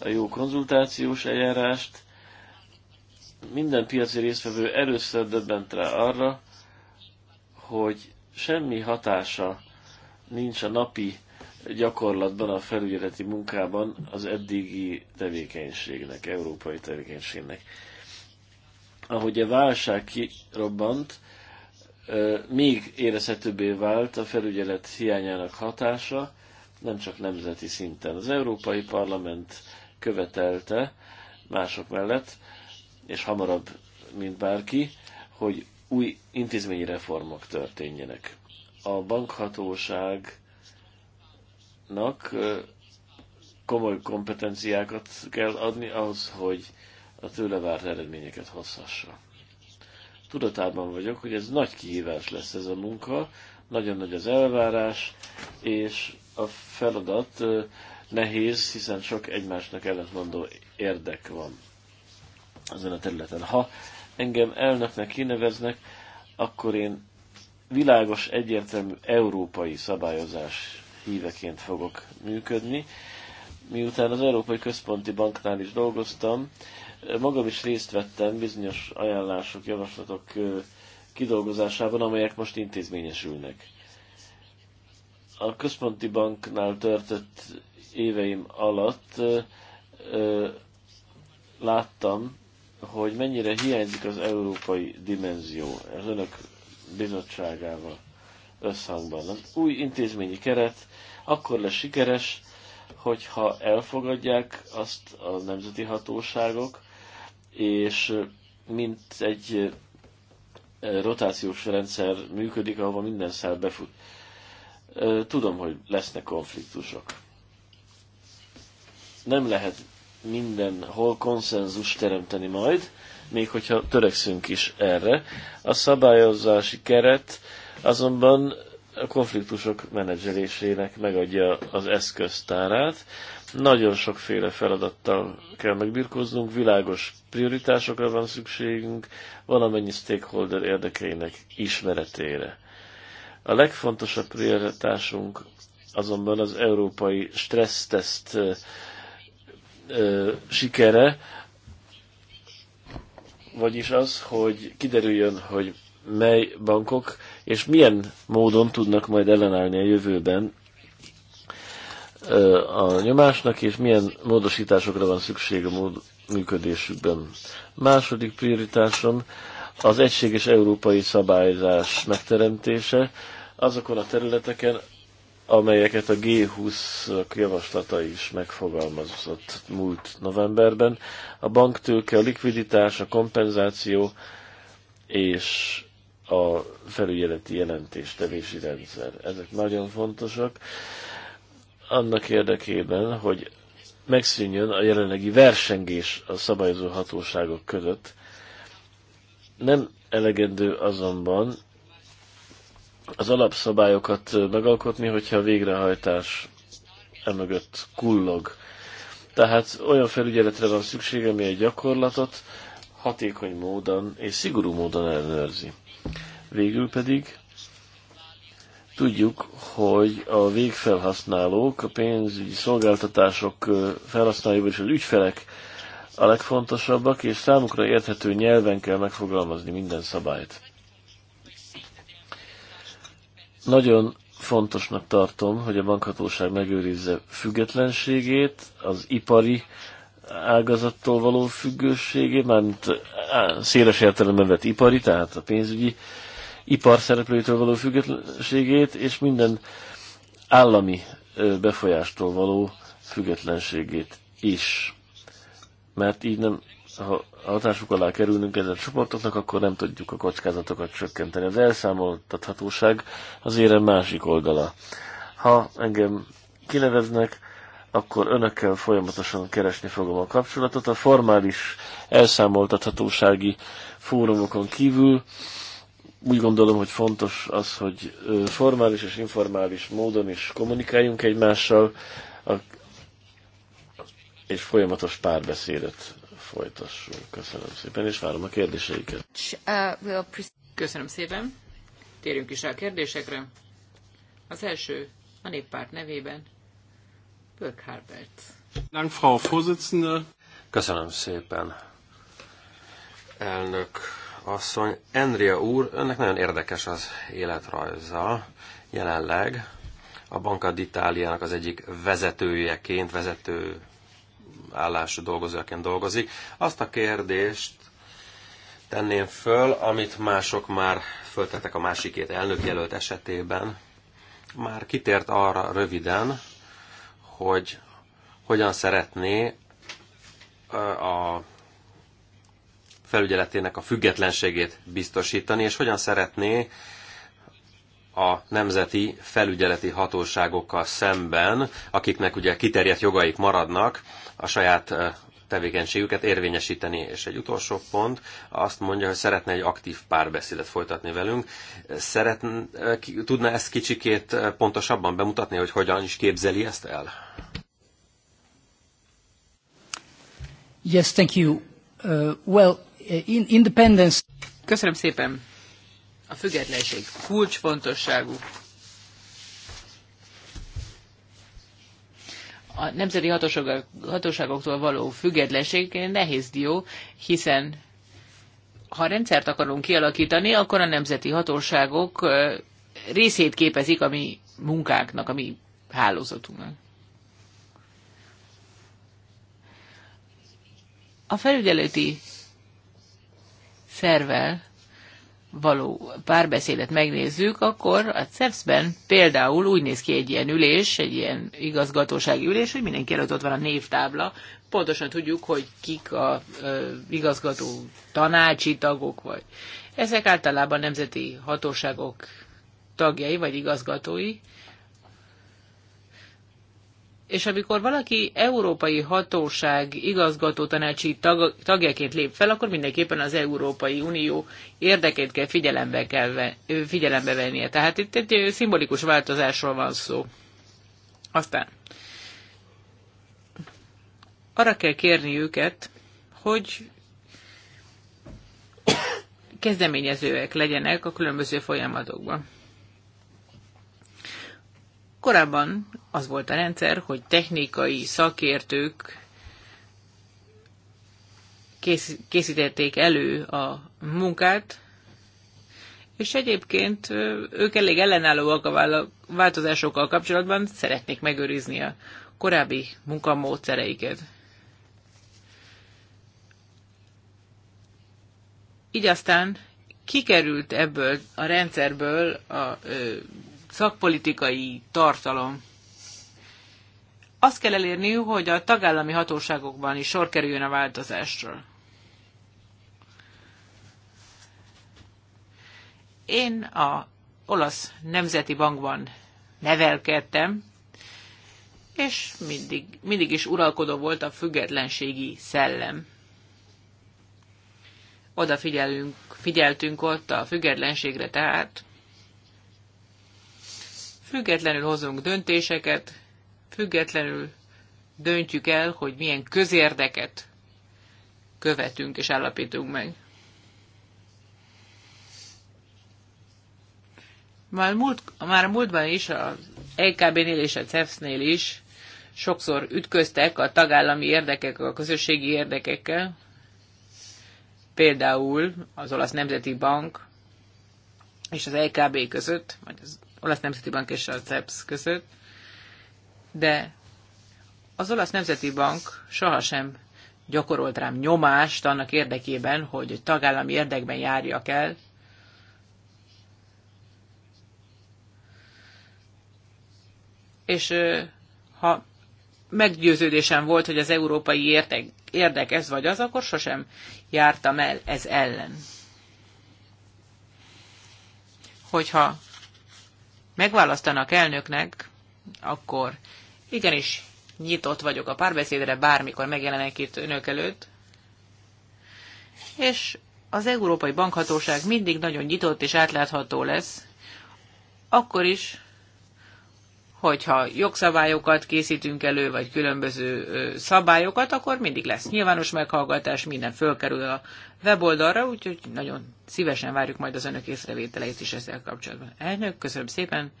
a jó konzultációs eljárást, minden piaci résztvevő először döbbent rá arra, hogy semmi hatása nincs a napi gyakorlatban, a felügyeleti munkában az eddigi tevékenységnek, európai tevékenységnek. Ahogy a válság kirobbant, még érezhetőbbé vált a felügyelet hiányának hatása, nem csak nemzeti szinten. Az Európai Parlament követelte mások mellett, és hamarabb, mint bárki, hogy új intézményi reformok történjenek. A bankhatóságnak komoly kompetenciákat kell adni ahhoz, hogy a tőle várt eredményeket hozhassa tudatában vagyok, hogy ez nagy kihívás lesz ez a munka, nagyon nagy az elvárás, és a feladat nehéz, hiszen sok egymásnak ellentmondó érdek van ezen a területen. Ha engem elnöknek kineveznek, akkor én világos, egyértelmű európai szabályozás híveként fogok működni. Miután az Európai Központi Banknál is dolgoztam, Magam is részt vettem bizonyos ajánlások, javaslatok kidolgozásában, amelyek most intézményesülnek. A központi banknál törtött éveim alatt láttam, hogy mennyire hiányzik az európai dimenzió az önök bizottságával összhangban. Az új intézményi keret akkor lesz sikeres, hogyha elfogadják azt a nemzeti hatóságok, és mint egy rotációs rendszer működik, ahova minden szál befut. Tudom, hogy lesznek konfliktusok. Nem lehet mindenhol konszenzus teremteni majd, még hogyha törekszünk is erre. A szabályozási keret azonban a konfliktusok menedzselésének megadja az eszköztárát, nagyon sokféle feladattal kell megbirkóznunk, világos prioritásokra van szükségünk, valamennyi stakeholder érdekeinek ismeretére. A legfontosabb prioritásunk azonban az európai stresszteszt sikere, vagyis az, hogy kiderüljön, hogy mely bankok és milyen módon tudnak majd ellenállni a jövőben a nyomásnak, és milyen módosításokra van szükség a mód működésükben. Második prioritásom az egységes európai szabályzás megteremtése azokon a területeken, amelyeket a G20 javaslata is megfogalmazott múlt novemberben. A banktőke, a likviditás, a kompenzáció és a felügyeleti jelentéstevési rendszer. Ezek nagyon fontosak annak érdekében, hogy megszűnjön a jelenlegi versengés a szabályozó hatóságok között. Nem elegendő azonban az alapszabályokat megalkotni, hogyha a végrehajtás emögött kullog. Tehát olyan felügyeletre van szükség, ami a gyakorlatot hatékony módon és szigorú módon ellenőrzi. Végül pedig Tudjuk, hogy a végfelhasználók, a pénzügyi szolgáltatások felhasználói, és az ügyfelek a legfontosabbak, és számukra érthető nyelven kell megfogalmazni minden szabályt. Nagyon fontosnak tartom, hogy a bankhatóság megőrizze függetlenségét, az ipari ágazattól való függőségét, mármint széles értelemben vett ipari, tehát a pénzügyi ipar szereplőtől való függetlenségét, és minden állami befolyástól való függetlenségét is. Mert így nem, ha hatásuk alá kerülünk ezen csoportoknak, akkor nem tudjuk a kockázatokat csökkenteni. Az elszámoltathatóság az érem másik oldala. Ha engem kineveznek, akkor önökkel folyamatosan keresni fogom a kapcsolatot. A formális elszámoltathatósági fórumokon kívül úgy gondolom, hogy fontos az, hogy formális és informális módon is kommunikáljunk egymással, a, és folyamatos párbeszédet folytassunk. Köszönöm szépen, és várom a kérdéseiket. Köszönöm szépen. Térjünk is rá a kérdésekre. Az első a néppárt nevében Börk Harbert. Frau Vorsitzende. Köszönöm szépen, elnök asszony. Andrea úr, önnek nagyon érdekes az életrajza jelenleg. A Banca d'Italiának az egyik vezetőjeként, vezető állású dolgozóként dolgozik. Azt a kérdést tenném föl, amit mások már föltettek a másik két elnökjelölt esetében. Már kitért arra röviden, hogy hogyan szeretné a felügyeletének a függetlenségét biztosítani, és hogyan szeretné a nemzeti felügyeleti hatóságokkal szemben, akiknek ugye kiterjedt jogaik maradnak, a saját tevékenységüket érvényesíteni. És egy utolsó pont azt mondja, hogy szeretne egy aktív párbeszédet folytatni velünk. Szeretn tudna ezt kicsikét pontosabban bemutatni, hogy hogyan is képzeli ezt el? Yes, thank you. Uh, well, independence. Köszönöm szépen. A függetlenség kulcsfontosságú. A nemzeti hatóságoktól való függetlenség nehéz dió, hiszen ha rendszert akarunk kialakítani, akkor a nemzeti hatóságok részét képezik a mi munkánknak, a mi hálózatunknak. A felügyeleti szervel való párbeszédet megnézzük, akkor a CEPS-ben például úgy néz ki egy ilyen ülés, egy ilyen igazgatósági ülés, hogy mindenki előtt ott van a névtábla, pontosan tudjuk, hogy kik a ö, igazgató tanácsi tagok vagy. Ezek általában nemzeti hatóságok tagjai vagy igazgatói, és amikor valaki európai hatóság igazgató tanácsi tag, tagjaként lép fel, akkor mindenképpen az Európai Unió érdekét kell figyelembe, kell figyelembe vennie. Tehát itt egy szimbolikus változásról van szó. Aztán arra kell kérni őket, hogy kezdeményezőek legyenek a különböző folyamatokban. Korábban az volt a rendszer, hogy technikai szakértők készítették elő a munkát, és egyébként ők elég ellenállóak a változásokkal kapcsolatban, szeretnék megőrizni a korábbi munkamódszereiket. Így aztán kikerült ebből a rendszerből a szakpolitikai tartalom. Azt kell elérni, hogy a tagállami hatóságokban is sor kerüljön a változásról. Én a olasz nemzeti bankban nevelkedtem, és mindig, mindig is uralkodó volt a függetlenségi szellem. Odafigyelünk, figyeltünk ott a függetlenségre tehát, Függetlenül hozunk döntéseket, függetlenül döntjük el, hogy milyen közérdeket követünk és állapítunk meg. Már, múlt, már a múltban is, az EKB-nél és a CEFS-nél is sokszor ütköztek a tagállami érdekek, a közösségi érdekekkel. Például az Olasz Nemzeti Bank és az EKB között, vagy az Olasz Nemzeti Bank és a CEPS között, de az Olasz Nemzeti Bank sohasem gyakorolt rám nyomást annak érdekében, hogy tagállami érdekben járjak el. És ha meggyőződésem volt, hogy az európai érdek, érdek ez vagy az, akkor sosem jártam el ez ellen. Hogyha megválasztanak elnöknek, akkor igenis nyitott vagyok a párbeszédre, bármikor megjelenek itt önök előtt. És az Európai Bankhatóság mindig nagyon nyitott és átlátható lesz, akkor is, hogyha jogszabályokat készítünk elő, vagy különböző szabályokat, akkor mindig lesz nyilvános meghallgatás, minden fölkerül a weboldalra, úgyhogy nagyon szívesen várjuk majd az önök észrevételeit is ezzel kapcsolatban. Elnök, köszönöm szépen.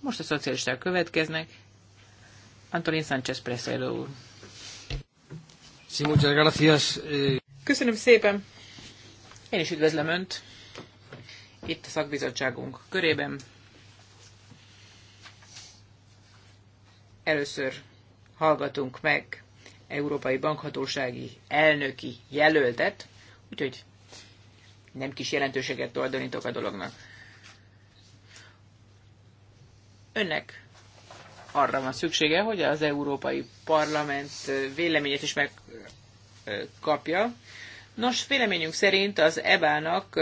Most a szocialisták következnek. Antolin Sánchez Preselo úr. Köszönöm szépen. Én is üdvözlöm Önt. Itt a szakbizottságunk körében. Először hallgatunk meg Európai Bankhatósági elnöki jelöltet, úgyhogy nem kis jelentőséget tulajdonítok a dolognak. Önnek arra van szüksége, hogy az Európai Parlament véleményét is megkapja. Nos, véleményünk szerint az EBA-nak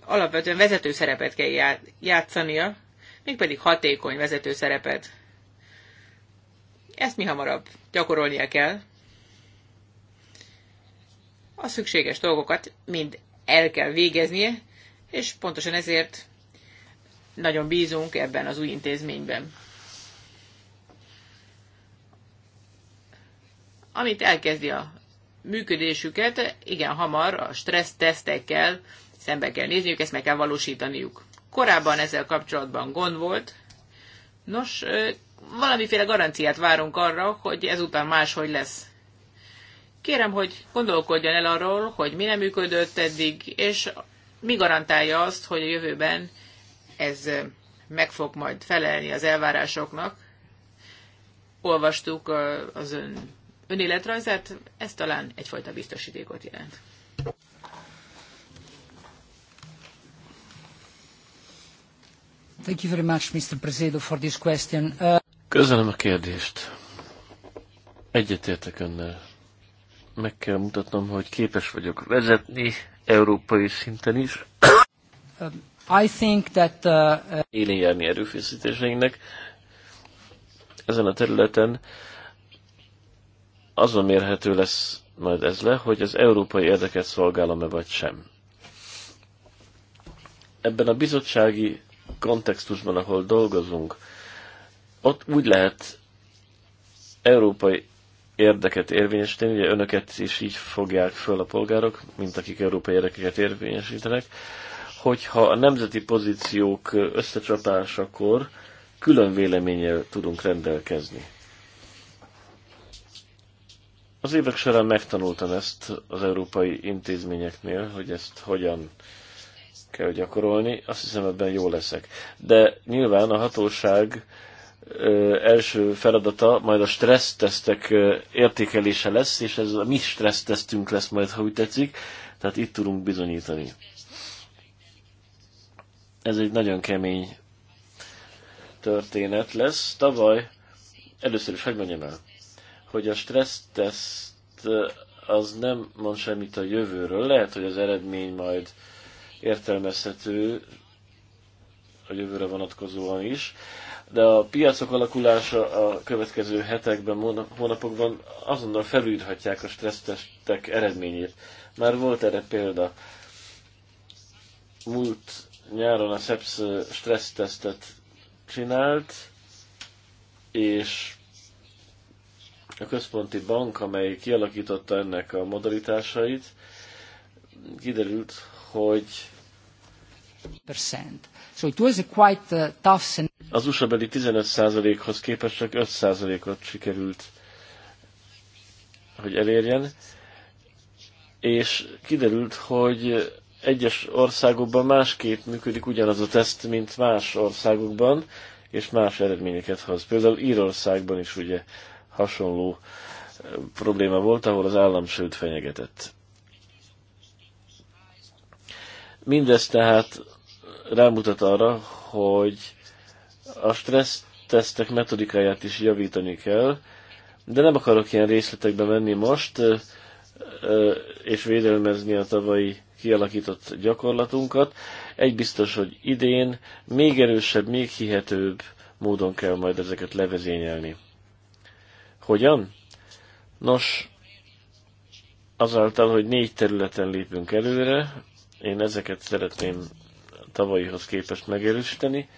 alapvetően vezető szerepet kell játszania, mégpedig hatékony vezető szerepet. Ezt mi hamarabb gyakorolnia kell. A szükséges dolgokat mind el kell végeznie, és pontosan ezért nagyon bízunk ebben az új intézményben. Amit elkezdi a működésüket, igen hamar a stressz tesztekkel szembe kell nézniük, ezt meg kell valósítaniuk. Korábban ezzel kapcsolatban gond volt. Nos, valamiféle garanciát várunk arra, hogy ezután máshogy lesz. Kérem, hogy gondolkodjon el arról, hogy mi nem működött eddig, és mi garantálja azt, hogy a jövőben ez meg fog majd felelni az elvárásoknak. Olvastuk az ön önéletrajzát, ez talán egyfajta biztosítékot jelent. Thank you very much, Mr. President, for this question. Uh... Köszönöm a kérdést. Egyetértek önnel. Meg kell mutatnom, hogy képes vagyok vezetni európai szinten is. Um, I think that uh, élén uh, járni erőfeszítéseinknek ezen a területen azon mérhető lesz majd ez le, hogy az európai érdeket szolgálom-e vagy sem. Ebben a bizottsági kontextusban, ahol dolgozunk, ott úgy lehet európai érdeket érvényesíteni, ugye önöket is így fogják föl a polgárok, mint akik európai érdekeket érvényesítenek, hogyha a nemzeti pozíciók összecsapásakor külön véleménnyel tudunk rendelkezni. Az évek során megtanultam ezt az európai intézményeknél, hogy ezt hogyan kell gyakorolni, azt hiszem ebben jó leszek. De nyilván a hatóság első feladata majd a stressztesztek értékelése lesz, és ez a mi stressztesztünk lesz majd, ha úgy tetszik, tehát itt tudunk bizonyítani. Ez egy nagyon kemény történet lesz. Tavaly először is, hogy mondjam el, hogy a stresszteszt az nem mond semmit a jövőről. Lehet, hogy az eredmény majd értelmezhető a jövőre vonatkozóan is, de a piacok alakulása a következő hetekben, hónapokban azonnal felülírhatják a stressztestek eredményét. Már volt erre példa. Múlt nyáron a SEPS stressztesztet csinált, és a központi bank, amely kialakította ennek a modalitásait, kiderült, hogy percent. So it was a quite uh, tough az USA beli 15%-hoz képest csak 5%-ot sikerült, hogy elérjen, és kiderült, hogy egyes országokban másképp működik ugyanaz a teszt, mint más országokban, és más eredményeket hoz. Például Írországban is ugye hasonló eh, probléma volt, ahol az állam sőt fenyegetett. Mindez tehát rámutat arra, hogy a stressz tesztek metodikáját is javítani kell, de nem akarok ilyen részletekbe menni most, és védelmezni a tavalyi kialakított gyakorlatunkat. Egy biztos, hogy idén még erősebb, még hihetőbb módon kell majd ezeket levezényelni. Hogyan? Nos, azáltal, hogy négy területen lépünk előre, én ezeket szeretném tavalyihoz képest megerősíteni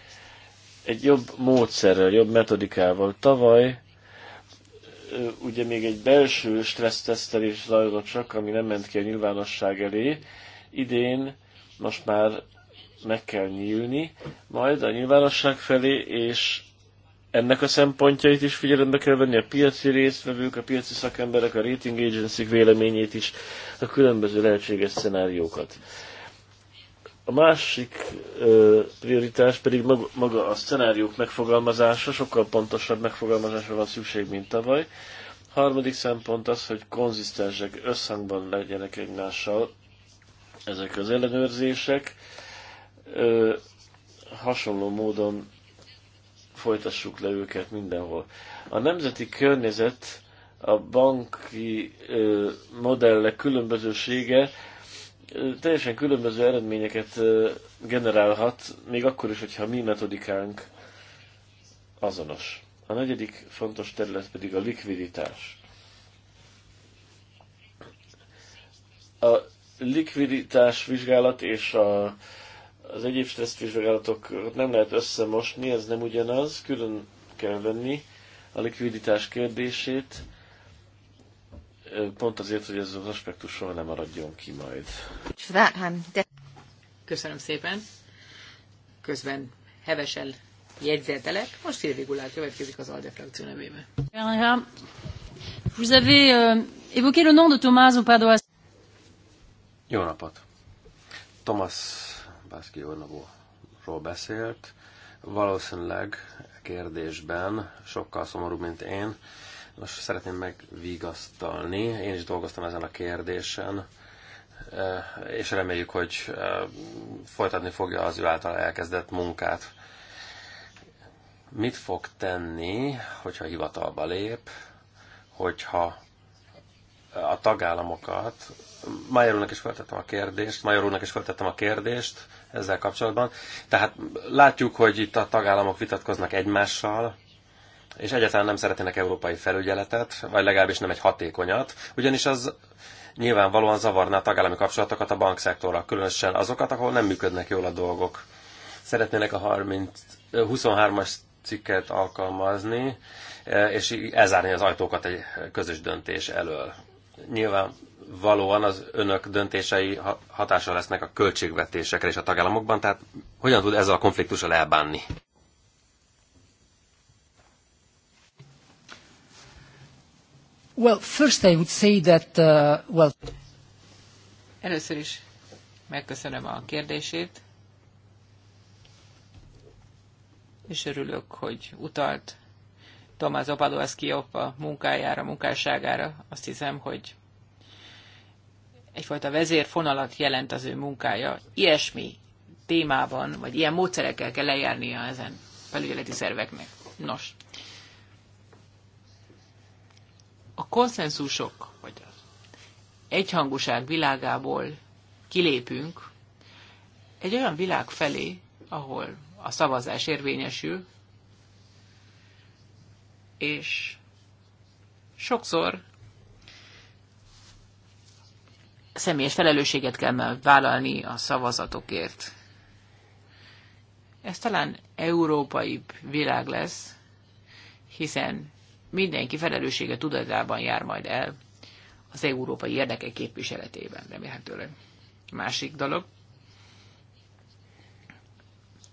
egy jobb módszerrel, jobb metodikával. Tavaly ugye még egy belső stressztesztelés zajlott csak, ami nem ment ki a nyilvánosság elé. Idén most már meg kell nyílni, majd a nyilvánosság felé, és ennek a szempontjait is figyelembe kell venni, a piaci résztvevők, a piaci szakemberek, a rating agency véleményét is, a különböző lehetséges szenáriókat. A másik ö, prioritás pedig maga, maga a szenáriók megfogalmazása, sokkal pontosabb megfogalmazásra van szükség, mint tavaly. Harmadik szempont az, hogy konzisztensek, összhangban legyenek egymással ezek az ellenőrzések. Ö, hasonló módon folytassuk le őket mindenhol. A nemzeti környezet, a banki ö, modellek különbözősége teljesen különböző eredményeket generálhat, még akkor is, hogyha mi metodikánk azonos. A negyedik fontos terület pedig a likviditás. A likviditás vizsgálat és a, az egyéb stresszvizsgálatok nem lehet összemosni, ez nem ugyanaz, külön kell venni a likviditás kérdését pont azért, hogy ez az aspektus soha nem maradjon ki majd. Köszönöm szépen. Közben hevesen jegyzetelek. Most Szilvi Gulár következik az ALDE frakció nevében. Vous avez euh, évoqué le nom de Tomás Opadoa. Jó napot! Tomás Bászki Ornavóról beszélt. Valószínűleg kérdésben sokkal szomorúbb, mint én Nos, szeretném megvigasztalni. Én is dolgoztam ezen a kérdésen, e, és reméljük, hogy e, folytatni fogja az ő által elkezdett munkát. Mit fog tenni, hogyha hivatalba lép, hogyha a tagállamokat. Major úrnak is feltettem a kérdést, Major úrnak is feltettem a kérdést ezzel kapcsolatban. Tehát látjuk, hogy itt a tagállamok vitatkoznak egymással, és egyáltalán nem szeretnének európai felügyeletet, vagy legalábbis nem egy hatékonyat, ugyanis az nyilvánvalóan zavarná a tagállami kapcsolatokat a bankszektorral, különösen azokat, ahol nem működnek jól a dolgok. Szeretnének a 30, 23-as cikket alkalmazni, és elzárni az ajtókat egy közös döntés elől. Nyilván valóan az önök döntései hatással lesznek a költségvetésekre és a tagállamokban, tehát hogyan tud ezzel a konfliktussal elbánni? Well, first I would say that, uh, well... Először is megköszönöm a kérdését, és örülök, hogy utalt Tomás Opadovszkijov a munkájára, munkásságára. Azt hiszem, hogy egyfajta vezérfonalat jelent az ő munkája. Ilyesmi témában, vagy ilyen módszerekkel kell lejárnia ezen felügyeleti szerveknek. Nos, a konszenzusok, vagy az egyhangúság világából kilépünk egy olyan világ felé, ahol a szavazás érvényesül, és sokszor személyes felelősséget kell vállalni a szavazatokért. Ez talán európai világ lesz, hiszen mindenki felelőssége tudatában jár majd el az európai érdekek képviseletében, remélhetőleg. Másik dolog.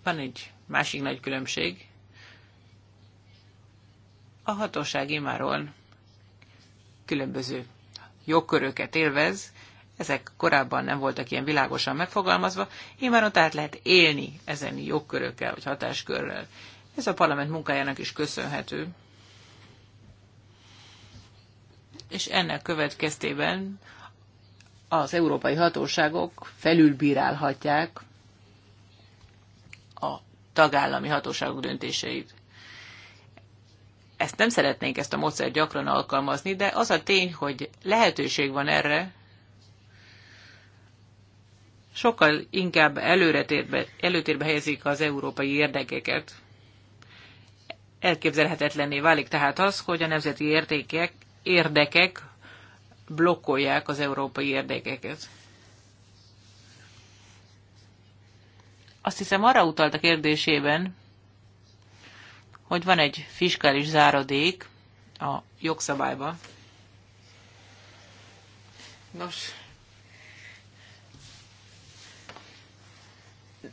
Van egy másik nagy különbség. A hatóság imáron különböző jogköröket élvez, ezek korábban nem voltak ilyen világosan megfogalmazva, imáron tehát lehet élni ezen jogkörökkel vagy hatáskörrel. Ez a parlament munkájának is köszönhető és ennek következtében az európai hatóságok felülbírálhatják a tagállami hatóságok döntéseit. Ezt nem szeretnénk ezt a módszert gyakran alkalmazni, de az a tény, hogy lehetőség van erre, sokkal inkább előretérbe, előtérbe helyezik az európai érdekeket. Elképzelhetetlenné válik tehát az, hogy a nemzeti értékek, érdekek blokkolják az európai érdekeket. Azt hiszem arra utalt a kérdésében, hogy van egy fiskális záradék a jogszabályban. Nos,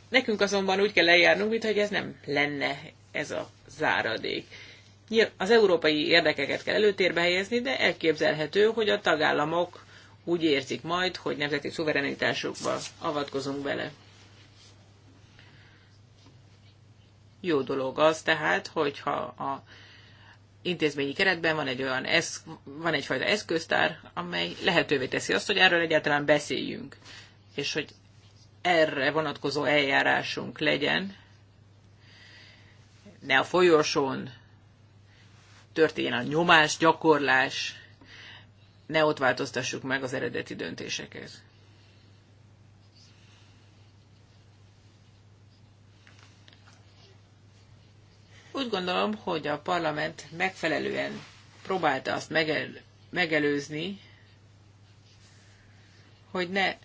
nekünk azonban úgy kell eljárnunk, mintha ez nem lenne ez a záradék az európai érdekeket kell előtérbe helyezni, de elképzelhető, hogy a tagállamok úgy érzik majd, hogy nemzeti szuverenitásukba avatkozunk bele. Jó dolog az tehát, hogyha a intézményi keretben van egy olyan esz, van egyfajta eszköztár, amely lehetővé teszi azt, hogy erről egyáltalán beszéljünk, és hogy erre vonatkozó eljárásunk legyen, ne a folyosón történjen a nyomás, gyakorlás, ne ott változtassuk meg az eredeti döntéseket. Úgy gondolom, hogy a parlament megfelelően próbálta azt megel- megelőzni, hogy ne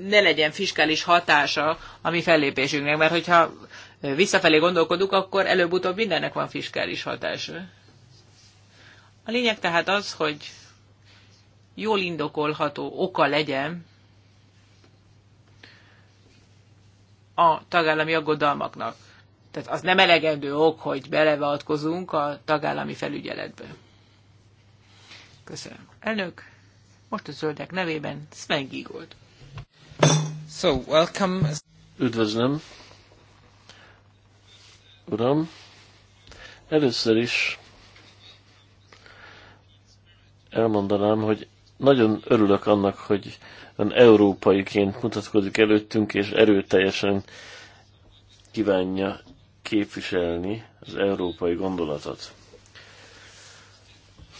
ne legyen fiskális hatása a mi fellépésünknek, mert hogyha visszafelé gondolkodunk, akkor előbb-utóbb mindennek van fiskális hatása. A lényeg tehát az, hogy jól indokolható oka legyen a tagállami aggodalmaknak. Tehát az nem elegendő ok, hogy belevatkozunk a tagállami felügyeletbe. Köszönöm. Elnök, most a zöldek nevében Sven Gigold. So, welcome. Üdvözlöm. Uram, először is elmondanám, hogy nagyon örülök annak, hogy ön európaiként mutatkozik előttünk, és erőteljesen kívánja képviselni az európai gondolatot.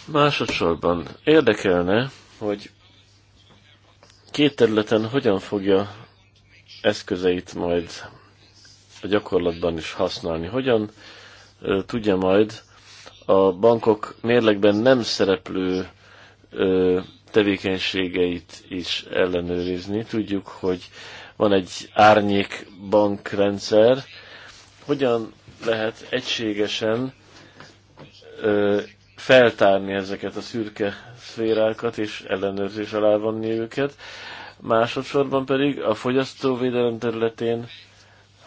Másodszorban érdekelne, hogy két területen hogyan fogja eszközeit majd a gyakorlatban is használni? Hogyan tudja majd a bankok mérlegben nem szereplő tevékenységeit is ellenőrizni? Tudjuk, hogy van egy árnyék bankrendszer. Hogyan lehet egységesen feltárni ezeket a szürke szférákat és ellenőrzés alá vonni őket. Másodszorban pedig a fogyasztóvédelem területén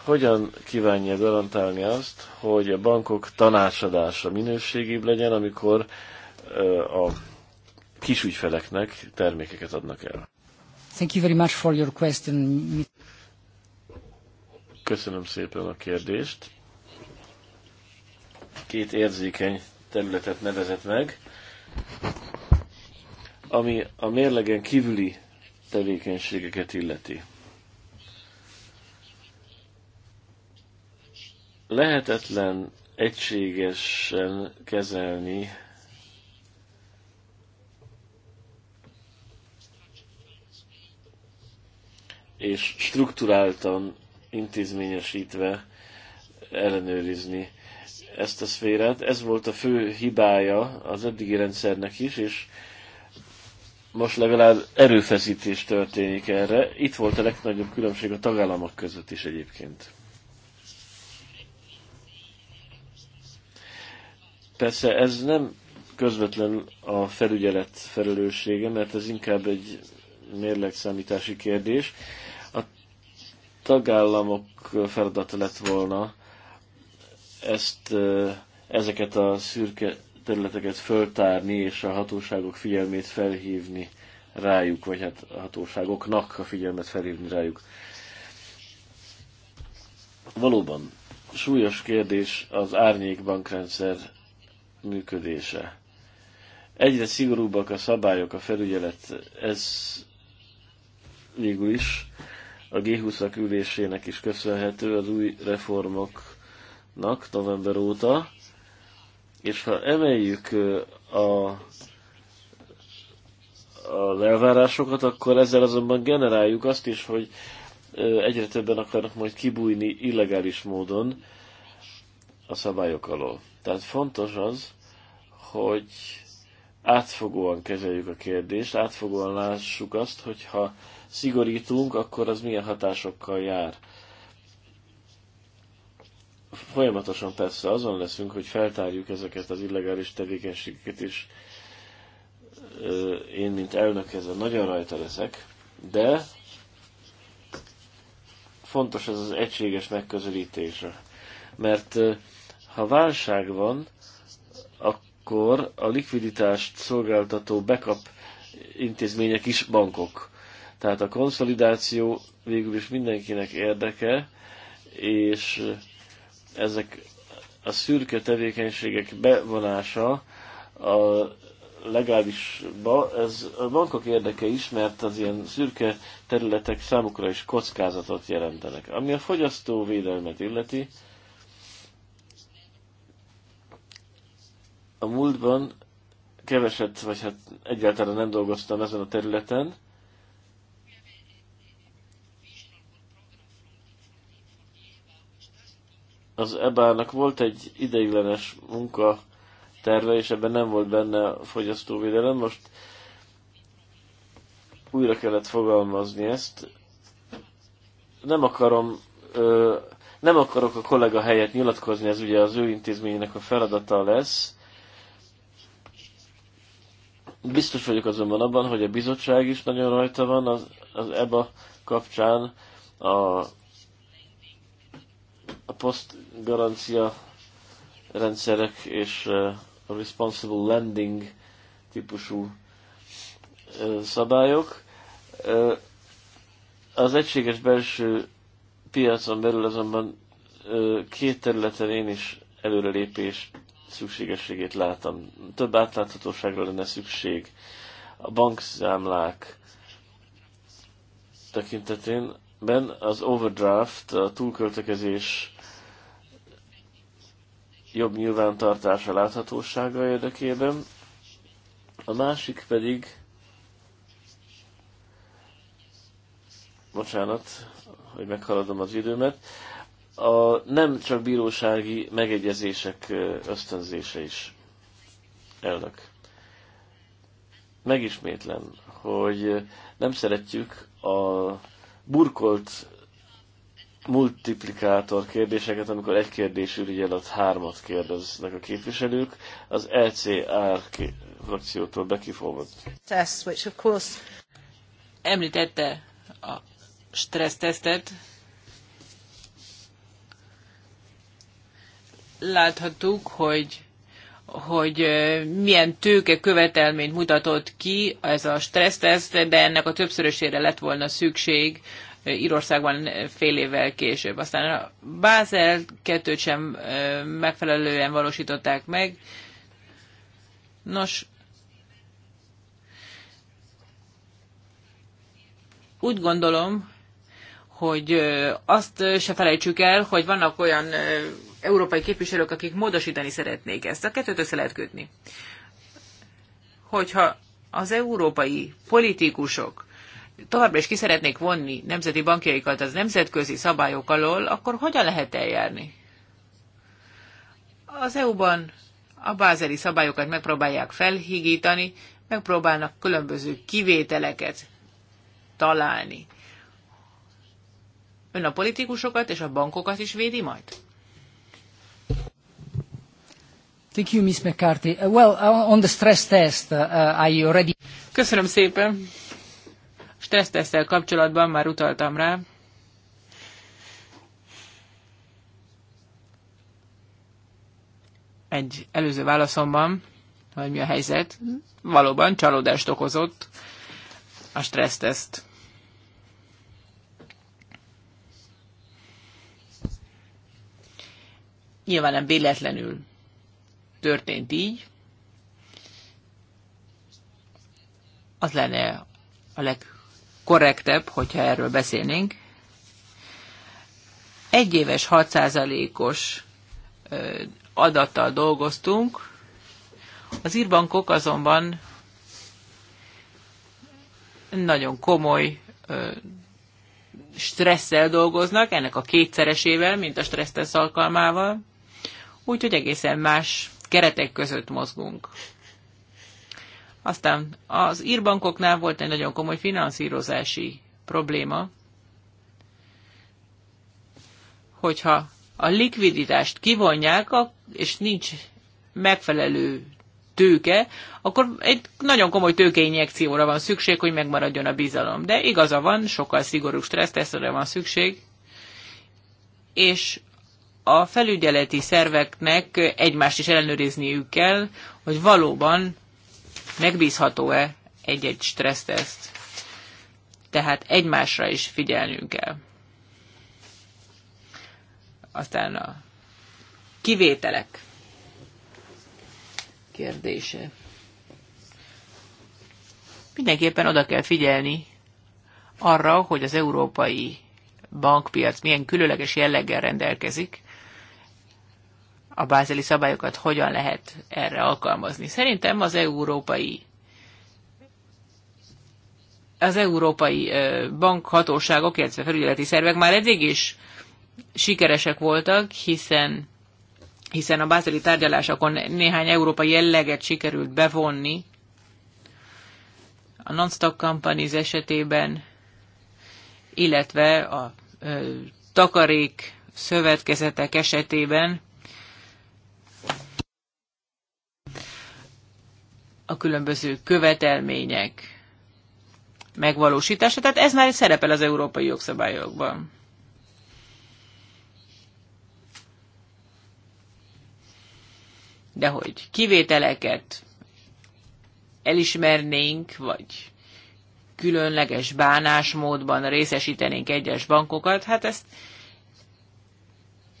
hogyan kívánja garantálni azt, hogy a bankok tanácsadása minőségébb legyen, amikor a kisügyfeleknek termékeket adnak el. Thank you very much for your question. Köszönöm szépen a kérdést. Két érzékeny területet nevezett meg, ami a mérlegen kívüli tevékenységeket illeti. Lehetetlen egységesen kezelni és strukturáltan intézményesítve ellenőrizni ezt a szférát. Ez volt a fő hibája az eddigi rendszernek is, és most legalább erőfeszítés történik erre. Itt volt a legnagyobb különbség a tagállamok között is egyébként. Persze ez nem közvetlen a felügyelet felelőssége, mert ez inkább egy mérlegszámítási kérdés. A tagállamok feladata lett volna ezt, ezeket a szürke területeket föltárni és a hatóságok figyelmét felhívni rájuk, vagy hát a hatóságoknak a figyelmet felhívni rájuk. Valóban súlyos kérdés az árnyék bankrendszer működése. Egyre szigorúbbak a szabályok, a felügyelet, ez végül is a G20-ak ülésének is köszönhető, az új reformok nak november óta, és ha emeljük a, a elvárásokat, akkor ezzel azonban generáljuk azt is, hogy egyre többen akarnak majd kibújni illegális módon a szabályok alól. Tehát fontos az, hogy átfogóan kezeljük a kérdést, átfogóan lássuk azt, hogyha szigorítunk, akkor az milyen hatásokkal jár folyamatosan persze azon leszünk, hogy feltárjuk ezeket az illegális tevékenységeket, és én, mint elnök, ezen nagyon rajta leszek, de fontos ez az egységes megközelítésre. Mert ha válság van, akkor a likviditást szolgáltató backup intézmények is bankok. Tehát a konszolidáció végül is mindenkinek érdeke, és ezek a szürke tevékenységek bevonása a legálisba, ez a bankok érdeke is, mert az ilyen szürke területek számukra is kockázatot jelentenek. Ami a fogyasztóvédelmet illeti, a múltban keveset, vagy hát egyáltalán nem dolgoztam ezen a területen, az EBA-nak volt egy ideiglenes munka terve, és ebben nem volt benne a fogyasztóvédelem. Most újra kellett fogalmazni ezt. Nem akarom, ö, nem akarok a kollega helyet nyilatkozni, ez ugye az ő intézményének a feladata lesz. Biztos vagyok azonban abban, hogy a bizottság is nagyon rajta van az, az EBA kapcsán, a a posztgarancia rendszerek és eh, a responsible lending típusú eh, szabályok. Eh, az egységes belső piacon belül azonban két területen én is előrelépés szükségességét látom. Több átláthatóságra lenne szükség a bankszámlák tekintetén, ben az overdraft, a túlköltekezés jobb nyilvántartása láthatósága érdekében, a másik pedig, bocsánat, hogy meghaladom az időmet, a nem csak bírósági megegyezések ösztönzése is. Elnök. Megismétlem, hogy nem szeretjük a burkolt multiplikátor kérdéseket, amikor egy kérdés ürügyelet hármat kérdeznek a képviselők, az LCR e frakciótól bekifolgott. Which of course... Említette a stressztesztet. Láthattuk, hogy hogy milyen tőke követelményt mutatott ki ez a teszt, de ennek a többszörösére lett volna szükség Írországban fél évvel később. Aztán a Bázel kettőt sem megfelelően valósították meg. Nos, úgy gondolom, hogy azt se felejtsük el, hogy vannak olyan európai képviselők, akik módosítani szeretnék ezt. A kettőt össze lehet kötni. Hogyha az európai politikusok továbbra is ki szeretnék vonni nemzeti bankjaikat az nemzetközi szabályok alól, akkor hogyan lehet eljárni? Az EU-ban a bázeli szabályokat megpróbálják felhigítani, megpróbálnak különböző kivételeket találni. Ön a politikusokat és a bankokat is védi majd? Thank you, Miss McCarthy. Uh, well, uh, on the stress test, uh, uh I already... Köszönöm szépen stressztesszel kapcsolatban már utaltam rá. Egy előző válaszomban, hogy mi a helyzet, valóban csalódást okozott a stresszteszt. Nyilván nem véletlenül történt így. Az lenne a leg korrektebb, hogyha erről beszélnénk. Egy éves 6%-os adattal dolgoztunk, az írbankok azonban nagyon komoly stresszel dolgoznak, ennek a kétszeresével, mint a stressztesz alkalmával, úgyhogy egészen más keretek között mozgunk. Aztán az írbankoknál volt egy nagyon komoly finanszírozási probléma, hogyha a likviditást kivonják, és nincs megfelelő tőke, akkor egy nagyon komoly tőkeinjekcióra van szükség, hogy megmaradjon a bizalom. De igaza van, sokkal szigorúbb stressztesztre van szükség, és a felügyeleti szerveknek egymást is ellenőrizniük kell, hogy valóban megbízható-e egy-egy stresszteszt. Tehát egymásra is figyelnünk kell. Aztán a kivételek kérdése. Mindenképpen oda kell figyelni arra, hogy az európai bankpiac milyen különleges jelleggel rendelkezik, a bázeli szabályokat hogyan lehet erre alkalmazni. Szerintem az európai az európai bankhatóságok, illetve felügyeleti szervek már eddig is sikeresek voltak, hiszen, hiszen a bázeli tárgyalásokon néhány európai jelleget sikerült bevonni. A non-stock companies esetében, illetve a ö, takarék szövetkezetek esetében a különböző követelmények megvalósítása. Tehát ez már szerepel az európai jogszabályokban. De hogy kivételeket elismernénk, vagy különleges bánásmódban részesítenénk egyes bankokat, hát ezt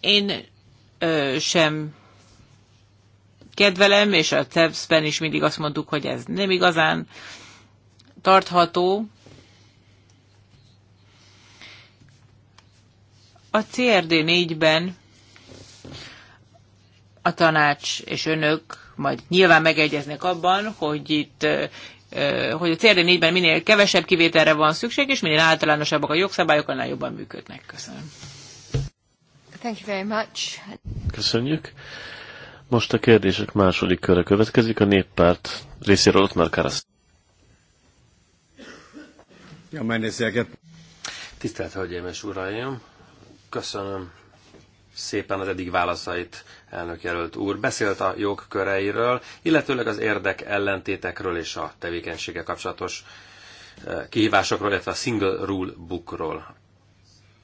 én ö, sem kedvelem, és a CEPS-ben is mindig azt mondtuk, hogy ez nem igazán tartható. A CRD 4-ben a tanács és önök majd nyilván megegyeznek abban, hogy itt hogy a CRD 4-ben minél kevesebb kivételre van szükség, és minél általánosabbak a jogszabályok, annál jobban működnek. Köszönöm. Thank you very much. Köszönjük. Most a kérdések második körre következik, a néppárt részéről ott már Karasz. Ja, Tisztelt Hölgyeim és Uraim! Köszönöm szépen az eddig válaszait, elnök jelölt úr. Beszélt a jogköreiről, illetőleg az érdek ellentétekről és a tevékenysége kapcsolatos eh, kihívásokról, illetve a Single Rule Bookról.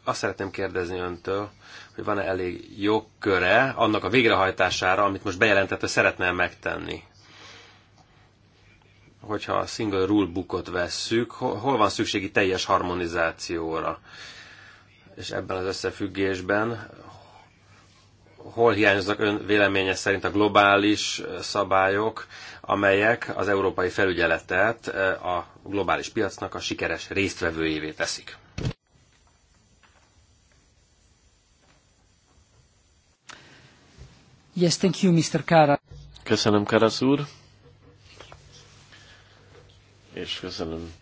Azt szeretném kérdezni öntől, hogy van-e elég jogköre annak a végrehajtására, amit most bejelentett, hogy szeretne megtenni. Hogyha a single rule bookot vesszük, hol van szükségi teljes harmonizációra? És ebben az összefüggésben hol hiányoznak ön véleménye szerint a globális szabályok, amelyek az európai felügyeletet eh, a globális piacnak a sikeres résztvevőjévé teszik? Yes, thank you, Mr. Kara. Köszönöm, Karasz úr. És köszönöm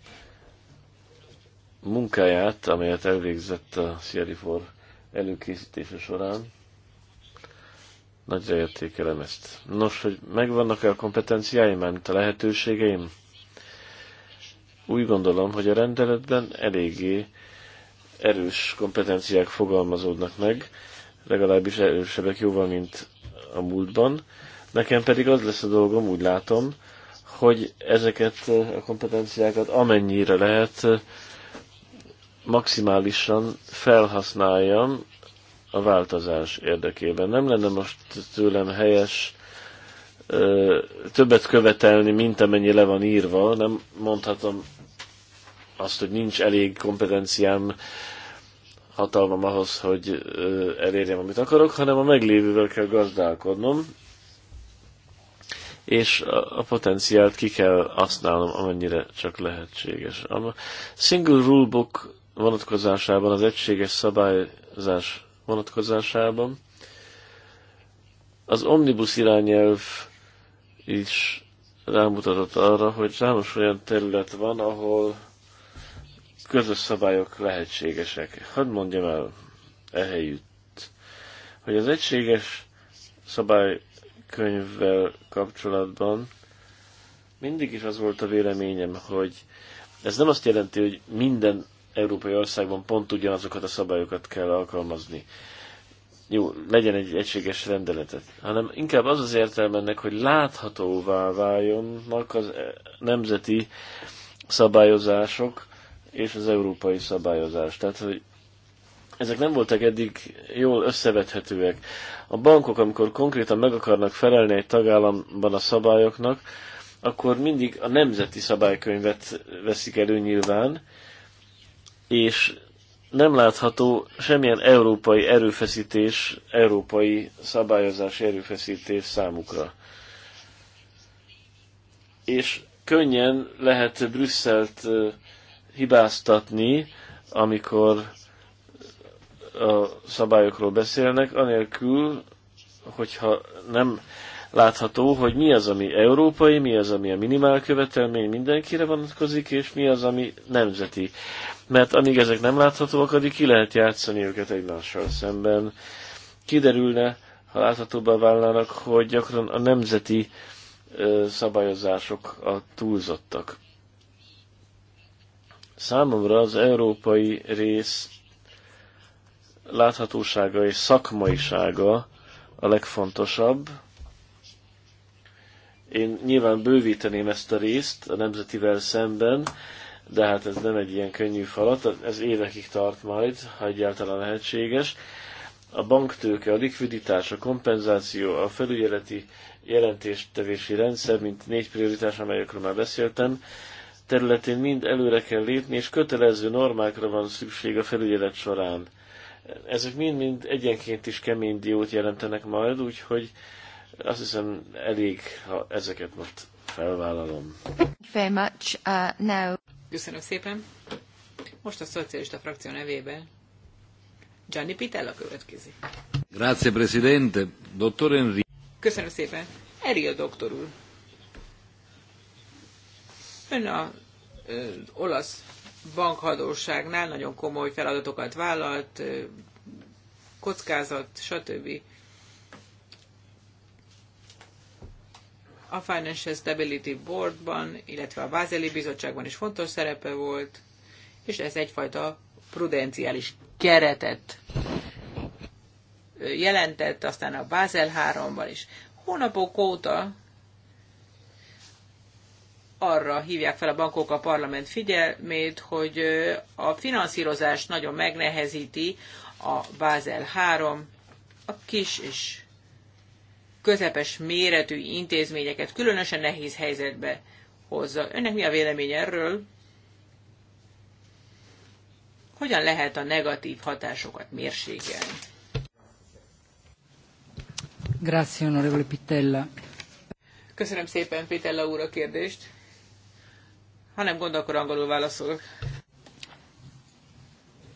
munkáját, amelyet elvégzett a Sierrifor előkészítése során. Nagyra értékelem ezt. Nos, hogy megvannak-e a kompetenciáim, mint a lehetőségeim? Úgy gondolom, hogy a rendeletben eléggé erős kompetenciák fogalmazódnak meg, legalábbis erősebbek jóval, mint a múltban. Nekem pedig az lesz a dolgom, úgy látom, hogy ezeket a kompetenciákat amennyire lehet maximálisan felhasználjam a változás érdekében. Nem lenne most tőlem helyes többet követelni, mint amennyi le van írva. Nem mondhatom azt, hogy nincs elég kompetenciám hatalmam ahhoz, hogy elérjem, amit akarok, hanem a meglévővel kell gazdálkodnom, és a potenciált ki kell használnom, amennyire csak lehetséges. A single rulebook vonatkozásában, az egységes szabályzás vonatkozásában az omnibus irányelv is rámutatott arra, hogy számos olyan terület van, ahol közös szabályok lehetségesek. Hadd mondjam el ehelyütt, hogy az egységes szabálykönyvvel kapcsolatban mindig is az volt a véleményem, hogy ez nem azt jelenti, hogy minden európai országban pont ugyanazokat a szabályokat kell alkalmazni. Jó, legyen egy egységes rendeletet, hanem inkább az az értelme ennek, hogy láthatóvá váljonnak az eh, nemzeti szabályozások, és az európai szabályozás. Tehát, hogy ezek nem voltak eddig jól összevethetőek. A bankok, amikor konkrétan meg akarnak felelni egy tagállamban a szabályoknak, akkor mindig a nemzeti szabálykönyvet veszik elő nyilván, és nem látható semmilyen európai erőfeszítés, európai szabályozási erőfeszítés számukra. És könnyen lehet Brüsszelt hibáztatni, amikor a szabályokról beszélnek, anélkül, hogyha nem látható, hogy mi az, ami európai, mi az, ami a minimál követelmény mindenkire vonatkozik, és mi az, ami nemzeti. Mert amíg ezek nem láthatóak, addig ki lehet játszani őket egymással szemben. Kiderülne, ha láthatóbbá válnának, hogy gyakran a nemzeti szabályozások a túlzottak. Számomra az európai rész láthatósága és szakmaisága a legfontosabb. Én nyilván bővíteném ezt a részt a nemzetivel szemben, de hát ez nem egy ilyen könnyű falat, ez évekig tart majd, ha egyáltalán lehetséges. A banktőke, a likviditás, a kompenzáció, a felügyeleti jelentéstevési rendszer, mint négy prioritás, amelyekről már beszéltem, területén mind előre kell lépni, és kötelező normákra van szükség a felügyelet során. Ezek mind-mind egyenként is kemény diót jelentenek majd, úgyhogy azt hiszem elég, ha ezeket most felvállalom. Very much. Uh, now. Köszönöm szépen. Most a szocialista frakció nevében Gianni Pitella következik. Grazie, Presidente. Dottor Enri. Köszönöm szépen. Enri a doktor úr. Ön a ö, olasz bankhadóságnál nagyon komoly feladatokat vállalt, ö, kockázat, stb. A Financial Stability Boardban, illetve a Vázeli Bizottságban is fontos szerepe volt, és ez egyfajta prudenciális keretet jelentett, aztán a Bázel 3-ban is. Hónapok óta arra hívják fel a bankok a parlament figyelmét, hogy a finanszírozás nagyon megnehezíti a Bázel 3, a kis és közepes méretű intézményeket különösen nehéz helyzetbe hozza. Önnek mi a véleménye erről? Hogyan lehet a negatív hatásokat mérsékelni? Grazie, onorevole Pitella. Köszönöm szépen Pitella úr a kérdést. Ha nem gond, akkor angolul válaszolok.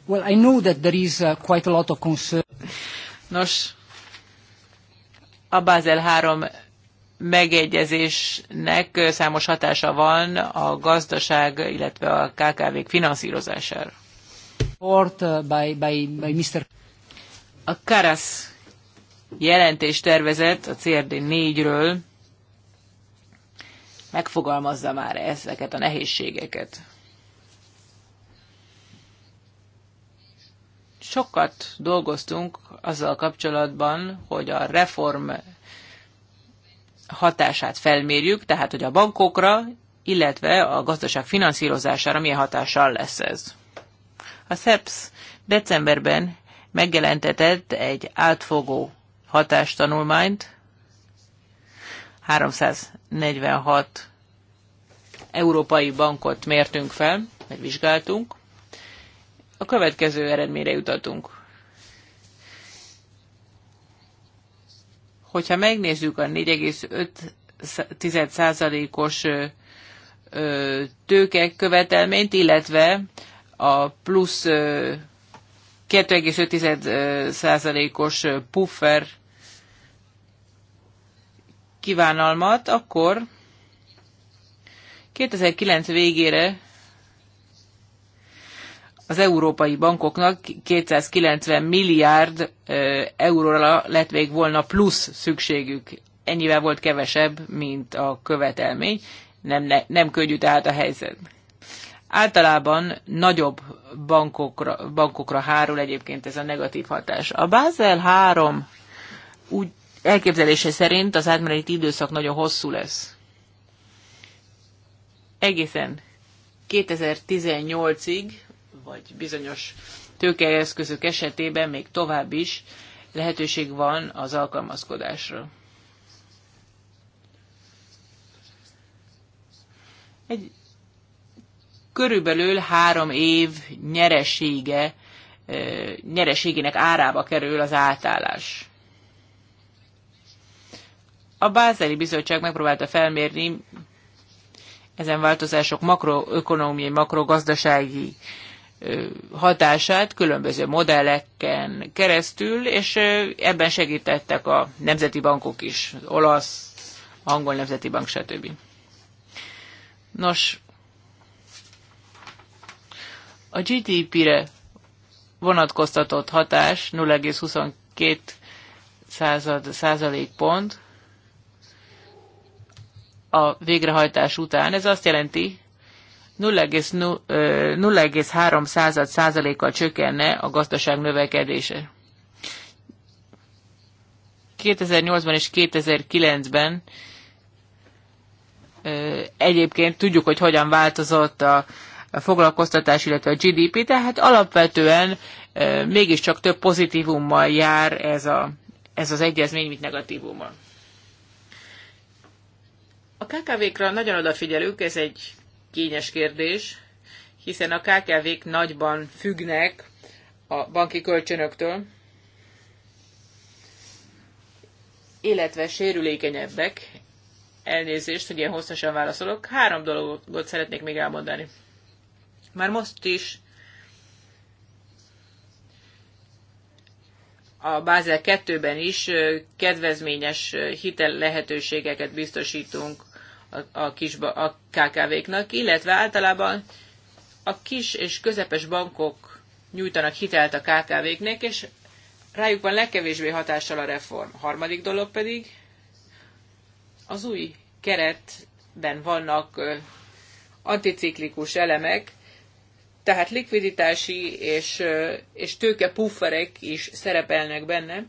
Well, I know that there is uh, quite a lot of concern. Nos, a Basel 3 megegyezésnek számos hatása van a gazdaság, illetve a KKV-k finanszírozására. Uh, by, by, by Mr. A Karasz jelentés tervezett a CRD 4-ről megfogalmazza már ezeket a nehézségeket. Sokat dolgoztunk azzal kapcsolatban, hogy a reform hatását felmérjük, tehát hogy a bankokra, illetve a gazdaság finanszírozására milyen hatással lesz ez. A SEPS decemberben megjelentetett egy átfogó hatástanulmányt, 346 európai bankot mértünk fel, vagy vizsgáltunk. A következő eredményre jutatunk. Hogyha megnézzük a 4,5%-os tőke követelményt, illetve a plusz 2,5%-os puffer kívánalmat, akkor 2009 végére az európai bankoknak 290 milliárd euróra lett még volna plusz szükségük. Ennyivel volt kevesebb, mint a követelmény. Nem, ne, nem könnyű tehát a helyzet. Általában nagyobb bankokra, bankokra hárul egyébként ez a negatív hatás. A Basel 3 úgy elképzelése szerint az átmeneti időszak nagyon hosszú lesz. Egészen 2018-ig, vagy bizonyos tőkeeszközök esetében még tovább is lehetőség van az alkalmazkodásra. Egy körülbelül három év nyeresége, eh, nyereségének árába kerül az átállás. A Bázeli Bizottság megpróbálta felmérni ezen változások makroökonomiai, makrogazdasági hatását különböző modelleken keresztül, és ebben segítettek a nemzeti bankok is, az olasz, angol nemzeti bank, stb. Nos, a GDP-re vonatkoztatott hatás 0,22 század, százalék pont, a végrehajtás után. Ez azt jelenti, 0,3 század százalékkal csökkenne a gazdaság növekedése. 2008-ban és 2009-ben egyébként tudjuk, hogy hogyan változott a foglalkoztatás, illetve a GDP, tehát alapvetően mégiscsak több pozitívummal jár ez, a, ez az egyezmény, mint negatívummal. A KKV-kra nagyon odafigyelünk, ez egy kényes kérdés, hiszen a KKV-k nagyban függnek a banki kölcsönöktől, illetve sérülékenyebbek. Elnézést, hogy ilyen hosszasan válaszolok. Három dologot szeretnék még elmondani. Már most is a Bázel 2-ben is kedvezményes hitel lehetőségeket biztosítunk a, a, kis, a KKV-knak, illetve általában a kis és közepes bankok nyújtanak hitelt a KKV-knek, és rájuk van legkevésbé hatással a reform. A harmadik dolog pedig az új keretben vannak anticiklikus elemek, tehát likviditási és, és tőke pufferek is szerepelnek benne.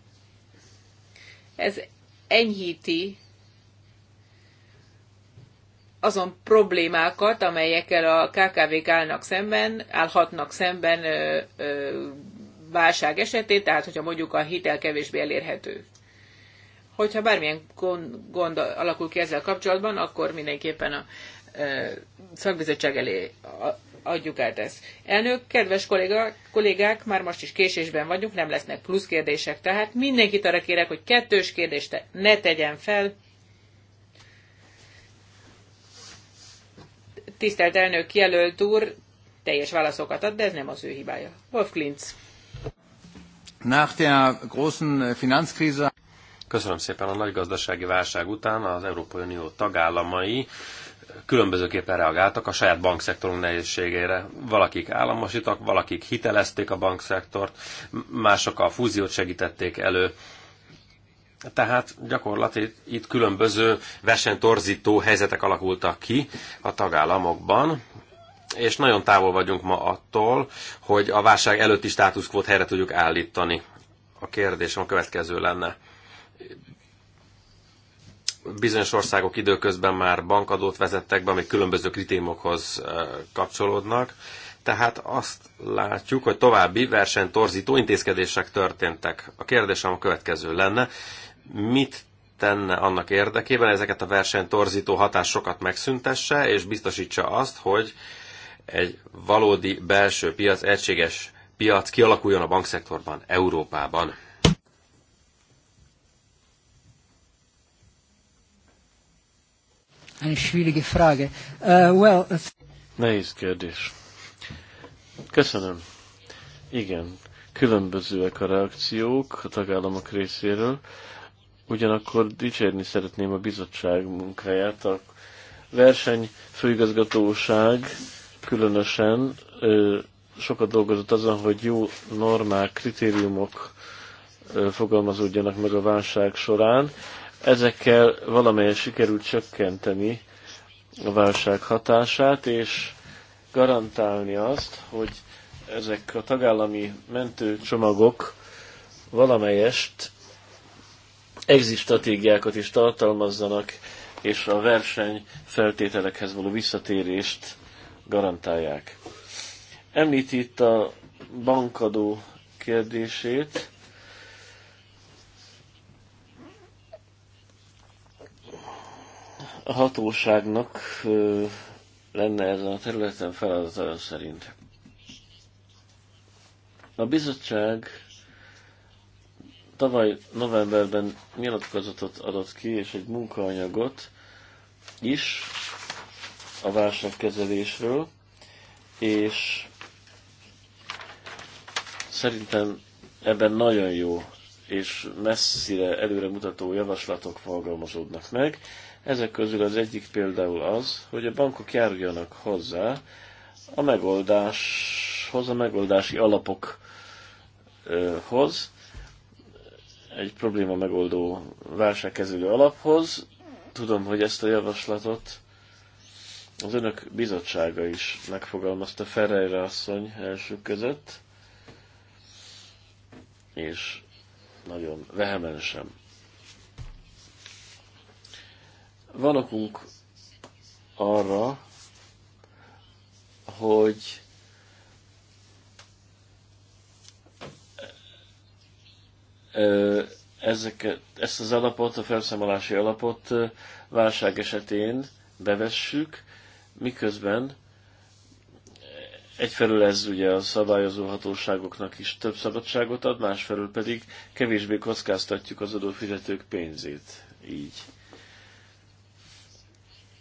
Ez enyhíti azon problémákat, amelyekkel a KKV-k állnak szemben, állhatnak szemben ö, ö, válság esetén, tehát hogyha mondjuk a hitel kevésbé elérhető. Hogyha bármilyen gond, gond alakul ki ezzel kapcsolatban, akkor mindenképpen a ö, szakbizottság elé adjuk át ezt. Elnök, kedves kolléga, kollégák, már most is késésben vagyunk, nem lesznek plusz kérdések, tehát mindenkit arra kérek, hogy kettős kérdést ne tegyen fel, tisztelt elnök jelölt úr teljes válaszokat ad, de ez nem az ő hibája. Wolf Klintz. Nach der großen äh, Finanzkrise Köszönöm szépen. A nagy gazdasági válság után az Európai Unió tagállamai különbözőképpen reagáltak a saját bankszektorunk nehézségére. Valakik államosítak, valakik hitelezték a bankszektort, mások a fúziót segítették elő. Tehát gyakorlatilag itt különböző versenytorzító helyzetek alakultak ki a tagállamokban, és nagyon távol vagyunk ma attól, hogy a válság előtti státuszkvót helyre tudjuk állítani. A kérdésem a következő lenne. Bizonyos országok időközben már bankadót vezettek be, amik különböző kritémokhoz kapcsolódnak. Tehát azt látjuk, hogy további versenytorzító intézkedések történtek. A kérdésem a következő lenne, mit tenne annak érdekében, ezeket a versenytorzító hatásokat megszüntesse, és biztosítsa azt, hogy egy valódi belső piac, egységes piac kialakuljon a bankszektorban, Európában. Uh, uh, Nehéz kérdés. Köszönöm. Igen, különbözőek a reakciók a tagállamok részéről. Ugyanakkor dicsérni szeretném a bizottság munkáját. A verseny főigazgatóság különösen ö, sokat dolgozott azon, hogy jó normák, kritériumok ö, fogalmazódjanak meg a válság során. Ezekkel valamelyen sikerült csökkenteni a válság hatását, és garantálni azt, hogy ezek a tagállami mentőcsomagok valamelyest exit stratégiákat is tartalmazzanak, és a verseny feltételekhez való visszatérést garantálják. Említi itt a bankadó kérdését. A hatóságnak lenne ezen a területen feladata szerint. A bizottság tavaly novemberben nyilatkozatot adott ki, és egy munkaanyagot is a válságkezelésről, és szerintem ebben nagyon jó és messzire előremutató javaslatok fogalmazódnak meg. Ezek közül az egyik például az, hogy a bankok járjanak hozzá a megoldáshoz, a megoldási alapokhoz, egy probléma megoldó válságkezelő alaphoz. Tudom, hogy ezt a javaslatot az önök bizottsága is megfogalmazta Ferreira asszony elsők között, és nagyon vehemensen. Van okunk arra, hogy ezeket, ezt az alapot, a felszámolási alapot válság esetén bevessük, miközben egyfelől ez ugye a szabályozó hatóságoknak is több szabadságot ad, másfelől pedig kevésbé kockáztatjuk az adófizetők pénzét így.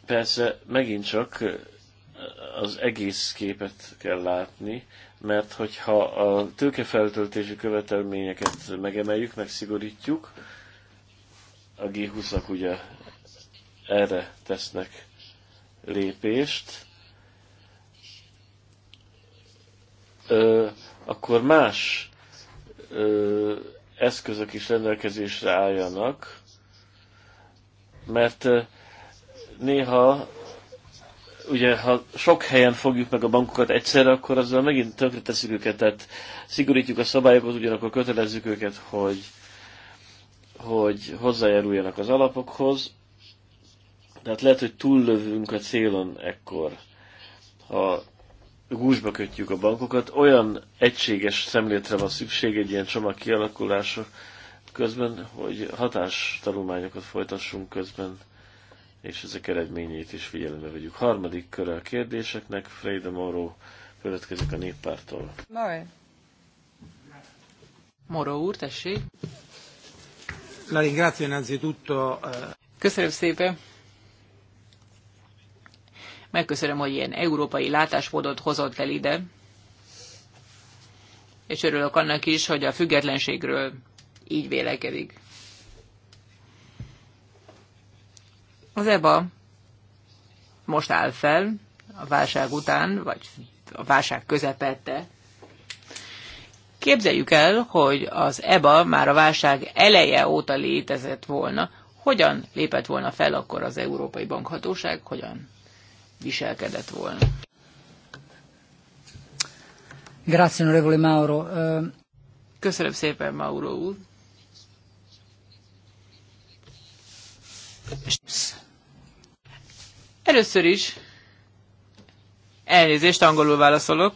Persze megint csak az egész képet kell látni, mert hogyha a tőkefeltöltési követelményeket megemeljük, megszigorítjuk, a G20-ak ugye erre tesznek lépést, ö, akkor más ö, eszközök is rendelkezésre álljanak, mert néha ugye ha sok helyen fogjuk meg a bankokat egyszerre, akkor azzal megint tönkre teszük őket, tehát szigorítjuk a szabályokat, ugyanakkor kötelezzük őket, hogy, hogy hozzájáruljanak az alapokhoz. Tehát lehet, hogy túllövünk a célon ekkor, ha gúzsba kötjük a bankokat. Olyan egységes szemléletre van szükség egy ilyen csomag kialakulása közben, hogy hatástanulmányokat folytassunk közben és ezek eredményét is figyelembe vegyük. Harmadik köre a kérdéseknek, Freda Moró következik a néppártól. Moró. Moró úr, tessék. La ringrazio innanzitutto. Eh, Köszönöm szépen. Megköszönöm, hogy ilyen európai látásmódot hozott el ide. És örülök annak is, hogy a függetlenségről így vélekedik. Az EBA most áll fel a válság után, vagy a válság közepette. Képzeljük el, hogy az EBA már a válság eleje óta létezett volna. Hogyan lépett volna fel akkor az Európai Bankhatóság? Hogyan viselkedett volna? Grazie, onorevole Mauro. Köszönöm szépen, Mauro úr. Először is elnézést, angolul válaszolok.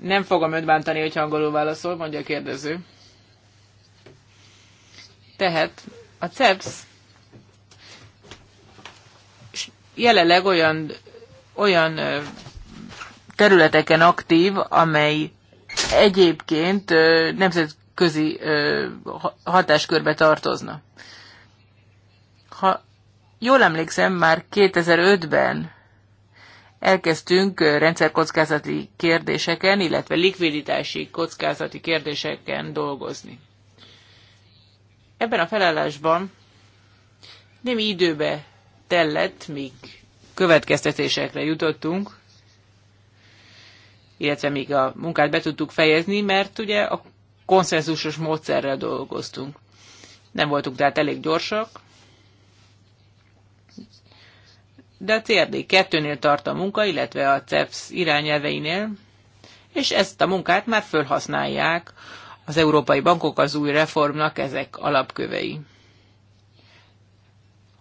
Nem fogom öt bántani, hogy angolul válaszol, mondja a kérdező. Tehát a CEPS jelenleg olyan, olyan területeken aktív, amely egyébként nemzetközi hatáskörbe tartozna. Ha jól emlékszem, már 2005-ben elkezdtünk rendszerkockázati kérdéseken, illetve likviditási kockázati kérdéseken dolgozni. Ebben a felállásban nem időbe tellett, míg következtetésekre jutottunk, illetve még a munkát be tudtuk fejezni, mert ugye a konszenzusos módszerrel dolgoztunk. Nem voltunk tehát elég gyorsak, de a CRD 2-nél tart a munka, illetve a CEPS irányelveinél, és ezt a munkát már felhasználják az európai bankok az új reformnak ezek alapkövei.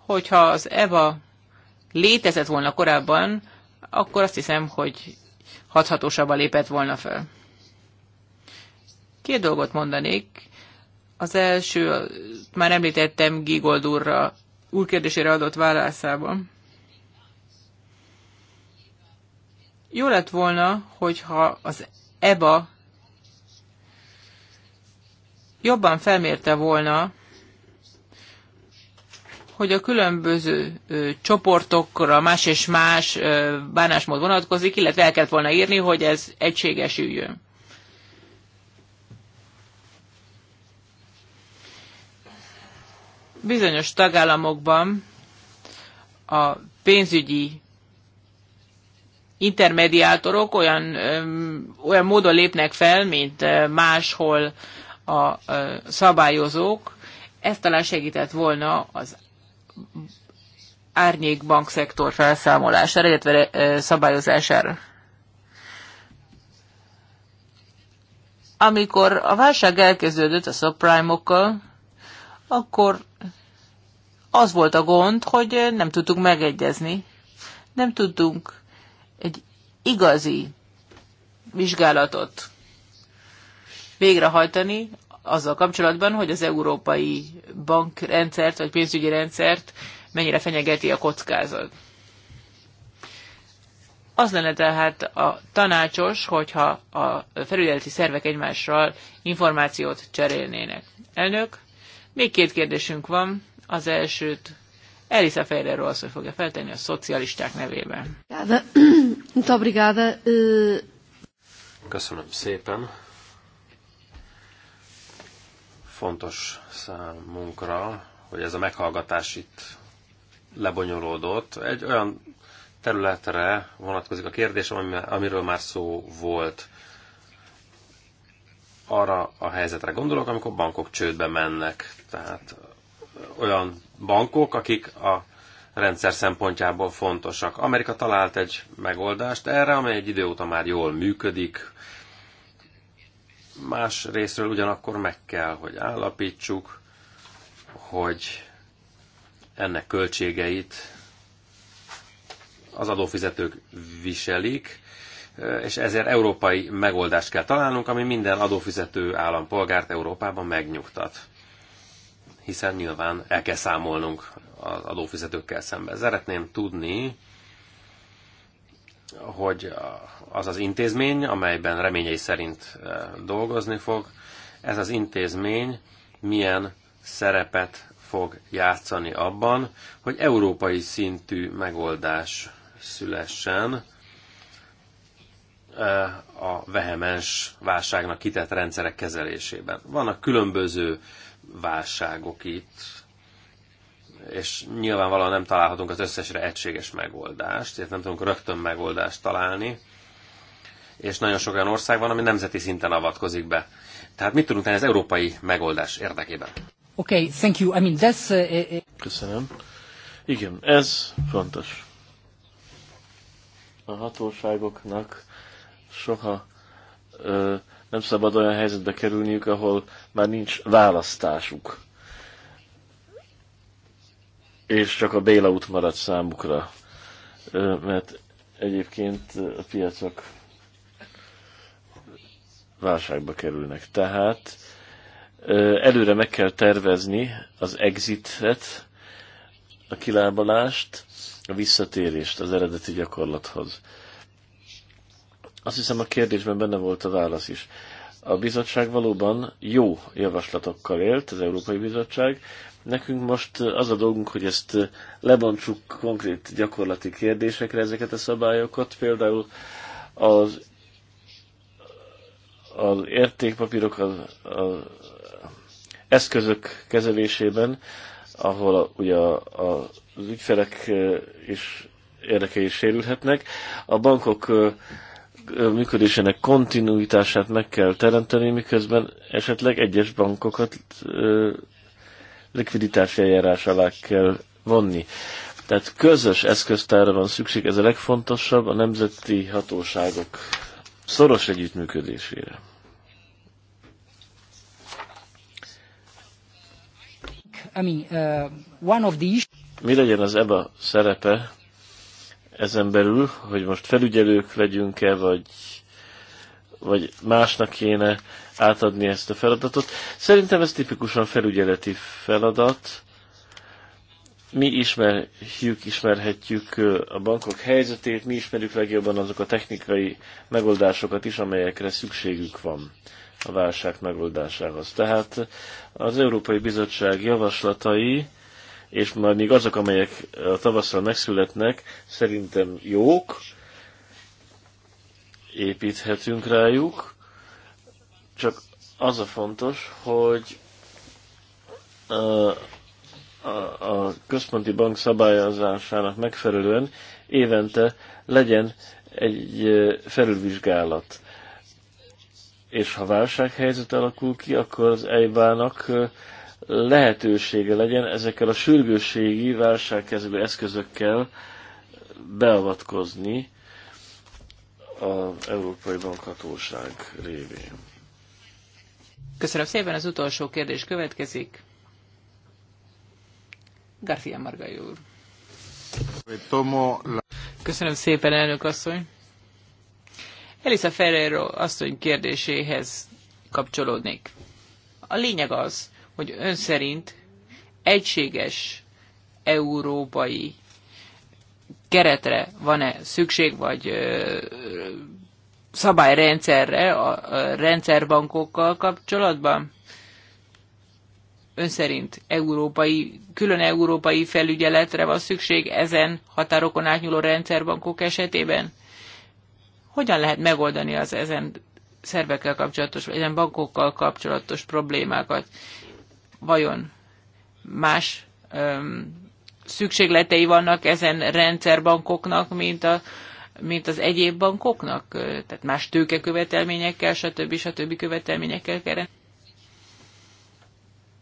Hogyha az EVA létezett volna korábban, akkor azt hiszem, hogy hathatósabban lépett volna fel. Két dolgot mondanék. Az első, már említettem Gigold úrra, úr kérdésére adott válaszában. Jó lett volna, hogyha az EBA jobban felmérte volna, hogy a különböző ö, csoportokra más és más ö, bánásmód vonatkozik, illetve el kellett volna írni, hogy ez egységesüljön. Bizonyos tagállamokban a pénzügyi intermediátorok olyan, olyan módon lépnek fel, mint máshol a szabályozók. Ez talán segített volna az árnyék bankszektor felszámolására, illetve szabályozására. Amikor a válság elkezdődött a subprime akkor az volt a gond, hogy nem tudtuk megegyezni. Nem tudtunk egy igazi vizsgálatot végrehajtani azzal kapcsolatban, hogy az európai bankrendszert vagy pénzügyi rendszert mennyire fenyegeti a kockázat. Az lenne tehát a tanácsos, hogyha a felügyeleti szervek egymással információt cserélnének. Elnök, még két kérdésünk van. Az elsőt Elisa Ferrero asszony fogja feltenni a szocialisták nevében. Eh, Köszönöm szépen. Fontos számunkra, hogy ez a meghallgatás itt lebonyolódott. Egy olyan területre vonatkozik a kérdés, amiről már szó volt. Arra a helyzetre gondolok, amikor bankok csődbe mennek. Tehát olyan bankok, akik a rendszer szempontjából fontosak. Amerika talált egy megoldást erre, amely egy idő óta már jól működik. Más részről ugyanakkor meg kell, hogy állapítsuk, hogy ennek költségeit az adófizetők viselik, és ezért európai megoldást kell találnunk, ami minden adófizető állampolgárt Európában megnyugtat hiszen nyilván el kell számolnunk az adófizetőkkel szemben. Szeretném tudni, hogy az az intézmény, amelyben reményei szerint e, dolgozni fog, ez az intézmény milyen szerepet fog játszani abban, hogy európai szintű megoldás szülessen e, a vehemens válságnak kitett rendszerek kezelésében. Vannak különböző válságok itt, és nyilvánvalóan nem találhatunk az összesre egységes megoldást, tehát nem tudunk rögtön megoldást találni, és nagyon sok olyan ország van, ami nemzeti szinten avatkozik be. Tehát mit tudunk tenni az európai megoldás érdekében? Okay, thank you. I mean, that's, uh, uh... uh Köszönöm. Igen, ez fontos. A hatóságoknak soha uh, nem szabad olyan helyzetbe kerülniük, ahol már nincs választásuk, és csak a út marad számukra, mert egyébként a piacok válságba kerülnek. Tehát előre meg kell tervezni az exitet, a kilábalást, a visszatérést az eredeti gyakorlathoz. Azt hiszem a kérdésben benne volt a válasz is. A bizottság valóban jó javaslatokkal élt, az Európai Bizottság. Nekünk most az a dolgunk, hogy ezt lebontsuk konkrét gyakorlati kérdésekre ezeket a szabályokat, például az, az értékpapírok, az, az eszközök kezelésében, ahol a, ugye a, a, az ügyfelek is érdekei is sérülhetnek. A bankok működésének kontinuitását meg kell teremteni, miközben esetleg egyes bankokat likviditási eljárás alá kell vonni. Tehát közös eszköztárra van szükség, ez a legfontosabb, a nemzeti hatóságok szoros együttműködésére. Uh, one of the Mi legyen az EBA szerepe ezen belül, hogy most felügyelők legyünk-e, vagy, vagy másnak kéne átadni ezt a feladatot. Szerintem ez tipikusan felügyeleti feladat. Mi ismerjük, ismerhetjük a bankok helyzetét, mi ismerjük legjobban azok a technikai megoldásokat is, amelyekre szükségük van a válság megoldásához. Tehát az Európai Bizottság javaslatai és majd még azok, amelyek a tavasszal megszületnek, szerintem jók, építhetünk rájuk, csak az a fontos, hogy a, a, a központi bank szabályozásának megfelelően évente legyen egy felülvizsgálat. És ha válsághelyzet alakul ki, akkor az EIBának nak lehetősége legyen ezekkel a sürgősségi válságkezelő eszközökkel beavatkozni az Európai Bankhatóság révén. Köszönöm szépen, az utolsó kérdés következik. García Margai úr. Köszönöm szépen, elnök asszony. Elisa Ferrero asszony kérdéséhez kapcsolódnék. A lényeg az, hogy ön szerint egységes európai keretre van-e szükség, vagy szabályrendszerre a rendszerbankokkal kapcsolatban? Ön szerint európai, külön európai felügyeletre van szükség ezen határokon átnyúló rendszerbankok esetében? Hogyan lehet megoldani az ezen szervekkel kapcsolatos, vagy ezen bankokkal kapcsolatos problémákat? vajon más öm, szükségletei vannak ezen rendszerbankoknak, mint, a, mint az egyéb bankoknak, tehát más tőkekövetelményekkel, stb. stb. követelményekkel kell.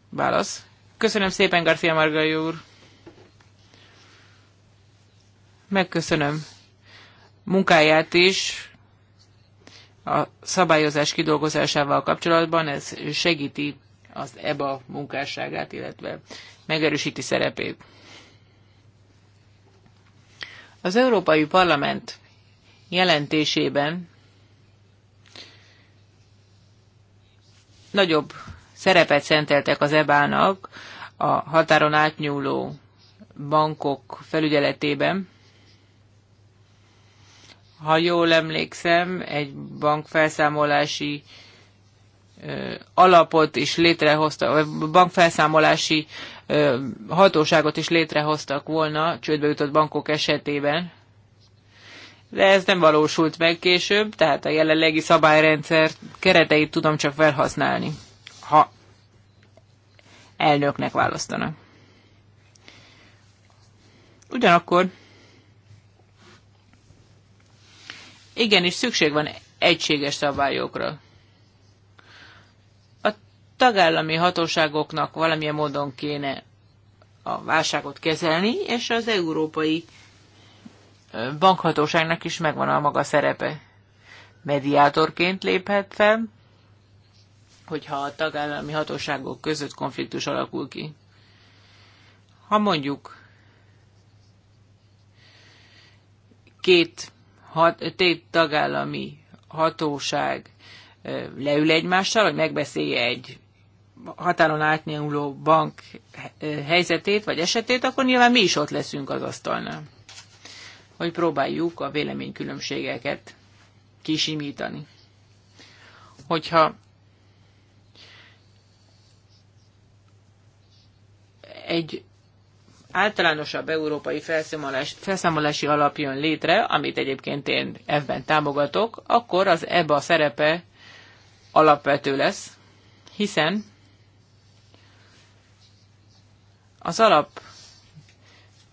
Válasz. Köszönöm szépen, García Margai úr. Megköszönöm munkáját is a szabályozás kidolgozásával kapcsolatban, ez segíti az EBA munkásságát, illetve megerősíti szerepét. Az Európai Parlament jelentésében nagyobb szerepet szenteltek az EBA-nak a határon átnyúló bankok felügyeletében. Ha jól emlékszem, egy bankfelszámolási alapot is létrehoztak, vagy bankfelszámolási hatóságot is létrehoztak volna csődbe jutott bankok esetében, de ez nem valósult meg később, tehát a jelenlegi szabályrendszer kereteit tudom csak felhasználni, ha elnöknek választanak. Ugyanakkor igenis szükség van egységes szabályokra tagállami hatóságoknak valamilyen módon kéne a válságot kezelni, és az európai bankhatóságnak is megvan a maga szerepe. Mediátorként léphet fel, hogyha a tagállami hatóságok között konfliktus alakul ki. Ha mondjuk két hat, tét tagállami hatóság leül egymással, hogy megbeszélje egy határon átnyúló bank helyzetét vagy esetét, akkor nyilván mi is ott leszünk az asztalnál, hogy próbáljuk a véleménykülönbségeket kisimítani. Hogyha egy általánosabb európai felszámolás, felszámolási alap jön létre, amit egyébként én ebben támogatok, akkor az e a szerepe alapvető lesz, hiszen az alap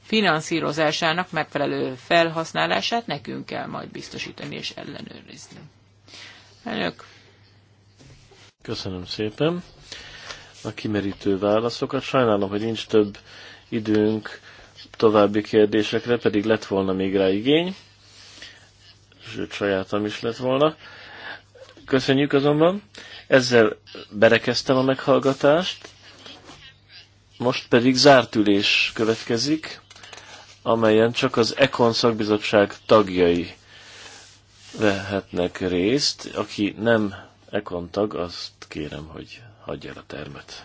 finanszírozásának megfelelő felhasználását nekünk kell majd biztosítani és ellenőrizni. Elnök. Köszönöm szépen a kimerítő válaszokat. Sajnálom, hogy nincs több időnk további kérdésekre, pedig lett volna még rá igény, sőt sajátom is lett volna. Köszönjük azonban. Ezzel berekeztem a meghallgatást most pedig zárt ülés következik, amelyen csak az Ekon szakbizottság tagjai vehetnek részt. Aki nem Ekon tag, azt kérem, hogy hagyja el a termet.